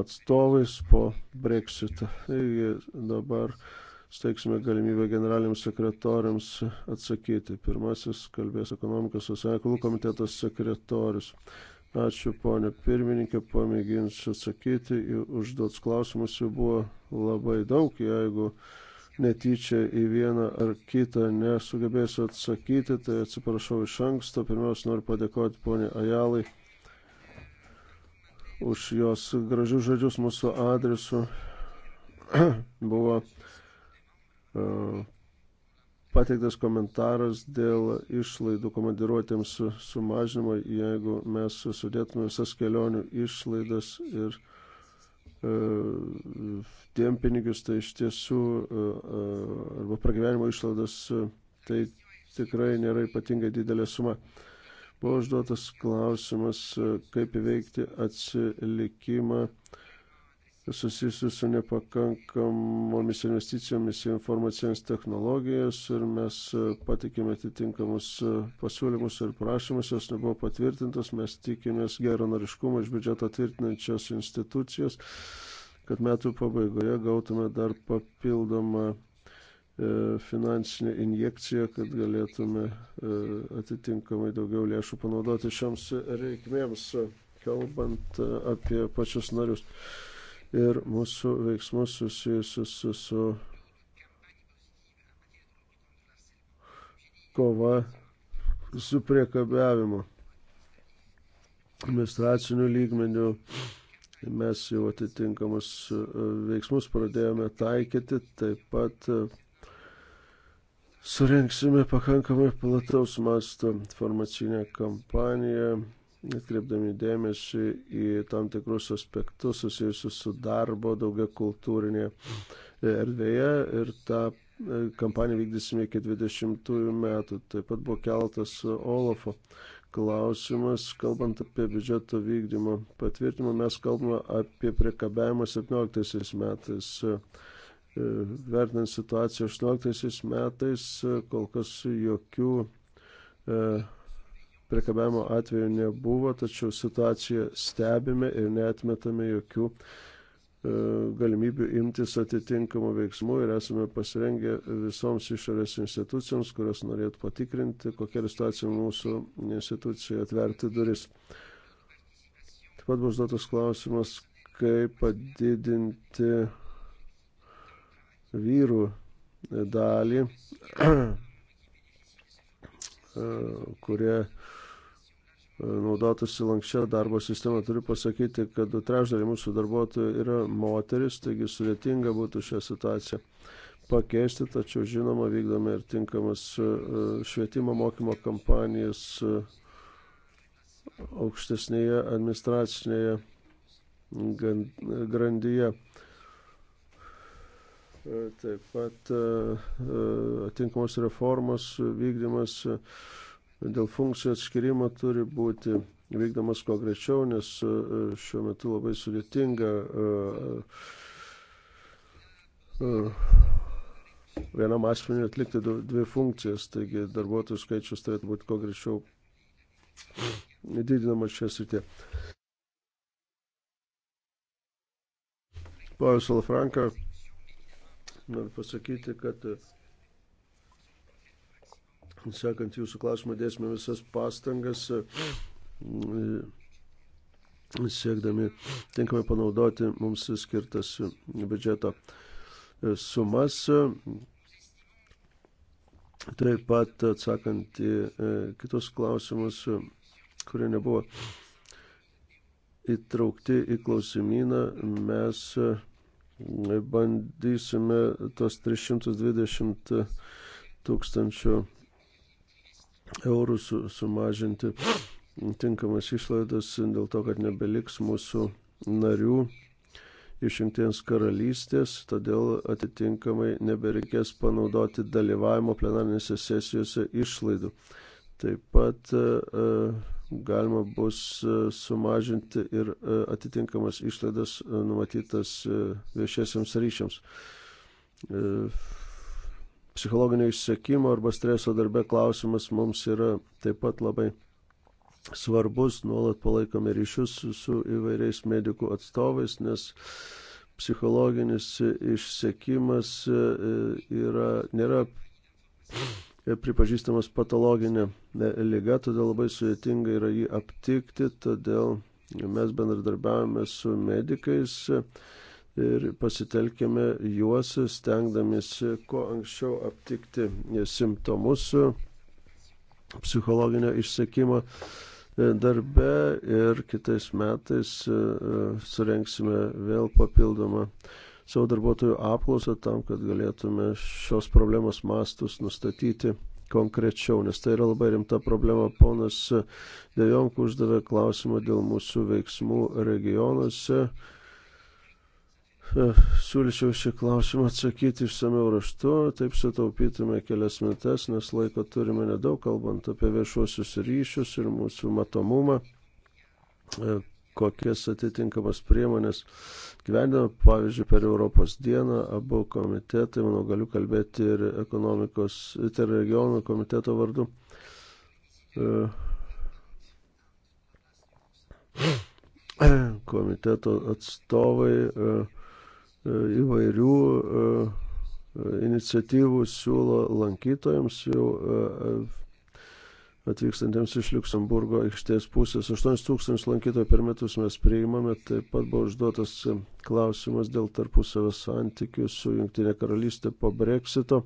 atstovais po breksito. Taigi dabar uh, steiksime galimybę generaliniams sekretoriams atsakyti. Pirmasis kalbės ekonomikos socialinių komitetas sekretorius. Ačiū, ponė pirmininkė, pamėginsiu atsakyti į užduotus klausimus, jų buvo labai daug, jeigu netyčia į vieną ar kitą nesugebėsiu atsakyti, tai atsiprašau iš anksto. Pirmiausia, noriu padėkoti ponė Ajalai už jos gražius žodžius mūsų adresu. buvo E, pateiktas komentaras dėl išlaidų komandiruotėms sumažinimo, jeigu mes sudėtume visas kelionių išlaidas ir e, dienpinigius, tai iš tiesų e, e arba pragyvenimo išlaidas, e, tai tikrai nėra ypatingai didelė suma. Buvo užduotas klausimas, kaip įveikti atsilikimą e, susijusių su nepakankamomis investicijomis į informacinės technologijas ir mes patikėme atitinkamus pasiūlymus ir prašymus, jos nebuvo patvirtintos, mes tikimės geronoriškumą iš biudžeto tvirtinančios institucijos, kad metų pabaigoje gautume dar papildomą e, finansinė injekcija, kad galėtume e, atitinkamai daugiau lėšų panaudoti šioms reikmėms, kalbant e, apie pačius narius ir mūsų veiksmus susijusius su, su kova su priekabiavimu administraciniu lygmeniu. Mes jau atitinkamus e, veiksmus pradėjome taikyti, taip pat e, surinksime pakankamai plataus masto informacinę kampaniją atkreipdami dėmesį į tam tikrus aspektus susijusius su darbo daugia kultūrinėje e, erdvėje ir tą e, kampaniją vykdysime iki 20 metų. Taip pat buvo keltas Olafo klausimas, kalbant apie biudžeto vykdymo patvirtimą, mes kalbame apie priekabėjimą 17 metais. E, vertinant situaciją 18 metais, kol kas jokių priekabiavimo atveju nebuvo, tačiau situaciją stebime ir neatmetame jokių e, galimybių imtis atitinkamų veiksmų ir esame pasirengę visoms išorės institucijoms, kurios norėtų patikrinti, kokia yra situacija mūsų institucijoje, atverti duris. Taip pat bus duotas klausimas, kaip padidinti vyrų dalį, e, kurie E, naudotųsi lankščia darbo sistema. Turiu pasakyti, kad du trešdaliai mūsų darbuotojų yra moteris, taigi sudėtinga būtų šią situaciją pakeisti, tačiau žinoma vykdome ir tinkamas e, švietimo mokymo kampanijas e, aukštesnėje administracinėje grandyje. Taip pat atitinkamos reformos vykdymas dėl funkcijų atskirimo turi būti vykdomas kuo greičiau, nes e, šiuo metu labai sudėtinga e, e, vienam asmeniu atlikti dvi funkcijas, taigi darbuotojų skaičius turėtų būti kuo greičiau didinamas šią sritį. Pavel Salafranka noriu pasakyti, kad Sekant jūsų klausimą, dėsime visas pastangas, e, siekdami tinkamai panaudoti mums skirtas biudžeto e, sumas. Taip pat atsakant į e, kitus klausimus, kurie nebuvo įtraukti į klausimyną, mes bandysime tos 320 tūkstančių 000 eurų su, sumažinti tinkamas išlaidas dėl to, kad nebeliks mūsų narių iš Junktinės karalystės, todėl atitinkamai nebereikės panaudoti dalyvavimo plenarinėse sesijose išlaidų. Taip pat e, e, galima bus e, sumažinti ir atitinkamas išlaidas numatytas viešiesiams ryšiams psichologinio išsekimo arba streso darbe klausimas mums yra taip pat labai svarbus, nuolat palaikome ryšius su, su įvairiais medikų atstovais, nes psichologinis išsekimas e, yra, nėra pripažįstamas patologinė e, lyga, todėl labai sudėtinga yra jį aptikti, todėl mes bendradarbiavame su medikais ir pasitelkėme juos, stengdamiesi kuo anksčiau aptikti simptomus psichologinio išsekimo darbe ir kitais metais e, surenksime vėl papildomą savo darbuotojų apklausą tam, kad galėtume šios problemos mastus nustatyti konkrečiau, nes tai yra labai rimta problema. Ponas Dejonk uždavė klausimą dėl mūsų veiksmų regionuose siūlyčiau šį klausimą atsakyti išsameu raštu, taip sutaupytume kelias mintes, nes laiko turime nedaug, kalbant apie viešuosius ryšius ir mūsų matomumą, e, kokias atitinkamas priemonės gyvendiname, pavyzdžiui, per Europos dieną abu komitetai, manau, galiu kalbėti ir ekonomikos, ir tai regionų komiteto vardu. E, komiteto atstovai e, E, įvairių e, e, iniciatyvų siūlo lankytojams jau atvykstantiems iš Luxemburgo aikštės pusės. 8 tūkstančių lankytojų per metus mes priimame. Taip pat buvo užduotas klausimas dėl tarpusavio santykių su Junktinė karalystė po Brexito.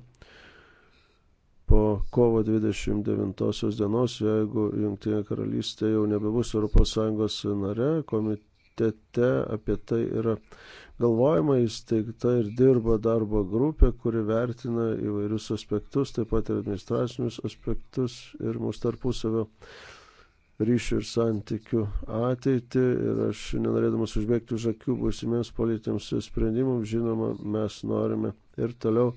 Po kovo 29 dienos, jeigu Junktinė karalystė jau nebebus ES nare, komitete apie tai yra galvojama įsteigta ir dirba darbo grupė, kuri vertina įvairius aspektus, taip pat ir administracinius aspektus ir mūsų tarpusavio ryšių ir santykių ateitį ir aš nenorėdamas užbėgti už akių būsimiems politiniams sprendimams, žinoma, mes norime ir toliau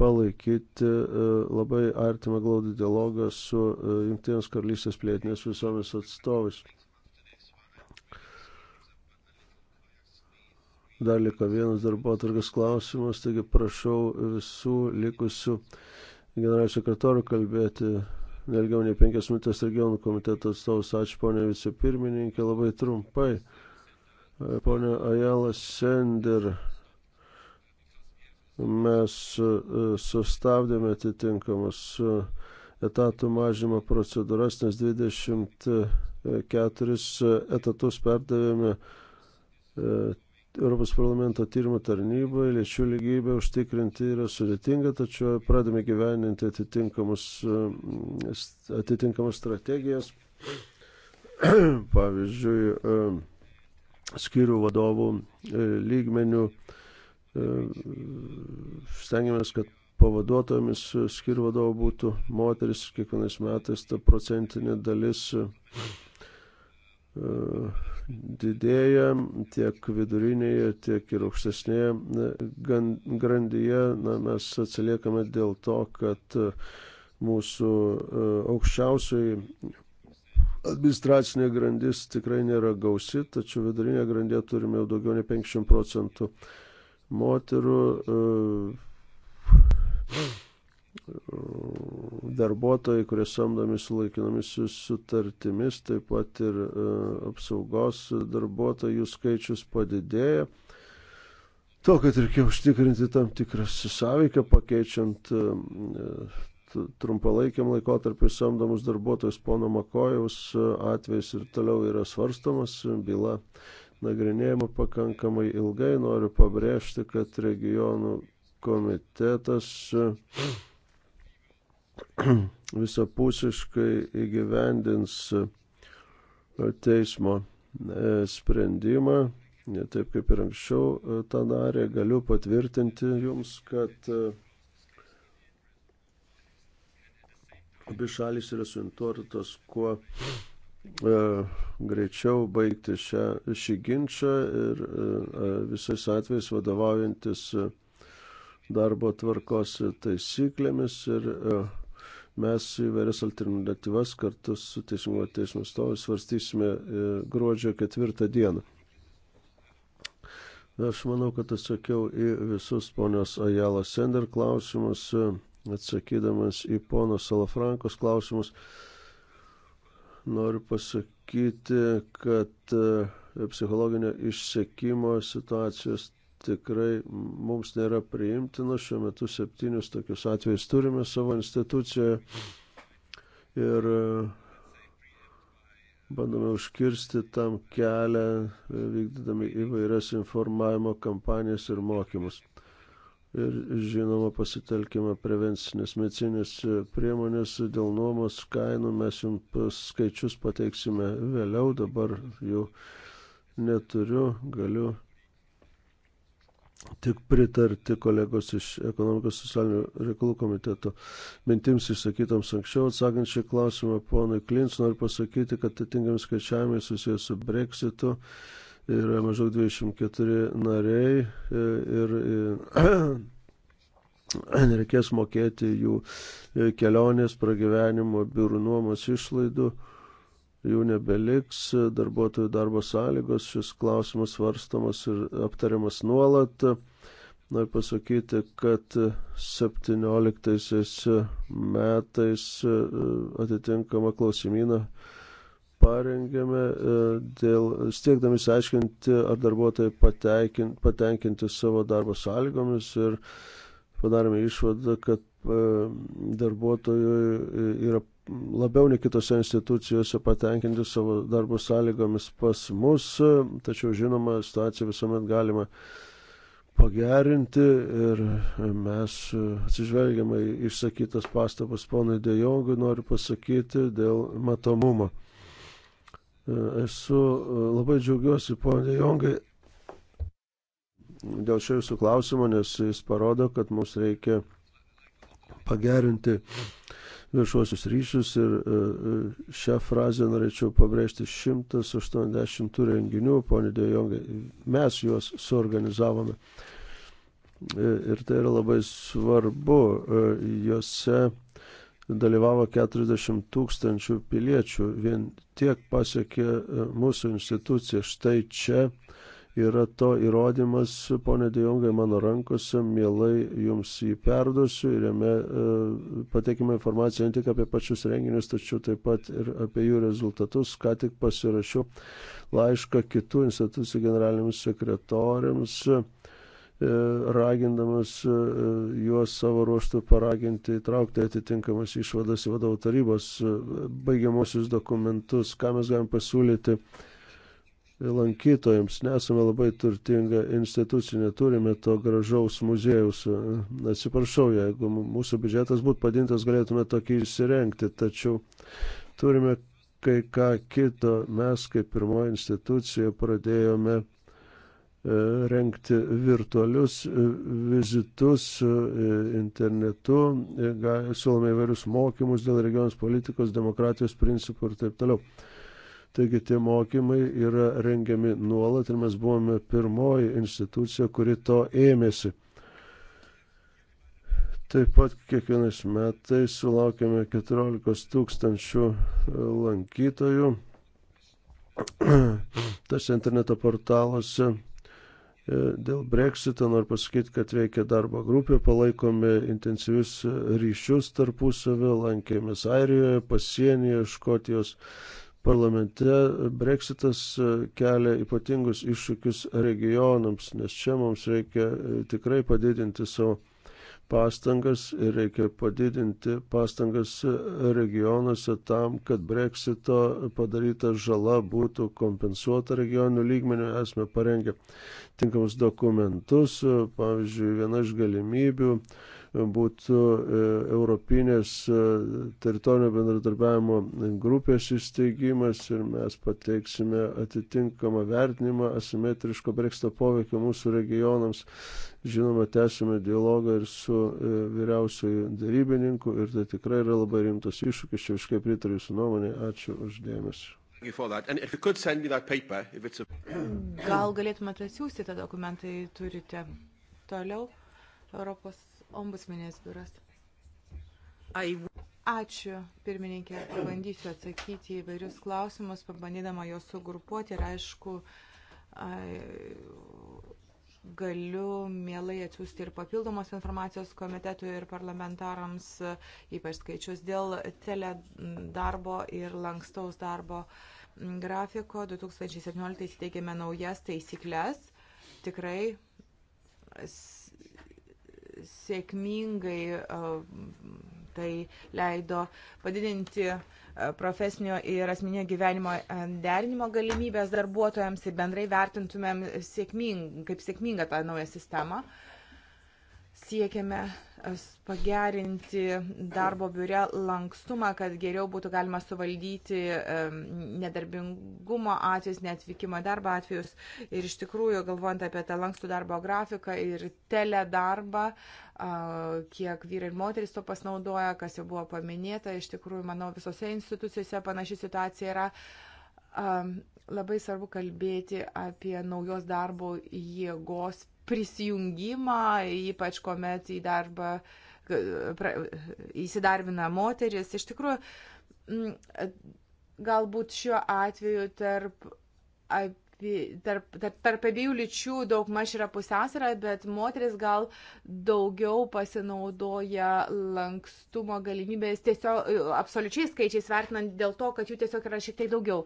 palaikyti e, labai artimą glaudį dialogą su e, Junktinės karalystės plėtinės visomis atstovais. Dar liko vienas darbo atvarkas klausimas, taigi prašau visų likusių generalinio sekretorių kalbėti nelgiau nei penkias minutės regionų komiteto atstovus. Ačiū, ponė vicepirmininkė, labai trumpai. Pone Ajala Sender, mes e, sustabdėme atitinkamas e, etatų mažymo procedūras, nes 24 e, etatus perdavėme Europos parlamento tyrimo tarnybai lėčių lygybę užtikrinti yra sudėtinga, tačiau pradame gyveninti atitinkamas, e, atitinkamas strategijas. Pavyzdžiui, e, skirių vadovų e, lygmenių stengiamės, kad pavaduotojomis skirių vadovų būtų moteris, kiekvienais metais ta procentinė dalis didėja tiek vidurinėje, tiek ir aukštesnėje grandyje. Na, mes atsiliekame dėl to, kad e, mūsų e, aukščiausiai administracinė grandis tikrai nėra gausi, tačiau vidurinė grandė turime jau daugiau nei 50 procentų moterų. Uh, darbuotojai, kurie samdomi su laikinomis sutartimis, taip pat ir e, apsaugos darbuotojų skaičius padidėja. To, kad reikia užtikrinti tam tikrą sąveiką, pakeičiant e, trumpalaikiam laikotarpiu samdomus darbuotojus pono Makojaus e, atvejs ir toliau yra svarstomas, byla nagrinėjama pakankamai ilgai. Noriu pabrėžti, kad regionų komitetas visapusiškai įgyvendins e, teismo e, sprendimą, ne taip kaip ir anksčiau e, tą darė, galiu patvirtinti jums, kad abi šalis yra suintuotos kuo greičiau baigti šią, šį ginčą ir visais atvejais vadovaujantis darbo tvarkos taisyklėmis ir Mes įvairias alternatyvas kartu su Teisingumo teismo stovais svarstysime e, gruodžio ketvirtą dieną. Aš manau, kad atsakiau į visus ponios Ajala Sender klausimus, atsakydamas į pono Salafrankos klausimus. Noriu pasakyti, kad e, psichologinio išsekimo situacijos tikrai mums nėra priimtina. Šiuo metu septynius tokius atvejus turime savo institucijoje ir e, bandome užkirsti tam kelią, e, vykdydami įvairias informavimo kampanijas ir mokymus. Ir žinoma, pasitelkime prevencinės medicinės e, priemonės dėl nuomos kainų. Mes jums skaičius pateiksime vėliau, dabar jų neturiu, galiu tik pritarti kolegos iš ekonomikos socialinių reikalų komiteto mintims išsakytoms anksčiau atsakančiai klausimą ponui Klins noriu pasakyti, kad atitinkami skaičiavimai susijęs su breksitu yra maždaug 24 nariai e, ir, ir e, nereikės mokėti jų e, kelionės, pragyvenimo, biurų nuomos išlaidų jų nebeliks, darbuotojų darbo sąlygos, šis klausimas svarstamas ir aptariamas nuolat. Noriu pasakyti, kad 17 metais e, atitinkamą klausimyną parengėme e, dėl stiekdami išsiaiškinti, ar darbuotojai patenkinti, patenkinti savo darbo sąlygomis ir padarėme išvadą, kad E, darbuotojai e, yra labiau nei kitose institucijose patenkinti savo darbo sąlygomis pas mus, tačiau žinoma, situaciją visuomet galima pagerinti ir mes atsižvelgiamai išsakytas pastabas ponai Dejongui noriu pasakyti dėl matomumo. E, esu labai džiaugiuosi, ponai Dejongai, dėl šio jūsų klausimo, nes jis parodo, kad mums reikia pagerinti viešuosius ryšius ir e, e, šią frazę norėčiau pabrėžti 180 renginių, ponė Dejongai, mes juos suorganizavome. E, ir tai yra labai svarbu, juose dalyvavo 40 tūkstančių piliečių, vien tiek pasiekė mūsų institucija. Štai čia uh, yra to įrodymas, ponė Dejongai, mano rankose, mielai jums jį perduosiu ir jame e, pateikime informaciją ne tik apie pačius renginius, tačiau taip pat ir apie jų rezultatus. Ką tik pasirašiau laišką kitų institucijų generaliniams sekretoriams e, ragindamas e, juos savo ruoštų paraginti įtraukti atitinkamas išvadas į vadovų tarybos baigiamosius dokumentus, ką mes galim pasiūlyti uh, lankytojams. Nesame labai turtinga institucija, neturime to gražaus muziejaus. Atsiprašau, jeigu mūsų biudžetas būtų padintas, galėtume tokį įsirengti, tačiau turime kai ką kito. Mes kaip pirmoji institucija pradėjome e, rengti virtualius e, vizitus e, internetu, siūlome įvairius mokymus dėl regionos politikos, demokratijos principų ir taip toliau. Taigi tie mokymai yra rengiami nuolat ir mes buvome pirmoji institucija, kuri to ėmėsi. Taip pat kiekvienais metais sulaukėme 14 tūkstančių lankytojų. Tas interneto portaluose e, dėl breksito noriu pasakyti, kad veikia darbo grupė, palaikome intensyvius ryšius tarpusavio, lankėmės Airijoje, pasienyje, Škotijos parlamente breksitas e, kelia ypatingus iššūkius regionams, nes čia mums reikia e, tikrai padidinti savo pastangas ir reikia padidinti pastangas e, regionuose tam, kad breksito padaryta žala būtų kompensuota regionų lygmenių. Esame parengę tinkamus dokumentus, pavyzdžiui, viena iš galimybių būtų e, Europinės e, teritorinio bendradarbiavimo grupės įsteigimas ir mes pateiksime atitinkamą vertinimą asimetriško breksto poveikio mūsų regionams. Žinoma, tęsime dialogą ir su e, vyriausiųjų darybininku ir tai tikrai yra labai rimtas iššūkis. Čia visiškai pritariu jūsų nuomonė. Ačiū uždėmesį. Gal galėtumėte atsiųsti tą dokumentą, jei turite toliau Europos ombudsmenės biuras. Ačiū, pirmininkė. Pabandysiu atsakyti į vairius klausimus, pabandydama juos sugrupuoti ir aišku, galiu mielai atsiųsti ir papildomos informacijos komitetui ir parlamentarams, ypač skaičius dėl teledarbo ir lankstaus darbo grafiko. 2017 įteikėme naujas taisyklės. Tikrai sėkmingai tai leido padidinti profesinio ir asmeninio gyvenimo derinimo galimybės darbuotojams ir bendrai vertintumėm sėkming, kaip sėkmingą tą naują sistemą. Uh, siekiame e, pagerinti darbo biure lankstumą, kad geriau būtų galima suvaldyti e, nedarbingumo atvejus, neatvykimo darbo atvejus. Ir iš tikrųjų, galvojant apie tą lankstų darbo grafiką ir teledarbą, kiek vyrai ir moteris to pasinaudoja, kas jau buvo paminėta, iš tikrųjų, manau, visose institucijose panaši situacija yra labai svarbu kalbėti apie naujos darbo jėgos prisijungimą, ypač kuomet į darbą įsidarbina moteris. Iš tikrųjų, galbūt šiuo atveju tarp, apie, tarp, tarp, tarp abiejų lyčių daug maž yra pusiausvėra, bet moteris gal daugiau pasinaudoja lankstumo galimybės, tiesiog absoliučiai skaičiais vertinant dėl to, kad jų tiesiog yra šiek tiek daugiau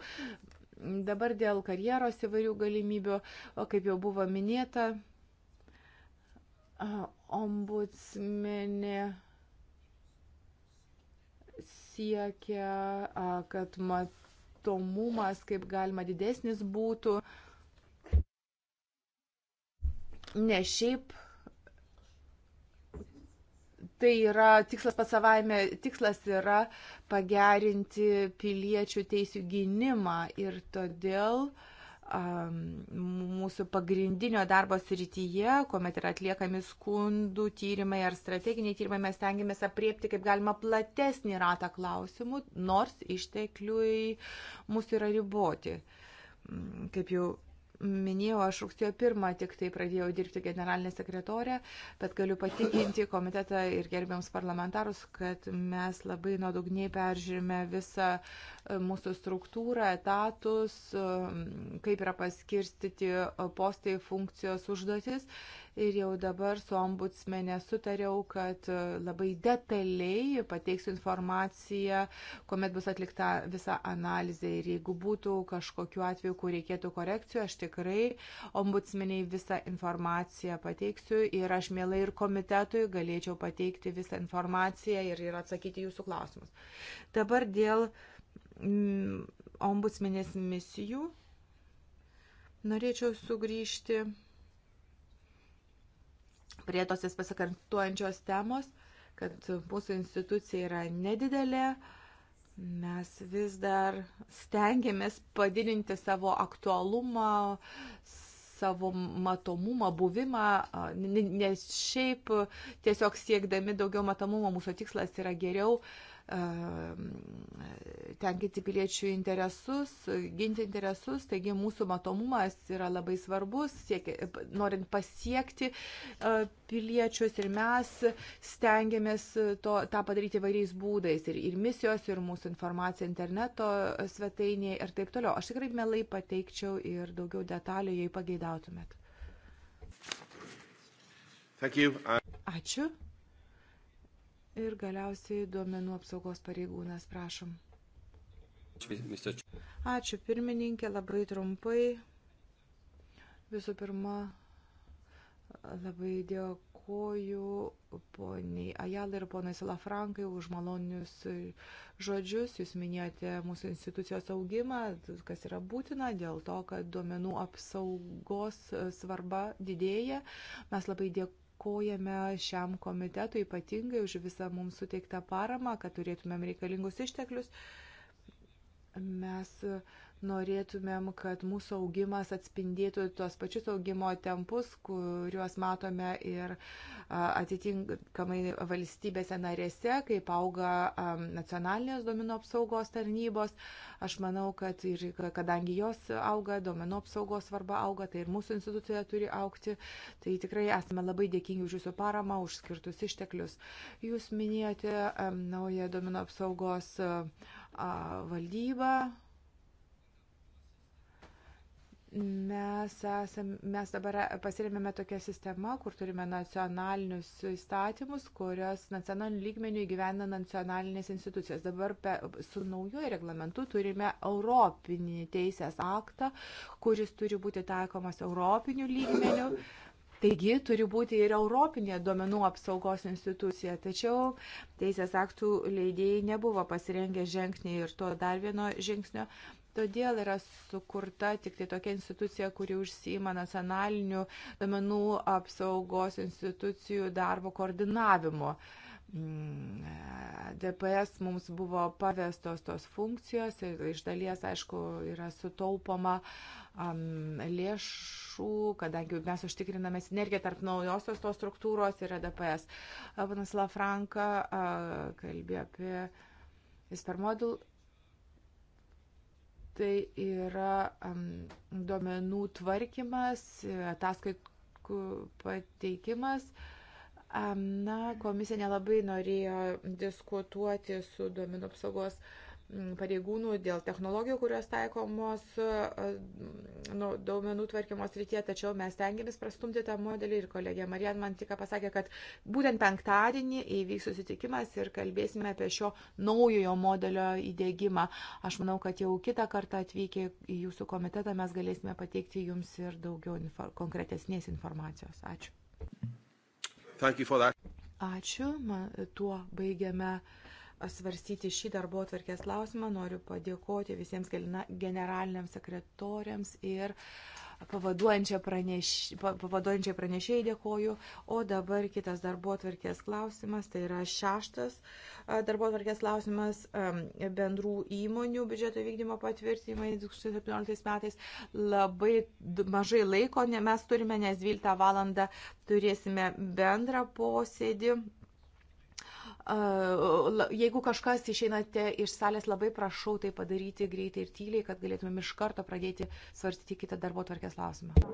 dabar dėl karjeros įvairių galimybių, o kaip jau buvo minėta, ombudsmenė siekia, kad matomumas kaip galima didesnis būtų. Ne šiaip tai yra tikslas pats savaime, tikslas yra pagerinti piliečių teisų gynimą ir todėl uh, mūsų pagrindinio darbo srityje, kuomet yra atliekami skundų tyrimai ar strateginiai tyrimai, mes tengiamės apriepti kaip galima platesnį ratą klausimų, nors ištekliui mūsų yra riboti. Mm, kaip jau minėjau, aš rugsėjo pirmą tik tai pradėjau dirbti generalinę sekretorę, bet galiu patikinti komitetą ir gerbiams parlamentarus, kad mes labai nuodugniai peržiūrime visą e, mūsų struktūrą, etatus, e, kaip yra paskirstyti e, postai, funkcijos, užduotis ir jau dabar su ombudsmenė sutariau, kad e, labai detaliai pateiksiu informaciją, kuomet bus atlikta visa analizė ir jeigu būtų kažkokiu atveju, kur reikėtų korekcijų, aš tikrai ombudsmeniai visą informaciją pateiksiu ir aš mielai ir komitetui galėčiau pateikti visą informaciją ir, ir atsakyti jūsų klausimus. Dabar dėl mm, ombudsmenės misijų norėčiau sugrįžti prie tosios pasikartuojančios temos, kad mūsų institucija yra nedidelė, mes vis dar stengiamės padidinti savo aktualumą, savo matomumą, buvimą, nes šiaip tiesiog siekdami daugiau matomumo mūsų tikslas yra geriau uh, Ehm, tenkinti piliečių interesus, ginti interesus, taigi mūsų matomumas yra labai svarbus, siekia, norint pasiekti e, piliečius ir mes stengiamės to, tą padaryti vairiais būdais ir, ir misijos, ir mūsų informacija interneto svetainėje ir taip toliau. Aš tikrai mielai pateikčiau ir daugiau detalių, jei pageidautumėt. Ačiū. Ir galiausiai duomenų apsaugos pareigūnas, prašom. Ačiū pirmininkė, labai trumpai. Visų pirma, labai dėkoju poniai Ajal ir ponai Salafrankai už malonius žodžius. Jūs minėjote mūsų institucijos augimą, kas yra būtina dėl to, kad duomenų apsaugos svarba didėja. Mes labai dėkojame dėkojame šiam komitetui ypatingai už visą mums suteiktą paramą, kad turėtumėm reikalingus išteklius. Mes uh, norėtumėm, kad mūsų augimas atspindėtų tuos pačius augimo tempus, kuriuos matome ir atitinkamai valstybėse narėse, kaip auga nacionalinės domino apsaugos tarnybos. Aš manau, kad ir kadangi jos auga, domino apsaugos svarba auga, tai ir mūsų institucija turi aukti. Tai tikrai esame labai dėkingi už jūsų paramą, už skirtus išteklius. Jūs minėjote naują domino apsaugos valdybą Mes, esam, mes dabar pasirėmėme tokią sistemą, kur turime nacionalinius įstatymus, kurios nacionaliniu lygmeniu įgyvena nacionalinės institucijas. Dabar pe, su naujoju reglamentu turime europinį teisės aktą, kuris turi būti taikomas europiniu lygmeniu. Taigi turi būti ir Europinė duomenų apsaugos institucija, tačiau teisės aktų leidėjai nebuvo pasirengę žengti ir to dar vieno žingsnio. Todėl yra sukurta tik tai tokia institucija, kuri užsima nacionalinių domenų apsaugos institucijų darbo koordinavimo. Mm, DPS mums buvo pavestos tos funkcijos ir iš dalies, aišku, yra sutaupoma um, lėšų, kadangi mes užtikriname sinergiją tarp naujosios tos struktūros ir DPS. Panas Lafranka uh, kalbėjo apie Ispermodul tai yra um, duomenų tvarkymas, ataskaitų pateikimas. Um, na, komisija nelabai norėjo diskutuoti su duomenų apsaugos uh, Mm, pareigūnų dėl technologijų, kurios taikomos e, mm, nu, duomenų tvarkymos rytie, tačiau mes tengiamės prastumti tą modelį ir kolegė Marijan man tik pasakė, kad būtent penktadienį įvyks susitikimas ir kalbėsime apie šio naujojo modelio įdėgymą. Aš manau, kad jau kitą kartą atvykę į jūsų komitetą mes galėsime pateikti jums ir daugiau infor konkretesnės informacijos. Ačiū. Ačiū, man, tuo baigiame svarstyti šį darbo atvarkės klausimą. Noriu padėkoti visiems generaliniams sekretoriams ir pavaduojančiai praneš, pranešėjai dėkoju. O dabar kitas darbo atvarkės klausimas, tai yra šeštas darbo atvarkės klausimas bendrų įmonių biudžeto vykdymo patvirtinimai 2017 metais. Labai mažai laiko mes turime, nes 12 valandą turėsime bendrą posėdį Jeigu kažkas išeinate iš salės, labai prašau tai padaryti greitai ir tyliai, kad galėtumėm iš karto pradėti svarstyti kitą darbo tvarkės klausimą.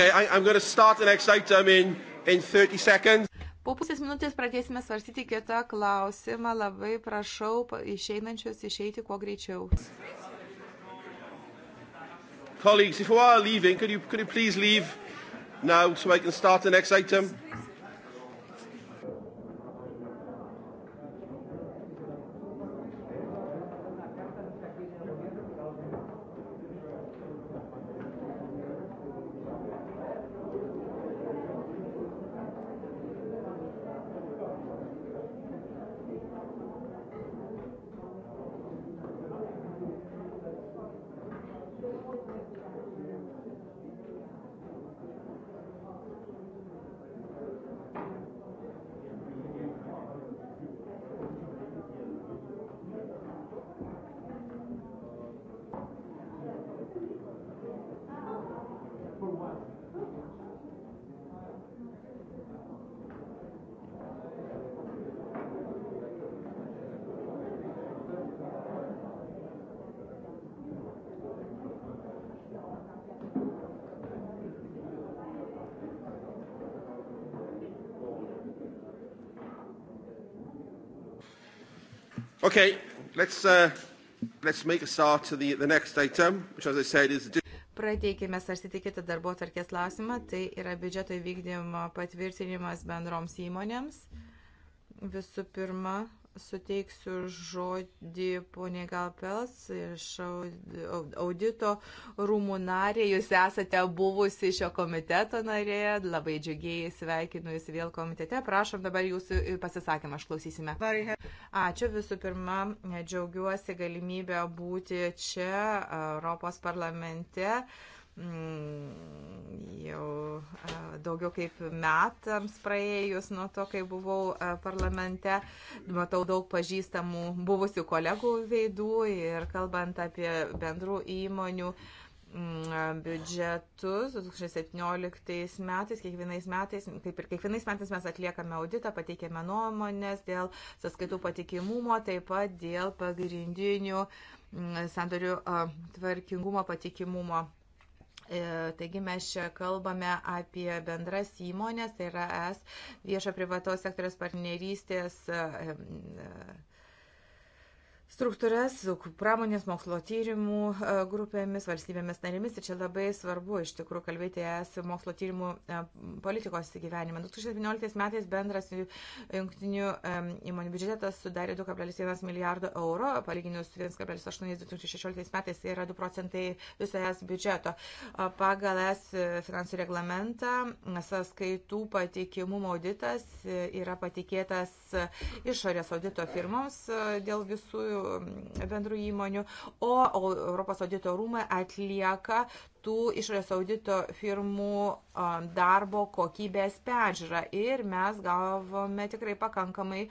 Okay, I, I'm going to start the next item in, in 30 seconds. Po pusės minutės pradėsime svarstyti kitą klausimą. Labai prašau išeinančius išeiti kuo greičiau. Colleagues, if you are leaving, could you, could you please leave now so I can start the next item? Okay, let's, uh, let's make a start to the, the next item, which as I said is... Prateikime svarstyti kitą darbo tvarkės klausimą, tai yra biudžeto įvykdymo patvirtinimas bendroms įmonėms. Visų pirma, suteiksiu žodį poniai Galpels iš audito rūmų narė. Jūs esate buvusi šio komiteto narė, labai džiugiai sveikinu jūs vėl komitete. Prašom dabar jūsų pasisakymą, aš klausysime. Ačiū visų pirma, džiaugiuosi galimybę būti čia Europos parlamente. Mm, jau daugiau kaip metams praėjus nuo to, kai buvau parlamente. Matau daug pažįstamų buvusių kolegų veidų ir kalbant apie bendrų įmonių mm, biudžetus 2017 metais, kiekvienais metais, kaip ir kiekvienais metais mes atliekame auditą, pateikėme nuomonės dėl sąskaitų patikimumo, taip pat dėl pagrindinių mm, sandorių tvarkingumo patikimumo E, taigi mes čia kalbame apie bendras įmonės, tai yra es viešo privataus sektoriaus partnerystės e, struktūras su pramonės mokslo tyrimų e, grupėmis, valstybėmis narėmis. Ir čia labai svarbu iš tikrųjų kalbėti es mokslo tyrimų e, politikos įgyvenimą. 2017 metais bendras jungtinių e, įmonių biudžetas sudarė 2,1 milijardo euro, palyginus 1,8 2016 metais, tai yra 2 procentai viso es biudžeto. Pagal es finansų reglamentą sąskaitų patikimumo auditas yra patikėtas išorės audito firmoms dėl visų bendrų, bendrų įmonių, o Europos audito rūmai atlieka tų išorės audito firmų darbo kokybės peržiūrą. Ir mes gavome tikrai pakankamai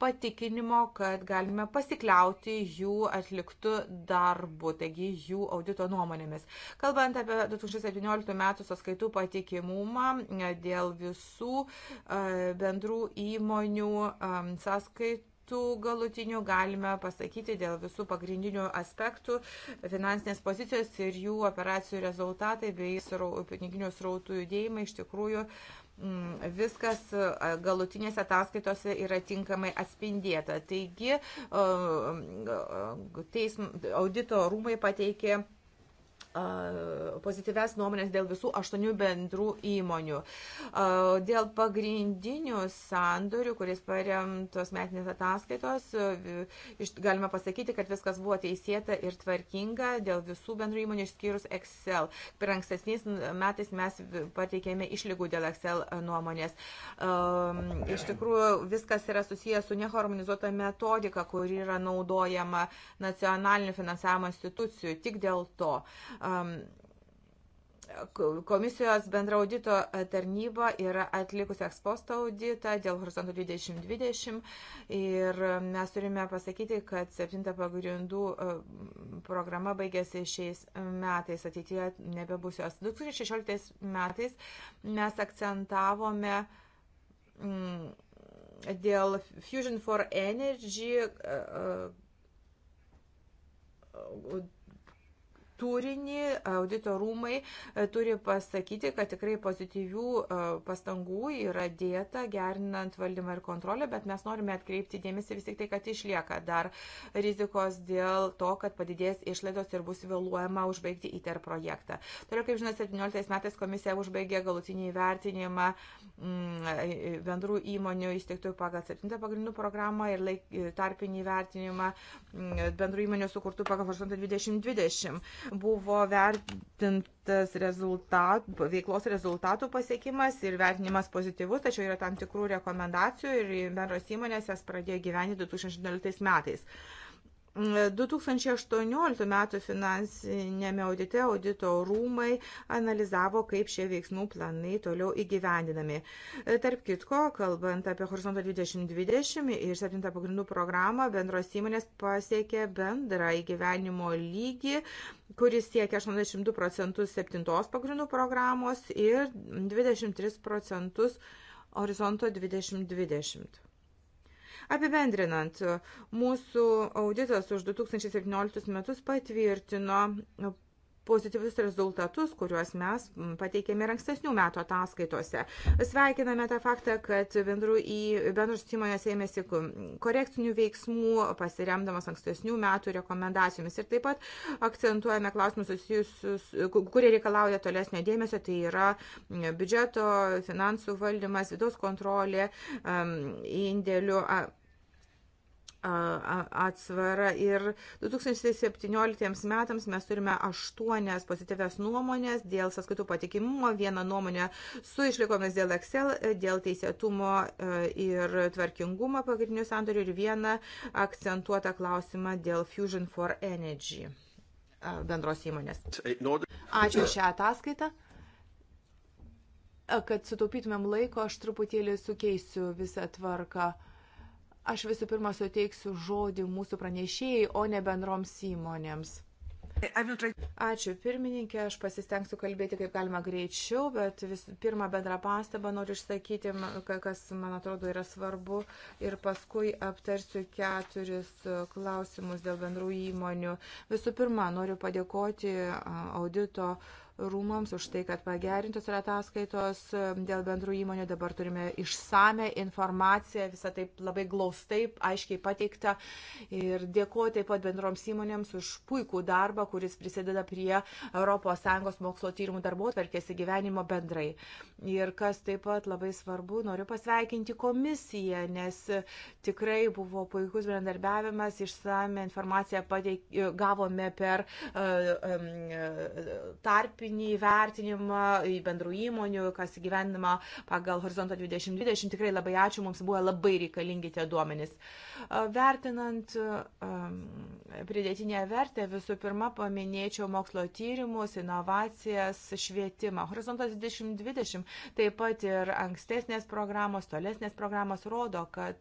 patikinimo, kad galime pasikliauti jų atliktų darbų, taigi jų audito nuomonėmis. Kalbant apie 2017 metų sąskaitų patikimumą dėl visų bendrų įmonių sąskaitų, rezultatų galutinių galime pasakyti dėl visų pagrindinių aspektų - finansinės pozicijos ir jų operacijų rezultatai bei piniginių srautų judėjimai iš tikrųjų mm, viskas galutinėse ataskaitose yra tinkamai atspindėta. Taigi, teism, audito rūmai pateikė pozityves nuomonės dėl visų aštuonių bendrų įmonių. Dėl pagrindinių sandorių, kuris paremtos metinės ataskaitos, galima pasakyti, kad viskas buvo teisėta ir tvarkinga dėl visų bendrų įmonių išskyrus Excel. Per ankstesniais metais mes pateikėme išlygų dėl Excel nuomonės. Iš tikrųjų, viskas yra susijęs su neharmonizuota metodika, kuri yra naudojama nacionalinių finansavimo institucijų. Tik dėl to Um, Komisijos bendra audito tarnyba yra atlikusi eksposto auditą dėl horizonto 2020 ir mes turime pasakyti, kad septinta pagrindų e, programa baigėsi šiais metais, ateityje nebebus jos. 2016 metais mes akcentavome mm, dėl Fusion for Energy e, e, turinį, audito rūmai e, turi pasakyti, kad tikrai pozityvių e, pastangų yra dėta gerinant valdymą ir kontrolę, bet mes norime atkreipti dėmesį vis tik tai, kad išlieka dar rizikos dėl to, kad padidės išlaidos ir bus vėluojama užbaigti ITER projektą. Toliau, kaip žinote, 17 metais komisija užbaigė galutinį įvertinimą mm, e, bendrų įmonių įsteigtų pagal 7 pagrindų programą ir laik, tarpinį įvertinimą mm, bendrų įmonių sukurtų pagal 820 buvo vertintas rezultat, veiklos rezultatų pasiekimas ir vertinimas pozityvus, tačiau yra tam tikrų rekomendacijų ir bendros įmonės jas pradėjo gyventi 2016 metais. 2018 metų finansinėme audite audito rūmai analizavo, kaip šie veiksmų planai toliau įgyvendinami. Tarp kitko, kalbant apie Horizontą 2020 ir 7 pagrindų programą, bendros įmonės pasiekė bendrą įgyvenimo lygį, kuris siekia 82 procentus 7 pagrindų programos ir 23 procentus Horizonto 2020. Apibendrinant, mūsų auditas už 2017 metus patvirtino pozityvius rezultatus, kuriuos mes pateikėme ir ankstesnių metų ataskaitose. Sveikiname tą faktą, kad bendru į, bendrus įmonės ėmėsi korekcinių veiksmų, pasiremdamas ankstesnių metų rekomendacijomis. Ir taip pat akcentuojame klausimus susijusius, kurie reikalauja tolesnio dėmesio, tai yra biudžeto, finansų valdymas, vidaus kontrolė, indėlių atsvarą. Ir 2017 metams mes turime aštuonias pozityves nuomonės dėl sąskaitų patikimumo, vieną nuomonę su išlikomis dėl Excel, dėl teisėtumo e, ir tvarkingumo pagrindinių sandorių ir vieną akcentuotą klausimą dėl Fusion for Energy bendros įmonės. Ačiū šią ataskaitą kad sutaupytumėm laiko, aš truputėlį sukeisiu visą tvarką. Aš visų pirma suteiksiu žodį mūsų pranešėjai, o ne bendroms įmonėms. Ačiū pirmininkė, aš pasistengsiu kalbėti kaip galima greičiau, bet vis, pirmą bendrą pastabą noriu išsakyti, kas man atrodo yra svarbu ir paskui aptarsiu keturis klausimus dėl bendrų įmonių. Visų pirma, noriu padėkoti audito uh, rūmams už tai, kad pagerintos yra ataskaitos um, dėl bendrų įmonių. Dabar turime išsame informaciją, visą taip labai glaustai, aiškiai pateikta. Ir dėkuoju taip pat bendroms įmonėms už puikų darbą, kuris prisideda prie ES mokslo tyrimų darbo atverkės įgyvenimo bendrai. Ir kas taip pat labai svarbu, noriu pasveikinti komisiją, nes tikrai buvo puikus bendarbiavimas, išsame informaciją pateik, gavome per uh, um, uh, tarpį tarpinį įvertinimą į bendrų įmonių, kas įgyvendama pagal Horizonto 2020. Tikrai labai ačiū, mums buvo labai reikalingi tie duomenys. Vertinant pridėtinę vertę, visų pirma, paminėčiau mokslo tyrimus, inovacijas, švietimą. Horizontas 2020 taip pat ir ankstesnės programos, tolesnės programos rodo, kad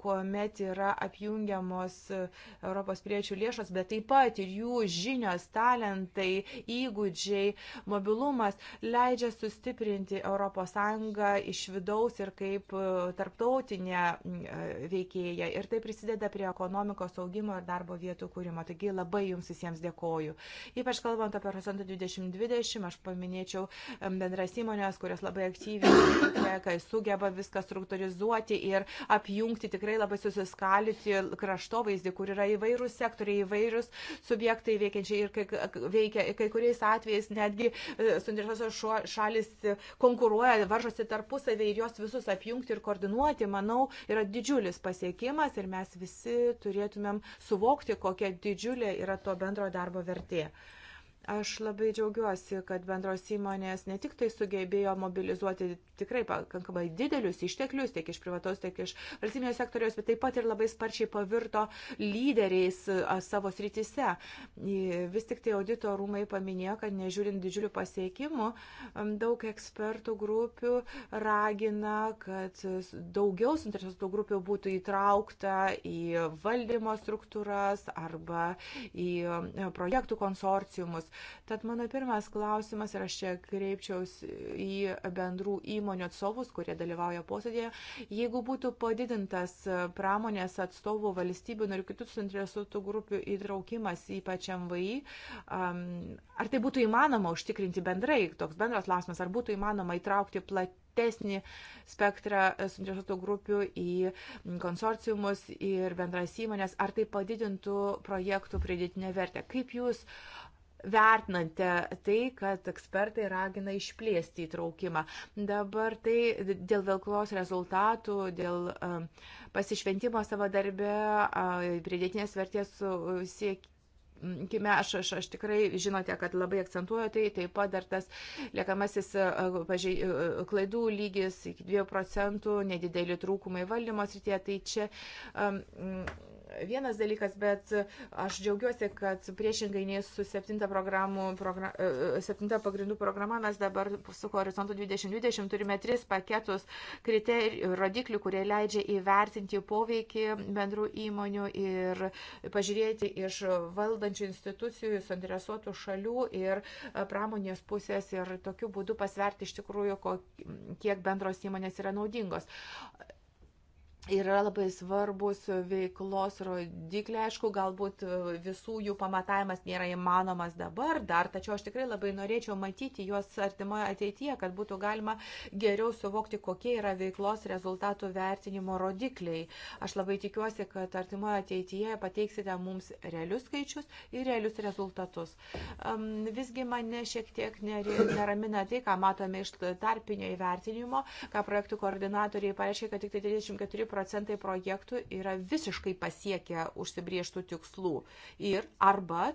kuomet yra apjungiamos Europos priečių lėšos, bet taip pat ir jų žinios, talentai, įgūdžiai, įgūdžiai, mobilumas leidžia sustiprinti ES iš vidaus ir kaip e, tarptautinė e, veikėja. Ir tai prisideda prie ekonomikos augimo ir darbo vietų kūrimo. Taigi labai jums visiems dėkoju. Ypač kalbant apie Horizontą 2020, aš paminėčiau bendras įmonės, kurios labai aktyviai kai sugeba viską struktūrizuoti ir apjungti tikrai labai susiskaliusi kraštovaizdį, kur yra įvairūs sektoriai, įvairūs subjektai veikiančiai ir kai, veikia, kai kuriais atvejais atvejais netgi e, suinteresuotos šalis e, konkuruoja, varžosi tarpusavį ir jos visus apjungti ir koordinuoti, manau, yra didžiulis pasiekimas ir mes visi turėtumėm suvokti, kokia didžiulė yra to bendro darbo vertė. Aš labai džiaugiuosi, kad bendros įmonės ne tik tai sugebėjo mobilizuoti tikrai pakankamai didelius išteklius tiek iš privatos, tiek iš valstybinio sektoriaus, bet taip pat ir labai sparčiai pavirto lyderiais e, savo srityse. Vis tik tai audito rūmai paminėjo, kad nežiūrint didžiulių pasiekimų, daug ekspertų grupių ragina, kad daugiau suinteresuotų grupių būtų įtraukta į valdymo struktūras arba į projektų konsorciumus Tad mano pirmas klausimas, ir aš čia kreipčiaus į bendrų įmonių atstovus, kurie dalyvauja posėdėje, jeigu būtų padidintas pramonės atstovų valstybių ir kitų suinteresuotų grupių įtraukimas, ypač MVI, ar tai būtų įmanoma užtikrinti bendrai, toks bendras klausimas, ar būtų įmanoma įtraukti platį platesnį spektrą suinteresuotų grupių į konsorciumus ir bendras įmonės, ar tai padidintų projektų pridėtinę vertę. Kaip jūs uh, vertinate tai, kad ekspertai ragina išplėsti įtraukimą. Dabar tai dėl veiklos rezultatų, dėl um, pasišventimo savo darbe, pridėtinės vertės siekimo kime aš, aš, aš tikrai žinote, kad labai akcentuoju tai, taip pat dar tas liekamasis pažiai, klaidų lygis iki 2 procentų, nedideli trūkumai valdymo srityje, tai čia um, vienas dalykas, bet aš džiaugiuosi, kad priešingai nei su septinta, progra, e, e, septinta pagrindų programa mes dabar su Horizontu 2020 turime tris paketus kriterijų, rodiklių, kurie leidžia įvertinti poveikį bendrų įmonių ir pažiūrėti iš valdančių institucijų, suinteresuotų šalių ir e, pramonės pusės ir tokiu būdu pasverti iš tikrųjų, kiek bendros įmonės yra naudingos yra labai svarbus veiklos rodikliai, aišku, galbūt e, visų jų pamatavimas nėra įmanomas dabar dar, tačiau aš tikrai labai norėčiau matyti juos artimoje ateityje, kad būtų galima geriau suvokti, kokie yra veiklos rezultatų vertinimo rodikliai. Aš labai tikiuosi, kad artimoje ateityje pateiksite mums realius skaičius ir realius rezultatus. Visgi mane šiek tiek neramina tai, ką matome iš tarpinio įvertinimo, ką projektų koordinatoriai pareiškia, kad tik tai 34 procentai projektų yra visiškai pasiekę užsibrieštų tikslų ir arba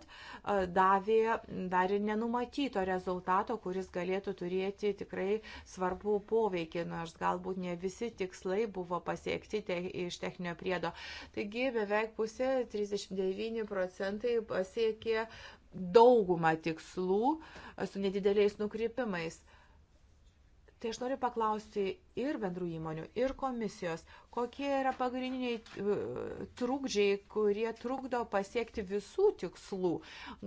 davė dar ir nenumatyto rezultato, kuris galėtų turėti tikrai svarbų poveikį, nors galbūt ne visi tikslai buvo pasiekti te, iš techninio priedo. Taigi beveik pusė, 39 procentai pasiekė daugumą tikslų su nedideliais nukrypimais. Tai aš noriu paklausti ir bendrų įmonių, ir komisijos, kokie yra pagrindiniai e, trukdžiai, kurie trukdo pasiekti visų tikslų.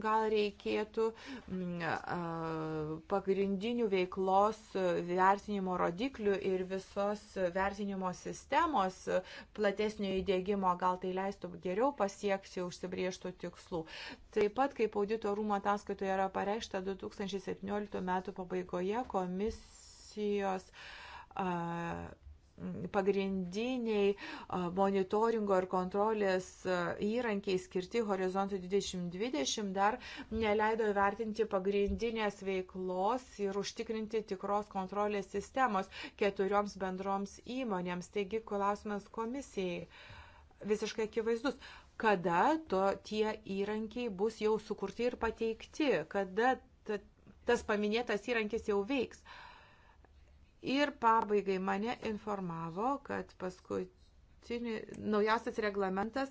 Gal reikėtų mm, e, pagrindinių veiklos vertinimo rodiklių ir visos vertinimo sistemos platesnio įdėgymo, gal tai leistų geriau pasiekti užsibrieštų tikslų. Taip pat, kaip audito rūmo ataskaitoje yra pareikšta, 2017 metų pabaigoje komisija institucijos pagrindiniai monitoringo ir kontrolės įrankiai skirti horizontui 2020 dar neleido įvertinti pagrindinės veiklos ir užtikrinti tikros kontrolės sistemos keturioms bendroms įmonėms. Taigi klausimas komisijai visiškai akivaizdus. Kada to, tie įrankiai bus jau sukurti ir pateikti? Kada ta, tas paminėtas įrankis jau veiks? Uh, Ir pabaigai mane informavo, kad paskutinį, naujausias reglamentas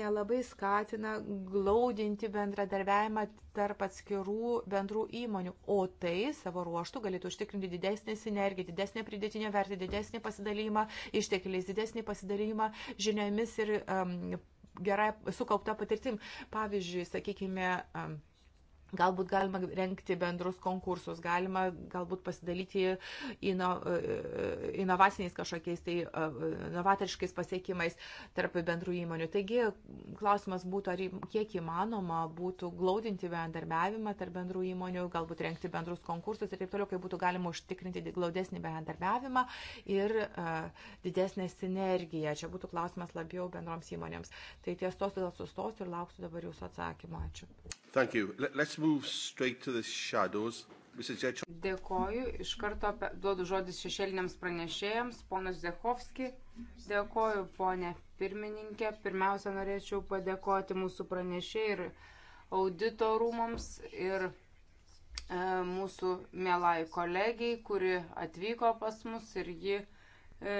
nelabai skatina glaudinti bendradarbiavimą tarp atskirų bendrų įmonių, o tai savo ruoštų galėtų užtikrinti didesnį sinergiją, didesnį pridėtinę vertę, didesnį pasidalymą ištekliais, didesnį pasidalymą žiniomis ir um, gerai sukaupta patirtim. Pavyzdžiui, sakykime, um, Galbūt galima renkti bendrus konkursus, galima galbūt pasidalyti ino, inovaciniais kažkokiais, tai novatoriškais pasiekimais tarp bendrų įmonių. Taigi klausimas būtų, ar kiek įmanoma būtų glaudinti bendarbiavimą tarp bendrų įmonių, galbūt renkti bendrus konkursus ir taip toliau, kaip būtų galima užtikrinti glaudesnį bendarbiavimą ir uh, didesnę sinergiją. Čia būtų klausimas labiau bendroms įmonėms. Tai ties tos todėl sustosiu ir lauksiu dabar jūsų atsakymą. Ačiū. Dėkoju, iš karto duodu žodis šešėliniams pranešėjams, ponas Zekovski. Dėkoju, ponė pirmininkė. Pirmiausia, norėčiau padėkoti mūsų pranešėjai ir audito rūmams ir e, mūsų mielai kolegijai, kuri atvyko pas mus ir ji, e,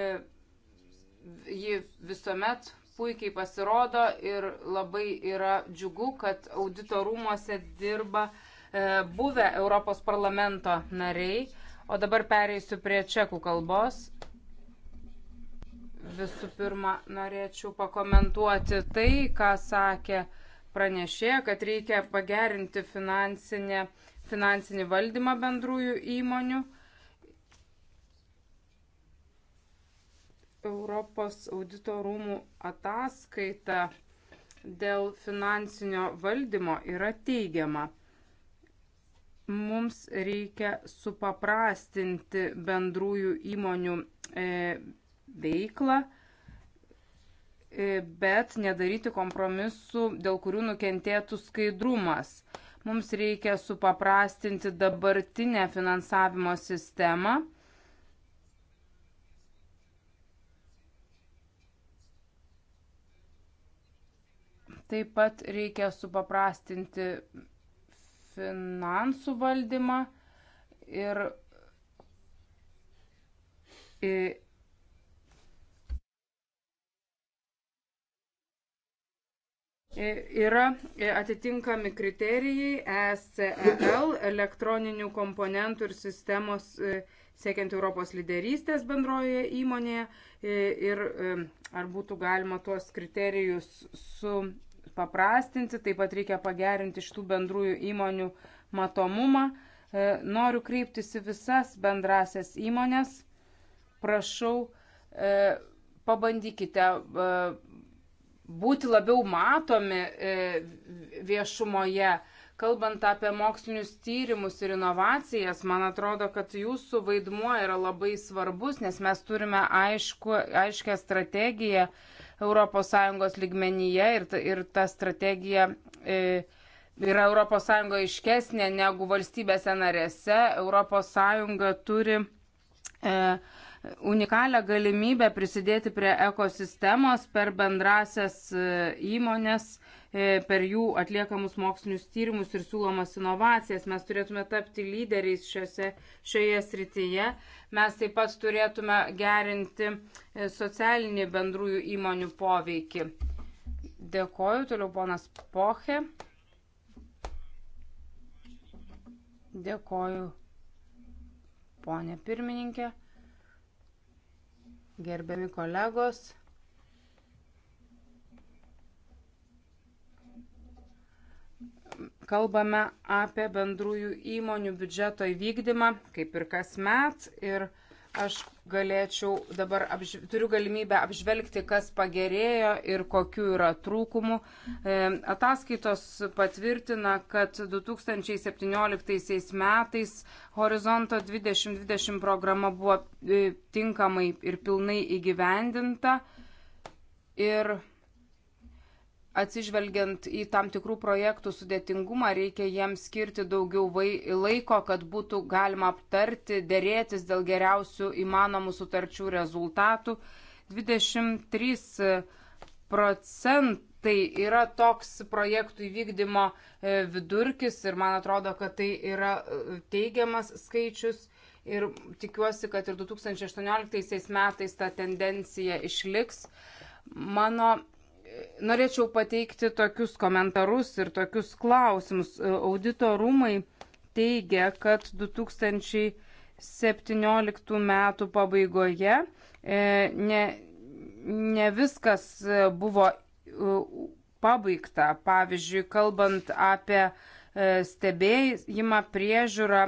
ji visuomet puikiai pasirodo ir labai yra džiugu, kad audito rūmose dirba e, buvę Europos parlamento nariai. O dabar pereisiu prie čekų kalbos. Visų pirma, norėčiau pakomentuoti tai, ką sakė pranešė, kad reikia pagerinti finansinį valdymą bendrųjų įmonių. E, Europos audito rūmų ataskaita dėl finansinio valdymo yra teigiama. Mums reikia supaprastinti bendrųjų įmonių e, veiklą, e, bet nedaryti kompromisų, dėl kurių nukentėtų skaidrumas. Mums reikia supaprastinti dabartinę finansavimo sistemą Taip pat reikia supaprastinti finansų valdymą ir Yra atitinkami kriterijai ESCEL elektroninių komponentų ir sistemos e, siekiant Europos lyderystės bendroje įmonėje ir e, ar būtų galima tuos kriterijus su supaprastinti, taip pat reikia pagerinti šitų bendrųjų įmonių matomumą. E, noriu kreiptis į visas bendrasias įmonės. Prašau, e, pabandykite e, būti labiau matomi viešumoje. Kalbant apie mokslinius tyrimus ir inovacijas, man atrodo, kad jūsų vaidmuo yra labai svarbus, nes mes turime aišku, aiškę strategiją uh, ES lygmenyje ir, ir ta strategija e, yra ES iškesnė negu valstybėse narėse. ES turi e, unikalią galimybę prisidėti prie ekosistemos per bendrasias e, įmonės E, per jų atliekamus mokslinius tyrimus ir siūlomas inovacijas. Mes turėtume tapti lyderiais šiose, šioje srityje. Mes taip pat turėtume gerinti e, socialinį bendrųjų įmonių poveikį. Dėkoju, toliau ponas Poche. Dėkoju, ponė pirmininkė. Gerbiami kolegos. kalbame apie bendrųjų įmonių biudžeto įvykdymą, kaip ir kasmet. Ir aš galėčiau dabar, apž... turiu galimybę apžvelgti, kas pagerėjo ir kokiu yra trūkumų. E, ataskaitos patvirtina, kad 2017 metais Horizonto 2020 programa buvo e, tinkamai ir pilnai įgyvendinta. Ir atsižvelgiant į tam tikrų projektų sudėtingumą, reikia jiems skirti daugiau laiko, kad būtų galima aptarti, dėrėtis dėl geriausių įmanomų sutarčių rezultatų. 23 procentai yra toks projektų įvykdymo e, vidurkis ir man atrodo, kad tai yra e, teigiamas skaičius. Ir tikiuosi, kad ir 2018 metais ta tendencija išliks. Mano norėčiau pateikti tokius komentarus ir tokius klausimus. Audito rūmai teigia, kad 2017 metų pabaigoje e, ne, ne viskas buvo e, pabaigta. Pavyzdžiui, kalbant apie e, stebėjimą, priežiūrą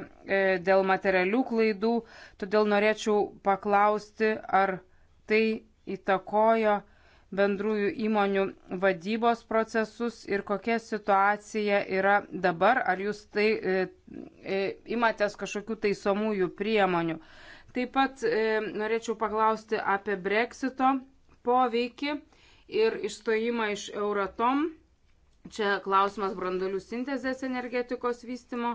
dėl materialių klaidų, todėl norėčiau paklausti, ar tai įtakojo bendrųjų įmonių vadybos procesus ir kokia situacija yra dabar, ar jūs tai e, e, imatės kažkokių taisomųjų priemonių. Taip pat e, norėčiau paklausti apie breksito poveikį ir išstojimą iš Euratom. Čia klausimas brandolių sintezės energetikos vystimo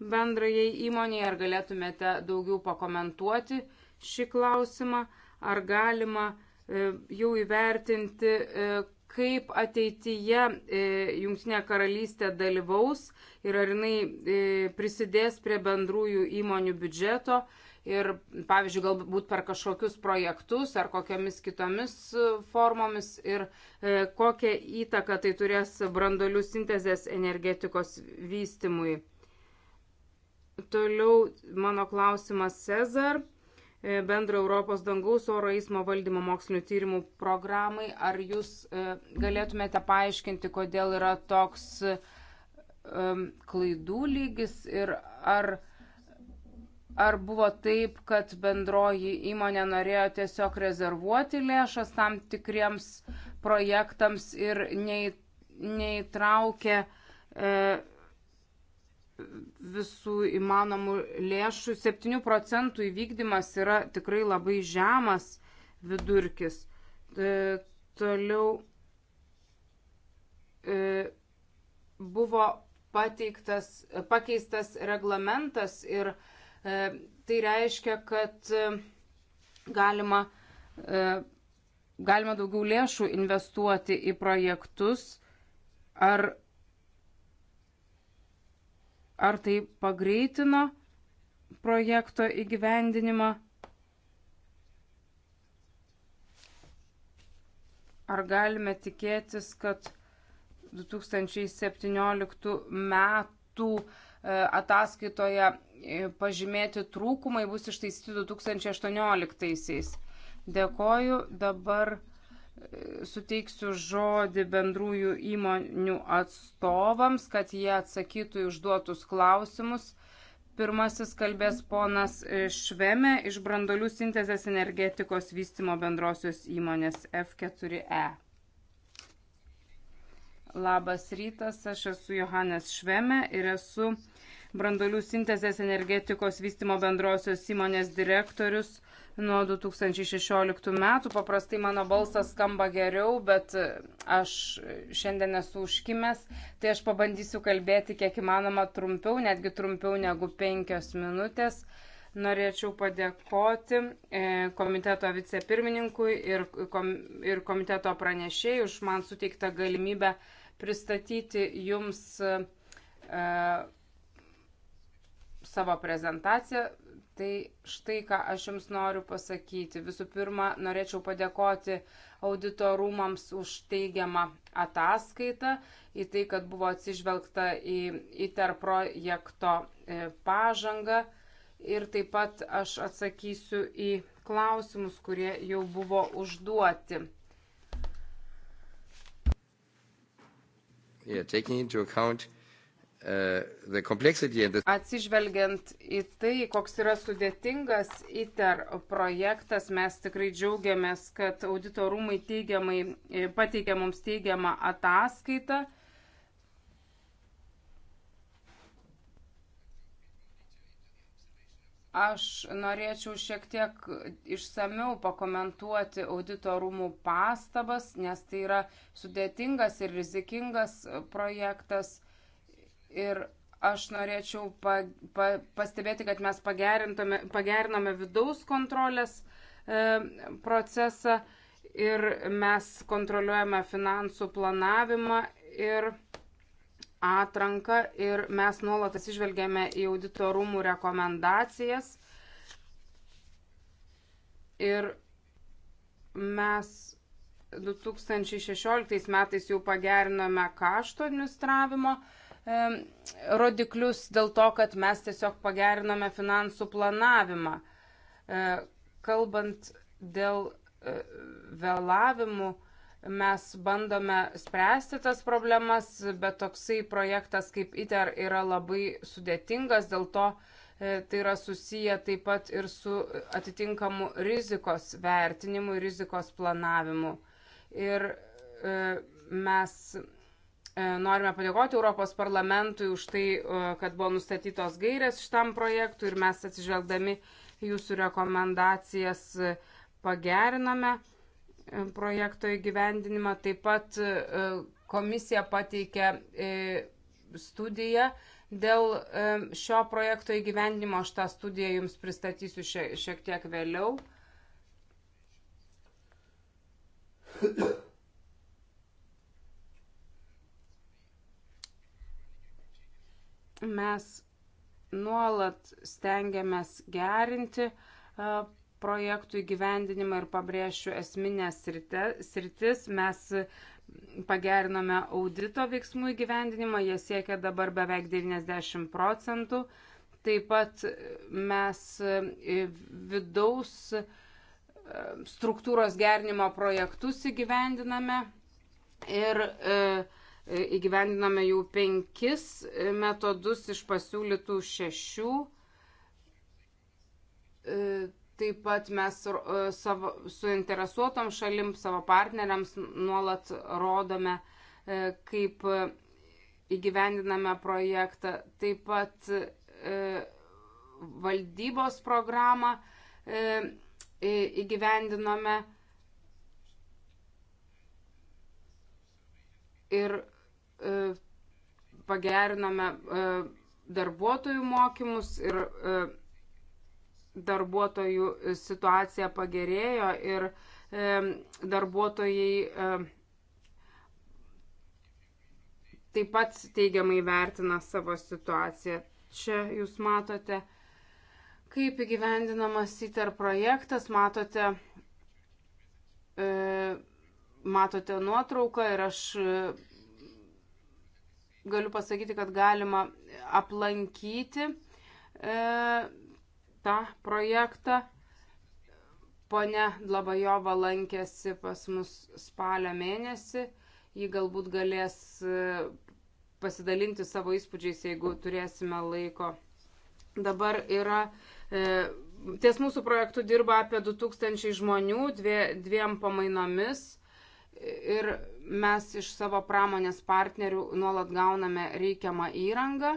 bendrajai įmoniai. Ar galėtumėte daugiau pakomentuoti šį klausimą? Ar galima uh, E, jau įvertinti, e, kaip ateityje e, Junktinė karalystė dalyvaus ir ar jinai prisidės prie bendrųjų įmonių biudžeto ir, pavyzdžiui, galbūt per kažkokius projektus ar kokiamis kitomis formomis ir kokią įtaką tai turės brandolių sintezės energetikos vystimui. Toliau mano klausimas Cezar. E, bendro Europos dangaus oro eismo valdymo mokslinių tyrimų programai. Ar jūs e, galėtumėte paaiškinti, kodėl yra toks e, klaidų lygis ir ar, ar buvo taip, kad bendroji įmonė norėjo tiesiog rezervuoti lėšas tam tikriems projektams ir neįtraukė e, visų įmanomų lėšų 7 procentų įvykdymas yra tikrai labai žemas vidurkis. E, toliau e, buvo pateiktas, pakeistas reglamentas ir e, tai reiškia, kad e, galima, e, galima daugiau lėšų investuoti į projektus ar Ar tai pagreitino projekto įgyvendinimą? Ar galime tikėtis, kad 2017 metų e, ataskaitoje e, pažymėti trūkumai bus ištaisyti 2018-aisiais? Dėkoju dabar suteiksiu žodį bendrųjų įmonių atstovams, kad jie atsakytų užduotus klausimus. Pirmasis kalbės ponas Šveme iš Brandolių sintezės energetikos vystimo bendrosios įmonės F4E. Labas rytas, aš esu Johannes Šveme ir esu Brandolių sintezės energetikos vystimo bendrosios įmonės direktorius nuo 2016 metų. Paprastai mano balsas skamba geriau, bet aš šiandien esu užkimęs, tai aš pabandysiu kalbėti kiek įmanoma trumpiau, netgi trumpiau negu penkios minutės. Norėčiau padėkoti e, komiteto vicepirmininkui ir, kom, ir komiteto pranešėjai už man suteiktą galimybę pristatyti jums e, savo prezentaciją Tai štai ką aš Jums noriu pasakyti. Visų pirma, norėčiau padėkoti auditorumams už teigiamą ataskaitą, į tai, kad buvo atsižvelgta į ITER projekto e, pažangą. Ir taip pat aš atsakysiu į klausimus, kurie jau buvo užduoti. Yeah, taking into account Uh, Atsižvelgiant į tai, koks yra sudėtingas ITER projektas, mes tikrai džiaugiamės, kad audito rūmai teigiamai e, pateikė mums teigiamą ataskaitą. Aš norėčiau šiek tiek išsameu pakomentuoti auditorumų pastabas, nes tai yra sudėtingas ir rizikingas projektas Ir aš norėčiau pa, pa, pastebėti, kad mes pagerinome vidaus kontrolės e, procesą ir mes kontroliuojame finansų planavimą ir atranką ir mes nuolat atsižvelgėme į auditorumų rekomendacijas ir mes 2016 metais jau pagerinome kaštų administravimo e, rodiklius dėl to, kad mes tiesiog pagerinome finansų planavimą. E, kalbant dėl e, vėlavimų, mes bandome spręsti tas problemas, bet toksai projektas kaip ITER yra labai sudėtingas, dėl to e, tai yra susiję taip pat ir su atitinkamu rizikos vertinimu, rizikos planavimu. Ir mes E, norime padėkoti Europos parlamentui už tai, e, kad buvo nustatytos gairės šitam projektui ir mes atsižvelgdami jūsų rekomendacijas e, pagerinome projekto įgyvendinimą. Taip pat komisija pateikė studiją dėl šio projekto įgyvendinimo. Aš tą studiją jums pristatysiu šiek tiek vėliau. Mes nuolat stengiamės gerinti e, projektų įgyvendinimą ir pabrėšiu esminės sritis. Mes pagerinome audito veiksmų įgyvendinimą, jie siekia dabar beveik 90 procentų. Taip pat mes e, vidaus e, struktūros gerinimo projektus įgyvendiname ir e, E, įgyvendiname jau penkis metodus iš pasiūlytų šešių. E, taip pat mes e, savo, suinteresuotom šalim, savo partneriams nuolat rodome, kaip įgyvendiname projektą. Taip pat valdybos programą įgyvendinome ir E, pagerinome e, darbuotojų mokymus ir e, darbuotojų situacija pagerėjo ir darbuotojai taip pat teigiamai vertina savo situaciją. Čia jūs matote, kaip įgyvendinamas ITER projektas, matote, matote nuotrauką ir aš galiu pasakyti, kad galima aplankyti e, tą projektą. Pone Labajova lankėsi pas mus spalio mėnesį. Ji galbūt galės e, pasidalinti savo įspūdžiais, jeigu turėsime laiko. Dabar yra, e, ties mūsų projektu dirba apie 2000 žmonių dvie, dviem pamainomis. Ir Mes iš savo pramonės partnerių nuolat gauname reikiamą įrangą.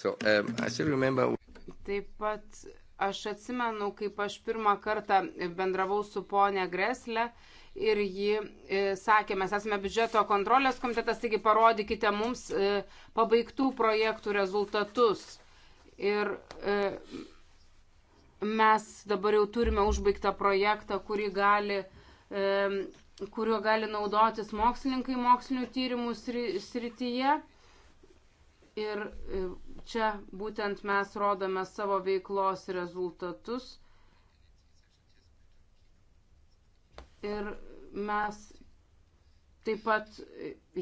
So, um, remember... Taip pat aš atsimenu, kaip aš pirmą kartą bendravau su ponė Greslė ir ji e, sakė, mes esame biudžeto kontrolės komitetas, taigi parodykite mums e, pabaigtų projektų rezultatus. Ir e, Mes dabar jau turime užbaigtą projektą, kurį gali, e, kuriuo gali naudotis mokslininkai mokslinių tyrimų srityje. Ir e, čia būtent mes rodome savo veiklos rezultatus. Ir mes taip pat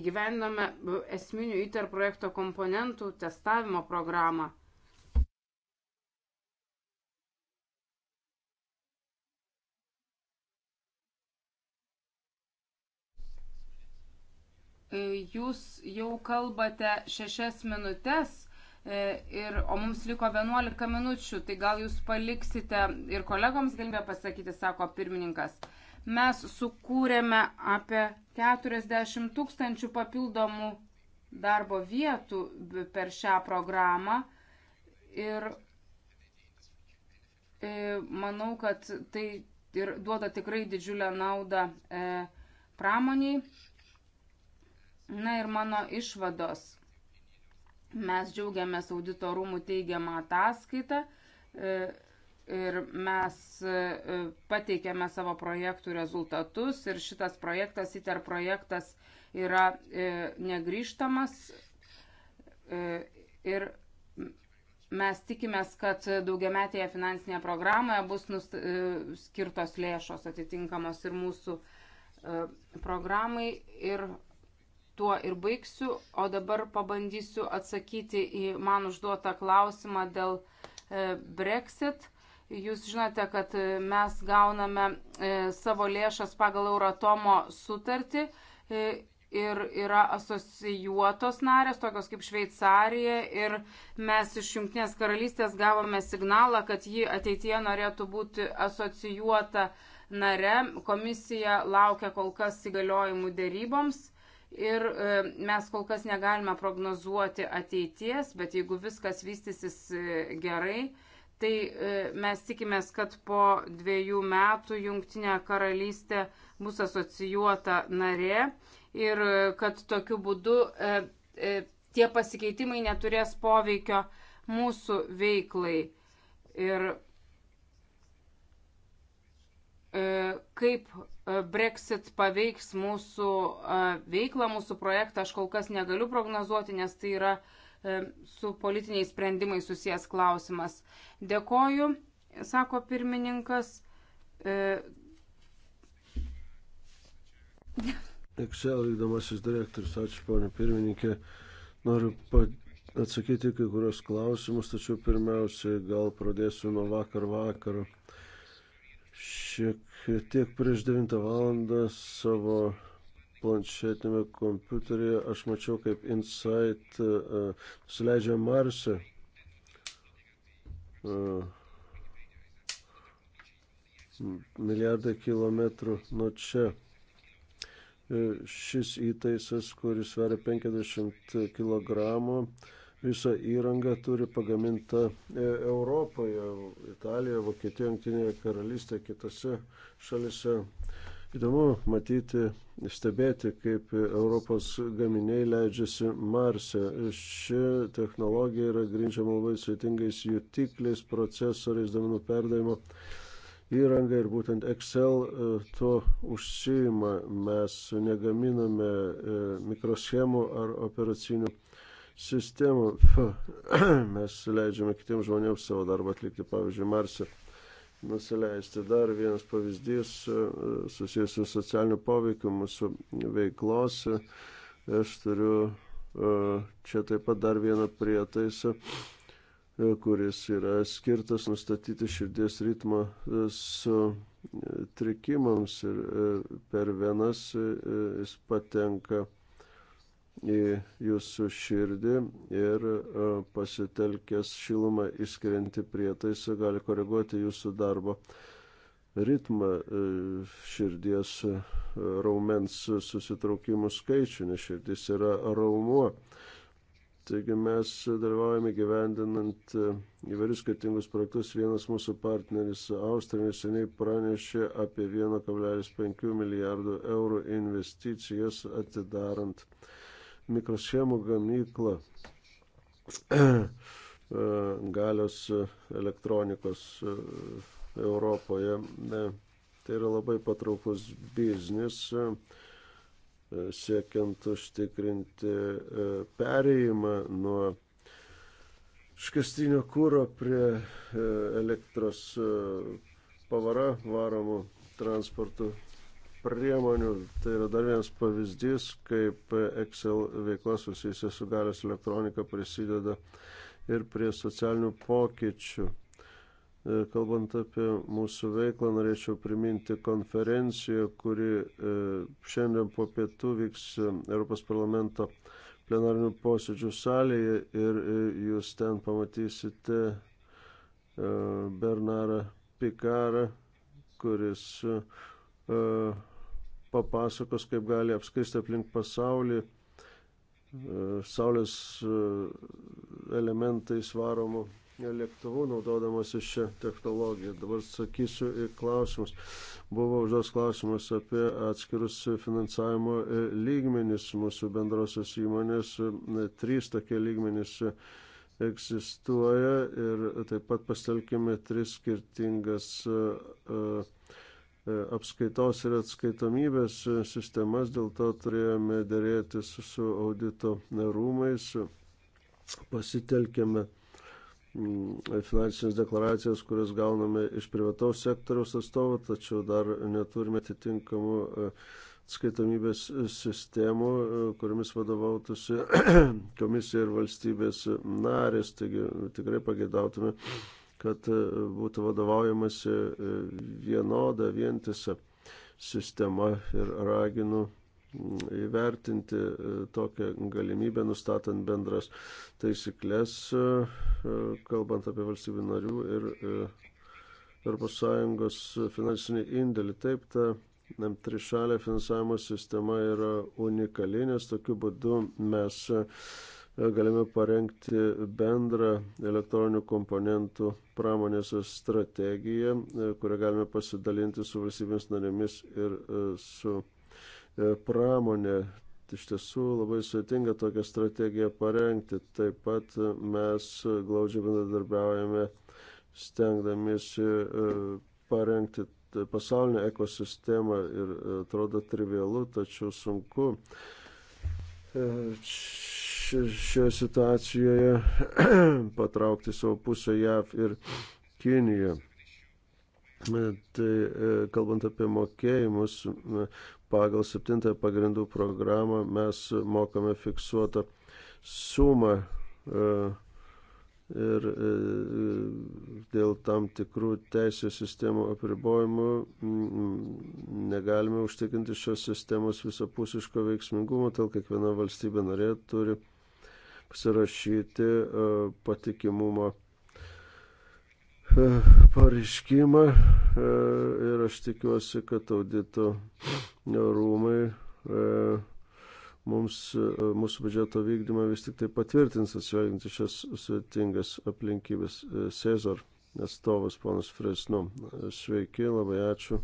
įgyvendome esminių ITER projekto komponentų testavimo programą. E, jūs jau kalbate šešias minutės, e, ir, o mums liko 11 minučių, tai gal jūs paliksite ir kolegoms galimybę pasakyti, sako pirmininkas. Mes sukūrėme apie 40 tūkstančių papildomų darbo vietų per šią programą ir e, manau, kad tai ir duoda tikrai didžiulę naudą pramoniai. Na ir mano išvados. Mes džiaugiamės auditorumų teigiamą ataskaitą e, ir mes e, pateikėme savo projektų rezultatus ir šitas projektas, ITER projektas yra e, negryžtamas ir mes tikimės, kad daugiametėje finansinėje programoje bus nust, skirtos lėšos atitinkamos ir mūsų programai ir tuo ir baigsiu, o dabar pabandysiu atsakyti į man užduotą klausimą dėl e, Brexit. Jūs žinote, kad e, mes gauname e, savo lėšas pagal Euratomo sutartį ir yra asocijuotos narės, tokios kaip Šveicarija, ir mes iš Junktinės karalystės gavome signalą, kad ji ateityje norėtų būti asocijuota nare. Komisija laukia kol kas įgaliojimų dėryboms ir e, mes kol kas negalime prognozuoti ateities, bet jeigu viskas vystysis e, gerai, tai e, mes tikimės, kad po dviejų metų Junktinė karalystė bus asocijuota narė ir kad tokiu būdu e, e, tie pasikeitimai neturės poveikio mūsų veiklai. Ir E, kaip e, Brexit paveiks mūsų e, veiklą, mūsų projektą, aš kol kas negaliu prognozuoti, nes tai yra su politiniais sprendimais susijęs klausimas. Dėkoju, sako pirmininkas. Excel vykdomasis direktorius, ačiū ponė pirmininkė. Noriu atsakyti kai kurios klausimus, tačiau pirmiausiai gal pradėsiu nuo vakar vakaro. Šiek tiek prieš 9 valandą savo planšetinėme kompiuteryje aš mačiau, kaip Insight e, nusileidžia uh, Marse. Uh, e, milijardą kilometrų nuo čia. Uh, šis įtaisas, kuris sveria 50 kg, visą įrangą turi pagamintą e, Europoje, Italijoje, Vokietijoje, Junktinėje karalystėje, kitose šalise. Įdomu matyti, stebėti, kaip Europos gaminiai leidžiasi Marse. Ši technologija yra grindžiama labai sveitingais jutikliais, procesoriais, duomenų perdavimo įranga ir būtent Excel e, to užsijima. Mes negaminame e, mikroschemų ar operacinių sistemų. Mes leidžiame kitiems žmonėms savo darbą atlikti, pavyzdžiui, Marse nusileisti. Dar vienas pavyzdys e, susijęs su socialiniu poveikiu mūsų veiklos. Aš turiu e, čia taip pat dar vieną prietaisą, e, kuris yra skirtas nustatyti širdies ritmą su trikimams ir per vienas jis patenka į jūsų širdį ir e, pasitelkęs šilumą išskirianti prietaisą gali koreguoti jūsų darbo ritmą e, širdies e, raumens susitraukimų skaičių, nes širdis yra raumuo. Taigi mes dalyvaujame gyvendinant įvairius skirtingus projektus. Vienas mūsų partneris Austrija neseniai pranešė apie 1,5 milijardų eurų investicijas atidarant uh, mikroschemų gamyklą e, galios elektronikos e, Europoje. E, tai yra labai patraukus biznis siekiant užtikrinti pereimą nuo škastinio kūro prie elektros pavara varomų transporto priemonių. Tai yra dar vienas pavyzdys, kaip Excel veikla susijusia su galios elektronika prisideda ir prie socialinių pokyčių. E, kalbant apie mūsų veiklą, norėčiau priminti konferenciją, kuri e, šiandien po pietų vyks Europos parlamento plenarinių posėdžių salėje ir e, jūs ten pamatysite Bernarą Pikarą, kuris E, papasakos, kaip gali apskristi aplink pasaulį e, saulės e, elementais varomų lėktuvų naudodamasi šią technologiją. Dabar sakysiu į klausimus. Buvo užduos klausimas apie atskirus finansavimo lygmenis mūsų bendrosios įmonės. Trys tokie lygmenis egzistuoja ir taip pat pastelkime tris skirtingas uh, E, apskaitos ir atskaitomybės sistemas, dėl to turėjome dėrėtis su audito rūmais, pasitelkėme mm, finansinės deklaracijas, kurias gauname iš privataus sektoriaus atstovų, tačiau dar neturime atitinkamų e, atskaitomybės sistemų, e, kuriamis vadovautųsi komisija ir valstybės narės, taigi tikrai pageidautume kad e, būtų vadovaujamasi e, vienoda, vientisa sistema ir raginu įvertinti e, tokią galimybę, nustatant bendras taisyklės, kalbant apie valstybių narių ir ES finansinį indėlį. Taip, ta trišalė finansavimo sistema yra unikali, nes tokiu būdu mes galime parengti bendrą elektroninių komponentų pramonės strategiją, e, kurią galime pasidalinti su valstybėmis narėmis ir e, su e, pramonė. Iš tiesų labai sudėtinga tokią strategiją parengti. Taip pat mes glaudžiai bendradarbiaujame, stengdamiesi parengti pasaulinę ekosistemą ir atrodo trivialu, tačiau sunku šioje situacijoje patraukti savo pusę JAV ir Kiniją. E, tai e, kalbant apie mokėjimus, e, pagal septintąją pagrindų programą mes mokame fiksuotą sumą ir dėl tam tikrų teisės sistemų apribojimų negalime užtikrinti šios sistemos visapusiško veiksmingumo, todėl kiekviena valstybė narė turi pasirašyti e, patikimumo e, pareiškimą e, ir aš tikiuosi, kad audito rūmai mums mūsų biudžeto vykdymą vis tik tai patvirtins atsižvelgiant į šias sudėtingas aplinkybės. Cezar atstovas ponas Fresnu. Sveiki, labai ačiū.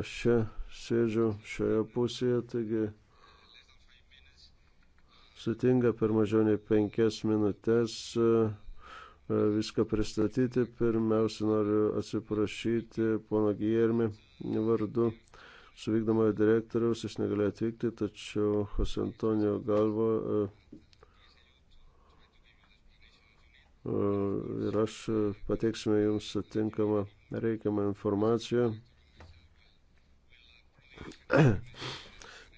Aš čia sėdžiu šioje pusėje, taigi sutinga per mažiau nei penkias minutės e, viską pristatyti. Pirmiausia, noriu atsiprašyti pono Giermi vardu suvykdomojo direktoriaus, jis negalėjo atvykti, tačiau Jose Antonijo galvo e, e, ir aš pateiksime jums sutinkamą reikiamą informaciją.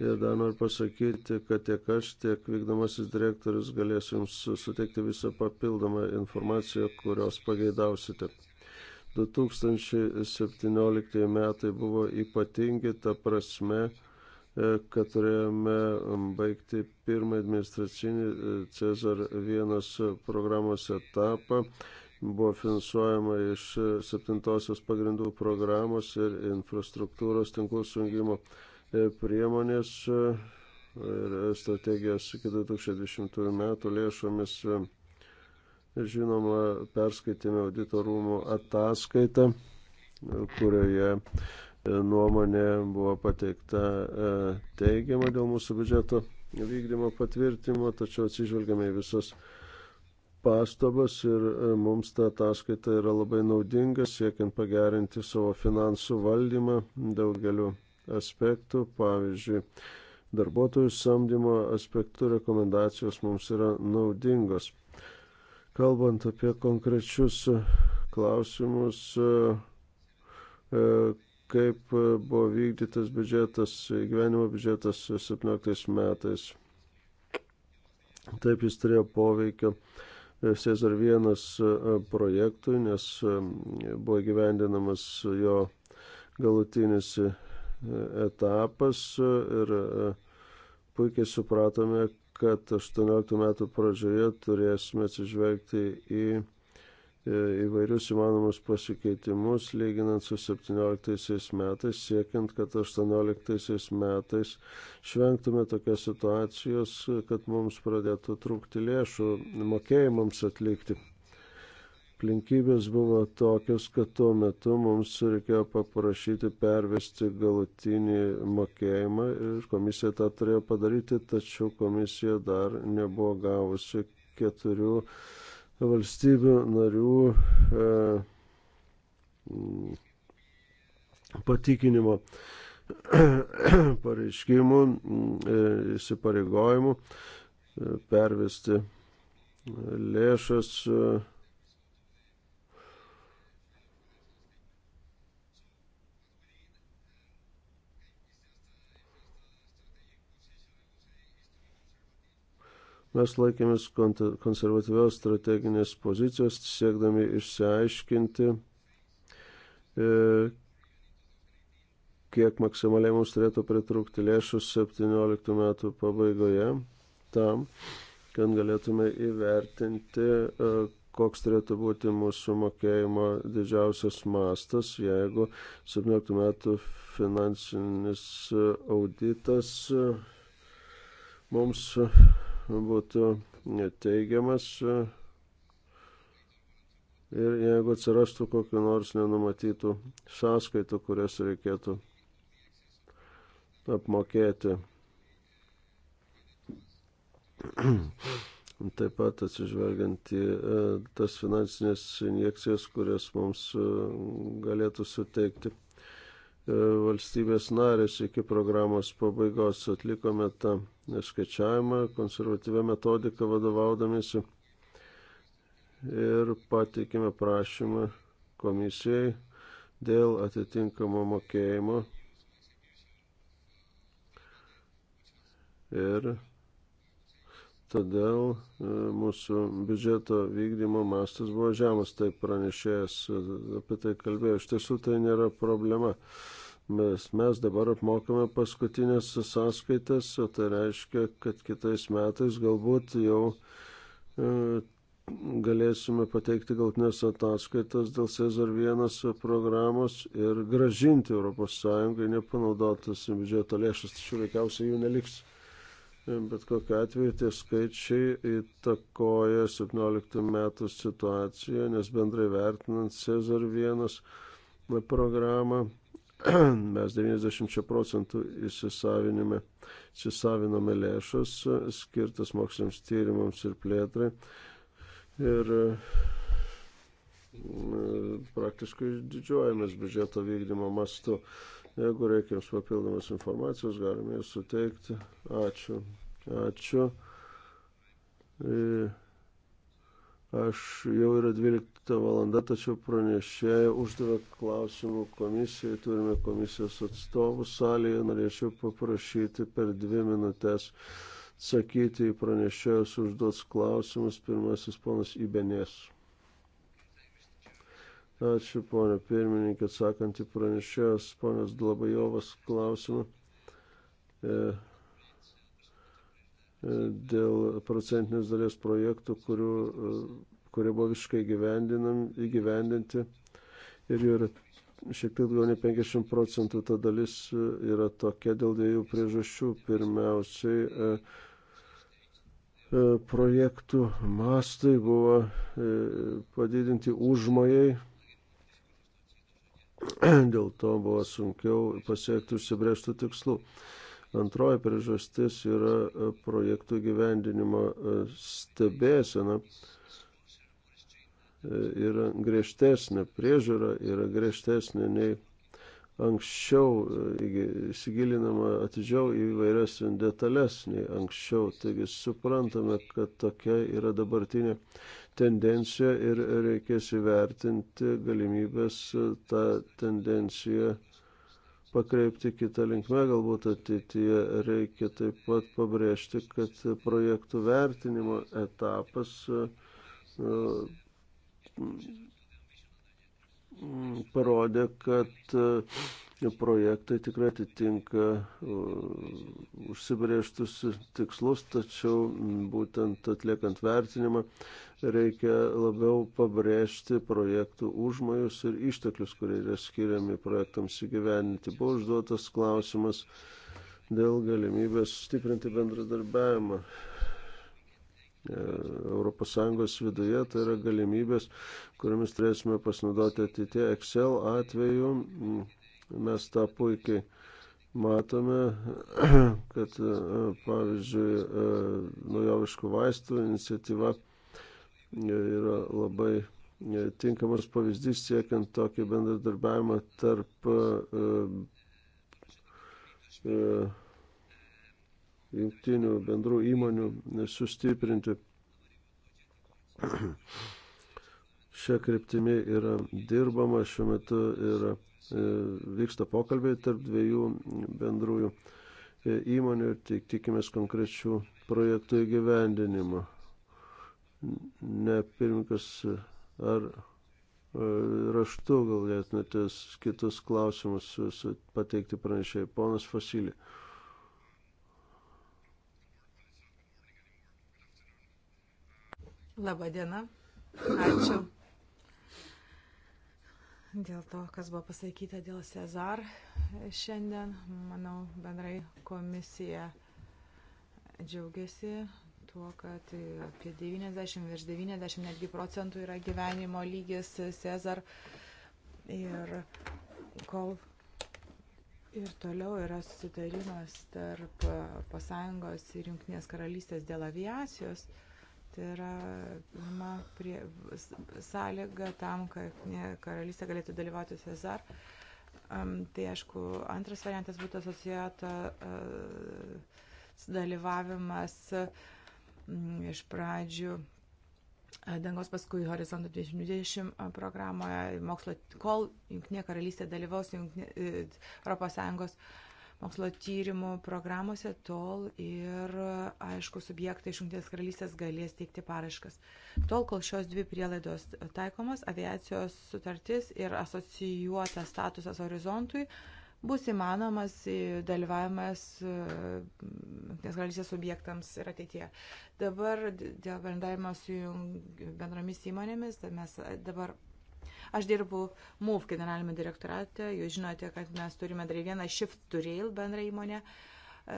Ir dar noriu pasakyti, kad tiek aš, tiek vykdomasis direktorius galės jums suteikti visą papildomą informaciją, kurios pageidausite. 2017 metai buvo ypatingi ta prasme, e, kad turėjome baigti pirmą administracinį e, Cezar 1 programos etapą. Buvo finansuojama iš e, septintosios pagrindų programos ir infrastruktūros tinklų sujungimo priemonės ir strategijos 2020 metų lėšomis. Žinoma, perskaitėme auditorumų ataskaitą, kurioje nuomonė buvo pateikta e, teigiama dėl mūsų biudžeto vykdymo patvirtimo, tačiau atsižvelgiame į visas pastabas ir e, mums ta ataskaita yra labai naudinga, siekiant pagerinti savo finansų valdymą daugeliu aspektų, pavyzdžiui, darbuotojų samdymo aspektų rekomendacijos mums yra naudingos. Kalbant apie konkrečius klausimus, e, kaip buvo vykdytas biudžetas, gyvenimo biudžetas 17 metais. Taip jis turėjo poveikio Cezar 1 projektui, nes buvo gyvendinamas jo galutinis etapas ir e, puikiai supratome, kad 18 metų pradžioje turėsime atsižvelgti į e, įvairius įmanomus pasikeitimus, lyginant su 17 metais, siekiant, kad 18 metais švengtume tokios situacijos, kad mums pradėtų trūkti lėšų mokėjimams atlikti aplinkybės buvo tokios, kad tuo metu mums reikėjo paprašyti pervesti galutinį mokėjimą ir komisija tą turėjo padaryti, tačiau komisija dar nebuvo gavusi keturių valstybių narių e, patikinimo pareiškimų, e, įsipareigojimų e, pervesti lėšas. E, Mes laikėmės konservatyvios strateginės pozicijos, siekdami išsiaiškinti, e, kiek maksimaliai mums turėtų pritrūkti lėšų 17 metų pabaigoje, tam, kad galėtume įvertinti, e, koks turėtų būti mūsų mokėjimo didžiausias mastas, jeigu 17 metų finansinis e, auditas mums būtų teigiamas ir jeigu atsirastų kokiu nors nenumatytų sąskaitų, kurias reikėtų apmokėti. Taip pat atsižvelgiant į e, tas finansinės injekcijas, kurias mums e, galėtų suteikti E, valstybės narės iki programos pabaigos atlikome tą skaičiavimą konservatyvę metodiką vadovaudamėsi ir pateikėme prašymą komisijai dėl atitinkamo mokėjimo ir todėl e, mūsų biudžeto vykdymo mastas buvo žemas, taip pranešėjas e, apie tai kalbėjo. Iš tiesų tai nėra problema. Mes, mes dabar apmokame paskutinės sąskaitas, o tai reiškia, kad kitais metais galbūt jau e, galėsime pateikti galtinės ataskaitas dėl Cezar 1 programos ir gražinti ES nepanaudotas biudžeto lėšas, tačiau veikiausiai jų neliks. Bet kokiu atveju tie skaičiai įtakoja 17 metų situaciją, nes bendrai vertinant Cezar vienas programą mes 90 procentų įsisavinime, įsisavinome lėšas skirtas moksliniams tyrimams ir plėtrai. Ir e, praktiškai didžiuojamės biudžeto vykdymo mastu. Jeigu reikės papildomas informacijos, galime jūs suteikti. Ačiū. Ačiū. E, aš jau yra 12 valanda, tačiau pranešėjai uždavė klausimų komisijai. Turime komisijos atstovų salėje. Norėčiau paprašyti per dvi minutės atsakyti į pranešėjus užduotus klausimus. Pirmasis ponas Ibenės. Ačiū, ponė pirmininkė, atsakant į pranešėjos ponės Dlabajovas klausimą e, e, dėl procentinės dalies projektų, kurių, e, kurie buvo visiškai įgyvendinti ir jų yra šiek tiek daugiau nei 50 procentų, ta dalis e, yra tokia dėl dviejų priežasčių. Pirmiausiai, e, projektų mastai buvo padidinti užmojai dėl to buvo sunkiau pasiekti užsibrėžtų tikslų. Antroji priežastis yra e, projektų gyvendinimo e, stebėsena. E, yra griežtesnė priežiūra, yra griežtesnė nei anksčiau, įsigilinama atidžiau į vairias detalės nei anksčiau. Taigi suprantame, kad tokia yra dabartinė tendenciją ir reikės įvertinti galimybės tą tendenciją pakreipti kitą linkmę, galbūt ateityje reikia taip pat pabrėžti, kad projektų vertinimo etapas e, parodė, kad Tie projektai tikrai atitinka uh, užsibrėžtus tikslus, tačiau mm, būtent atliekant vertinimą reikia labiau pabrėžti projektų užmojus ir išteklius, kurie yra skiriami projektams įgyveninti. Buvo užduotas klausimas dėl galimybės stiprinti bendradarbiavimą uh, ES viduje, tai yra galimybės, kuriamis turėsime pasinaudoti ateitie Excel atveju, mm, Mes tą puikiai matome, kad e, pavyzdžiui e, naujoviškų vaistų iniciatyva e, yra labai tinkamas pavyzdys siekiant tokį bendradarbiavimą tarp jungtinių bendrų įmonių sustiprinti. Šią kryptimį yra dirbama, šiuo metu yra E, vyksta pokalbiai tarp dviejų bendrųjų e, įmonių ir tik tikimės konkrečių projektų įgyvendinimo. Ne pirmininkas ar e, raštu galėtumėte kitus klausimus pateikti pranešėjai. Ponas Fasilė. Labadiena. Ačiū dėl to, kas buvo pasakyta dėl Cezar šiandien. Manau, bendrai komisija džiaugiasi tuo, kad apie 90, virš 90 netgi procentų yra gyvenimo lygis Cezar. Ir kol ir toliau yra susitarimas tarp pasąjungos ir Junktinės karalystės dėl aviacijos, uh, Tai yra pirma prie, sąlyga tam, kad karalystė galėtų dalyvauti Cezar. Tai aišku, antras variantas būtų asocijuota e, dalyvavimas iš pradžių e, dangos paskui horizonto 2020 programoje, mokslo, kol Junktinė karalystė dalyvaus e, Europos Sąjungos uh, mokslo tyrimų programuose, tol ir, aišku, subjektai iš Junktinės karalystės galės teikti paraškas. Tol, kol šios dvi prielaidos taikomas, aviacijos sutartis ir asocijuotas statusas horizontui bus įmanomas dalyvavimas e, Junktinės karalystės subjektams ir ateitie. Dabar dėl bendravimo su bendromis įmonėmis, tai mes dabar Aš dirbu MUF generalinėme direktorate, jūs žinote, kad mes turime dar vieną Shift to Rail bendrą įmonę. E,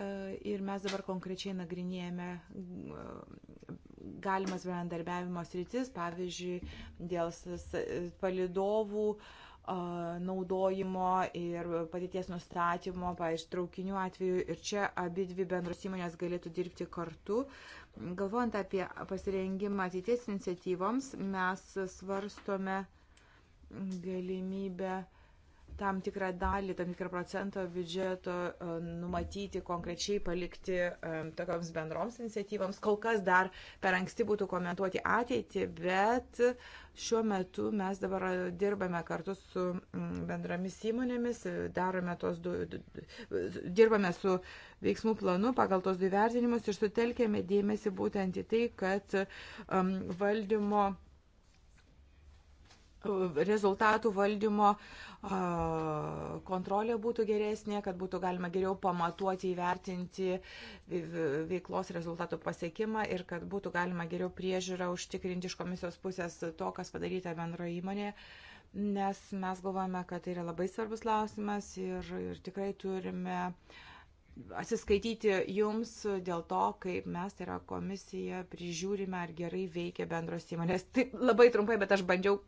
ir mes dabar konkrečiai nagrinėjame e, galimas bendarbiavimo sritis, pavyzdžiui, dėl palidovų e, naudojimo ir padėties nustatymo, pavyzdžiui, traukinių atveju. Ir čia abi dvi bendros įmonės galėtų dirbti kartu. Galvojant apie pasirengimą ateities iniciatyvoms, mes svarstome uh, galimybę tam tikrą dalį, tam tikrą procentą biudžeto e, numatyti konkrečiai palikti e, tokioms bendroms iniciatyvams. Kol kas dar per anksti būtų komentuoti ateitį, bet šiuo metu mes dabar dirbame kartu su bendromis įmonėmis, darome tos du, du, dirbame su veiksmų planu pagal tos du vertinimus ir sutelkėme dėmesį būtent į tai, kad um, valdymo rezultatų valdymo kontrolė būtų geresnė, kad būtų galima geriau pamatuoti, įvertinti veiklos rezultatų pasiekimą ir kad būtų galima geriau priežiūrą užtikrinti iš komisijos pusės to, kas padaryta bendroje įmonėje. Nes mes galvojame, kad tai yra labai svarbus klausimas ir, ir tikrai turime atsiskaityti jums dėl to, kaip mes, tai yra komisija, prižiūrime, ar gerai veikia bendros įmonės. Tai labai trumpai, bet aš bandžiau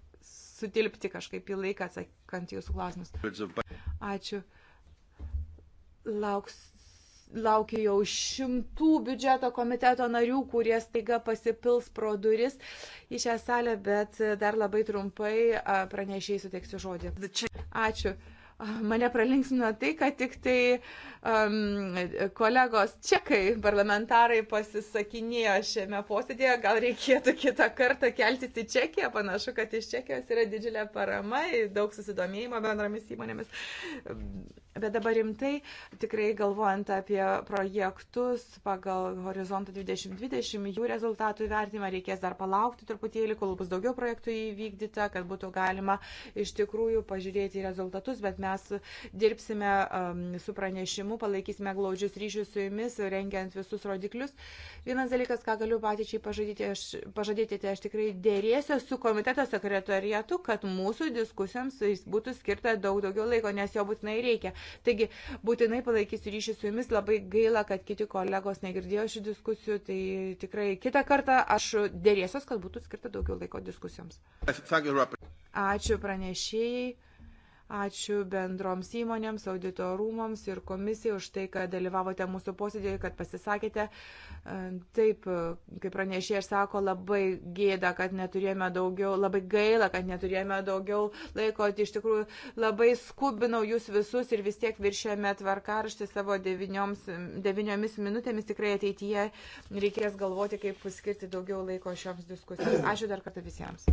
sutilpti kažkaip į laiką atsakant jūsų klausimus. Ačiū. Lauks, laukiu jau šimtų biudžeto komiteto narių, kurie staiga pasipils pro duris į šią salę, bet dar labai trumpai pranešiai suteiksiu žodį. Ačiū. Mane pralinksmino tai, kad tik tai um, kolegos čekai, parlamentarai pasisakinėjo šiame posėdėje, gal reikėtų kitą kartą keltis į Čekiją, panašu, kad iš Čekijos yra didžiulė parama, daug susidomėjimo bendromis įmonėmis. Bet dabar rimtai, tikrai galvojant apie projektus pagal Horizontą 2020, jų rezultatų įvertimą reikės dar palaukti truputėlį, kol bus daugiau projektų įvykdyta, kad būtų galima iš tikrųjų pažiūrėti į rezultatus, bet mes Mes dirbsime su pranešimu, palaikysime glaudžius ryšius su jumis, rengiant visus rodiklius. Vienas dalykas, ką galiu patyčiai pažadėti, aš, pažadėti tai aš tikrai dėrėsiu su komiteto sekretorietu, kad mūsų diskusijoms būtų skirta daug daugiau laiko, nes jo būtinai reikia. Taigi, būtinai palaikysiu ryšį su jumis. Labai gaila, kad kiti kolegos negirdėjo šių diskusijų. Tai tikrai kitą kartą aš dėrėsiuos, kad būtų skirta daugiau laiko diskusijoms. Ačiū pranešėjai. Ačiū bendroms įmonėms, auditorumams ir komisijai už tai, kad dalyvavote mūsų posėdėje, kad pasisakėte. E, taip, kaip pranešė, aš sako, labai gėda, kad neturėjome daugiau, labai gaila, kad neturėjome daugiau laiko. Iš tikrųjų, labai skubinau jūs visus ir vis tiek viršėjome tvarkaraštį savo devinioms, deviniomis minutėmis. Tikrai ateityje reikės galvoti, kaip skirti daugiau laiko šioms diskusijoms. Ačiū dar kartą visiems.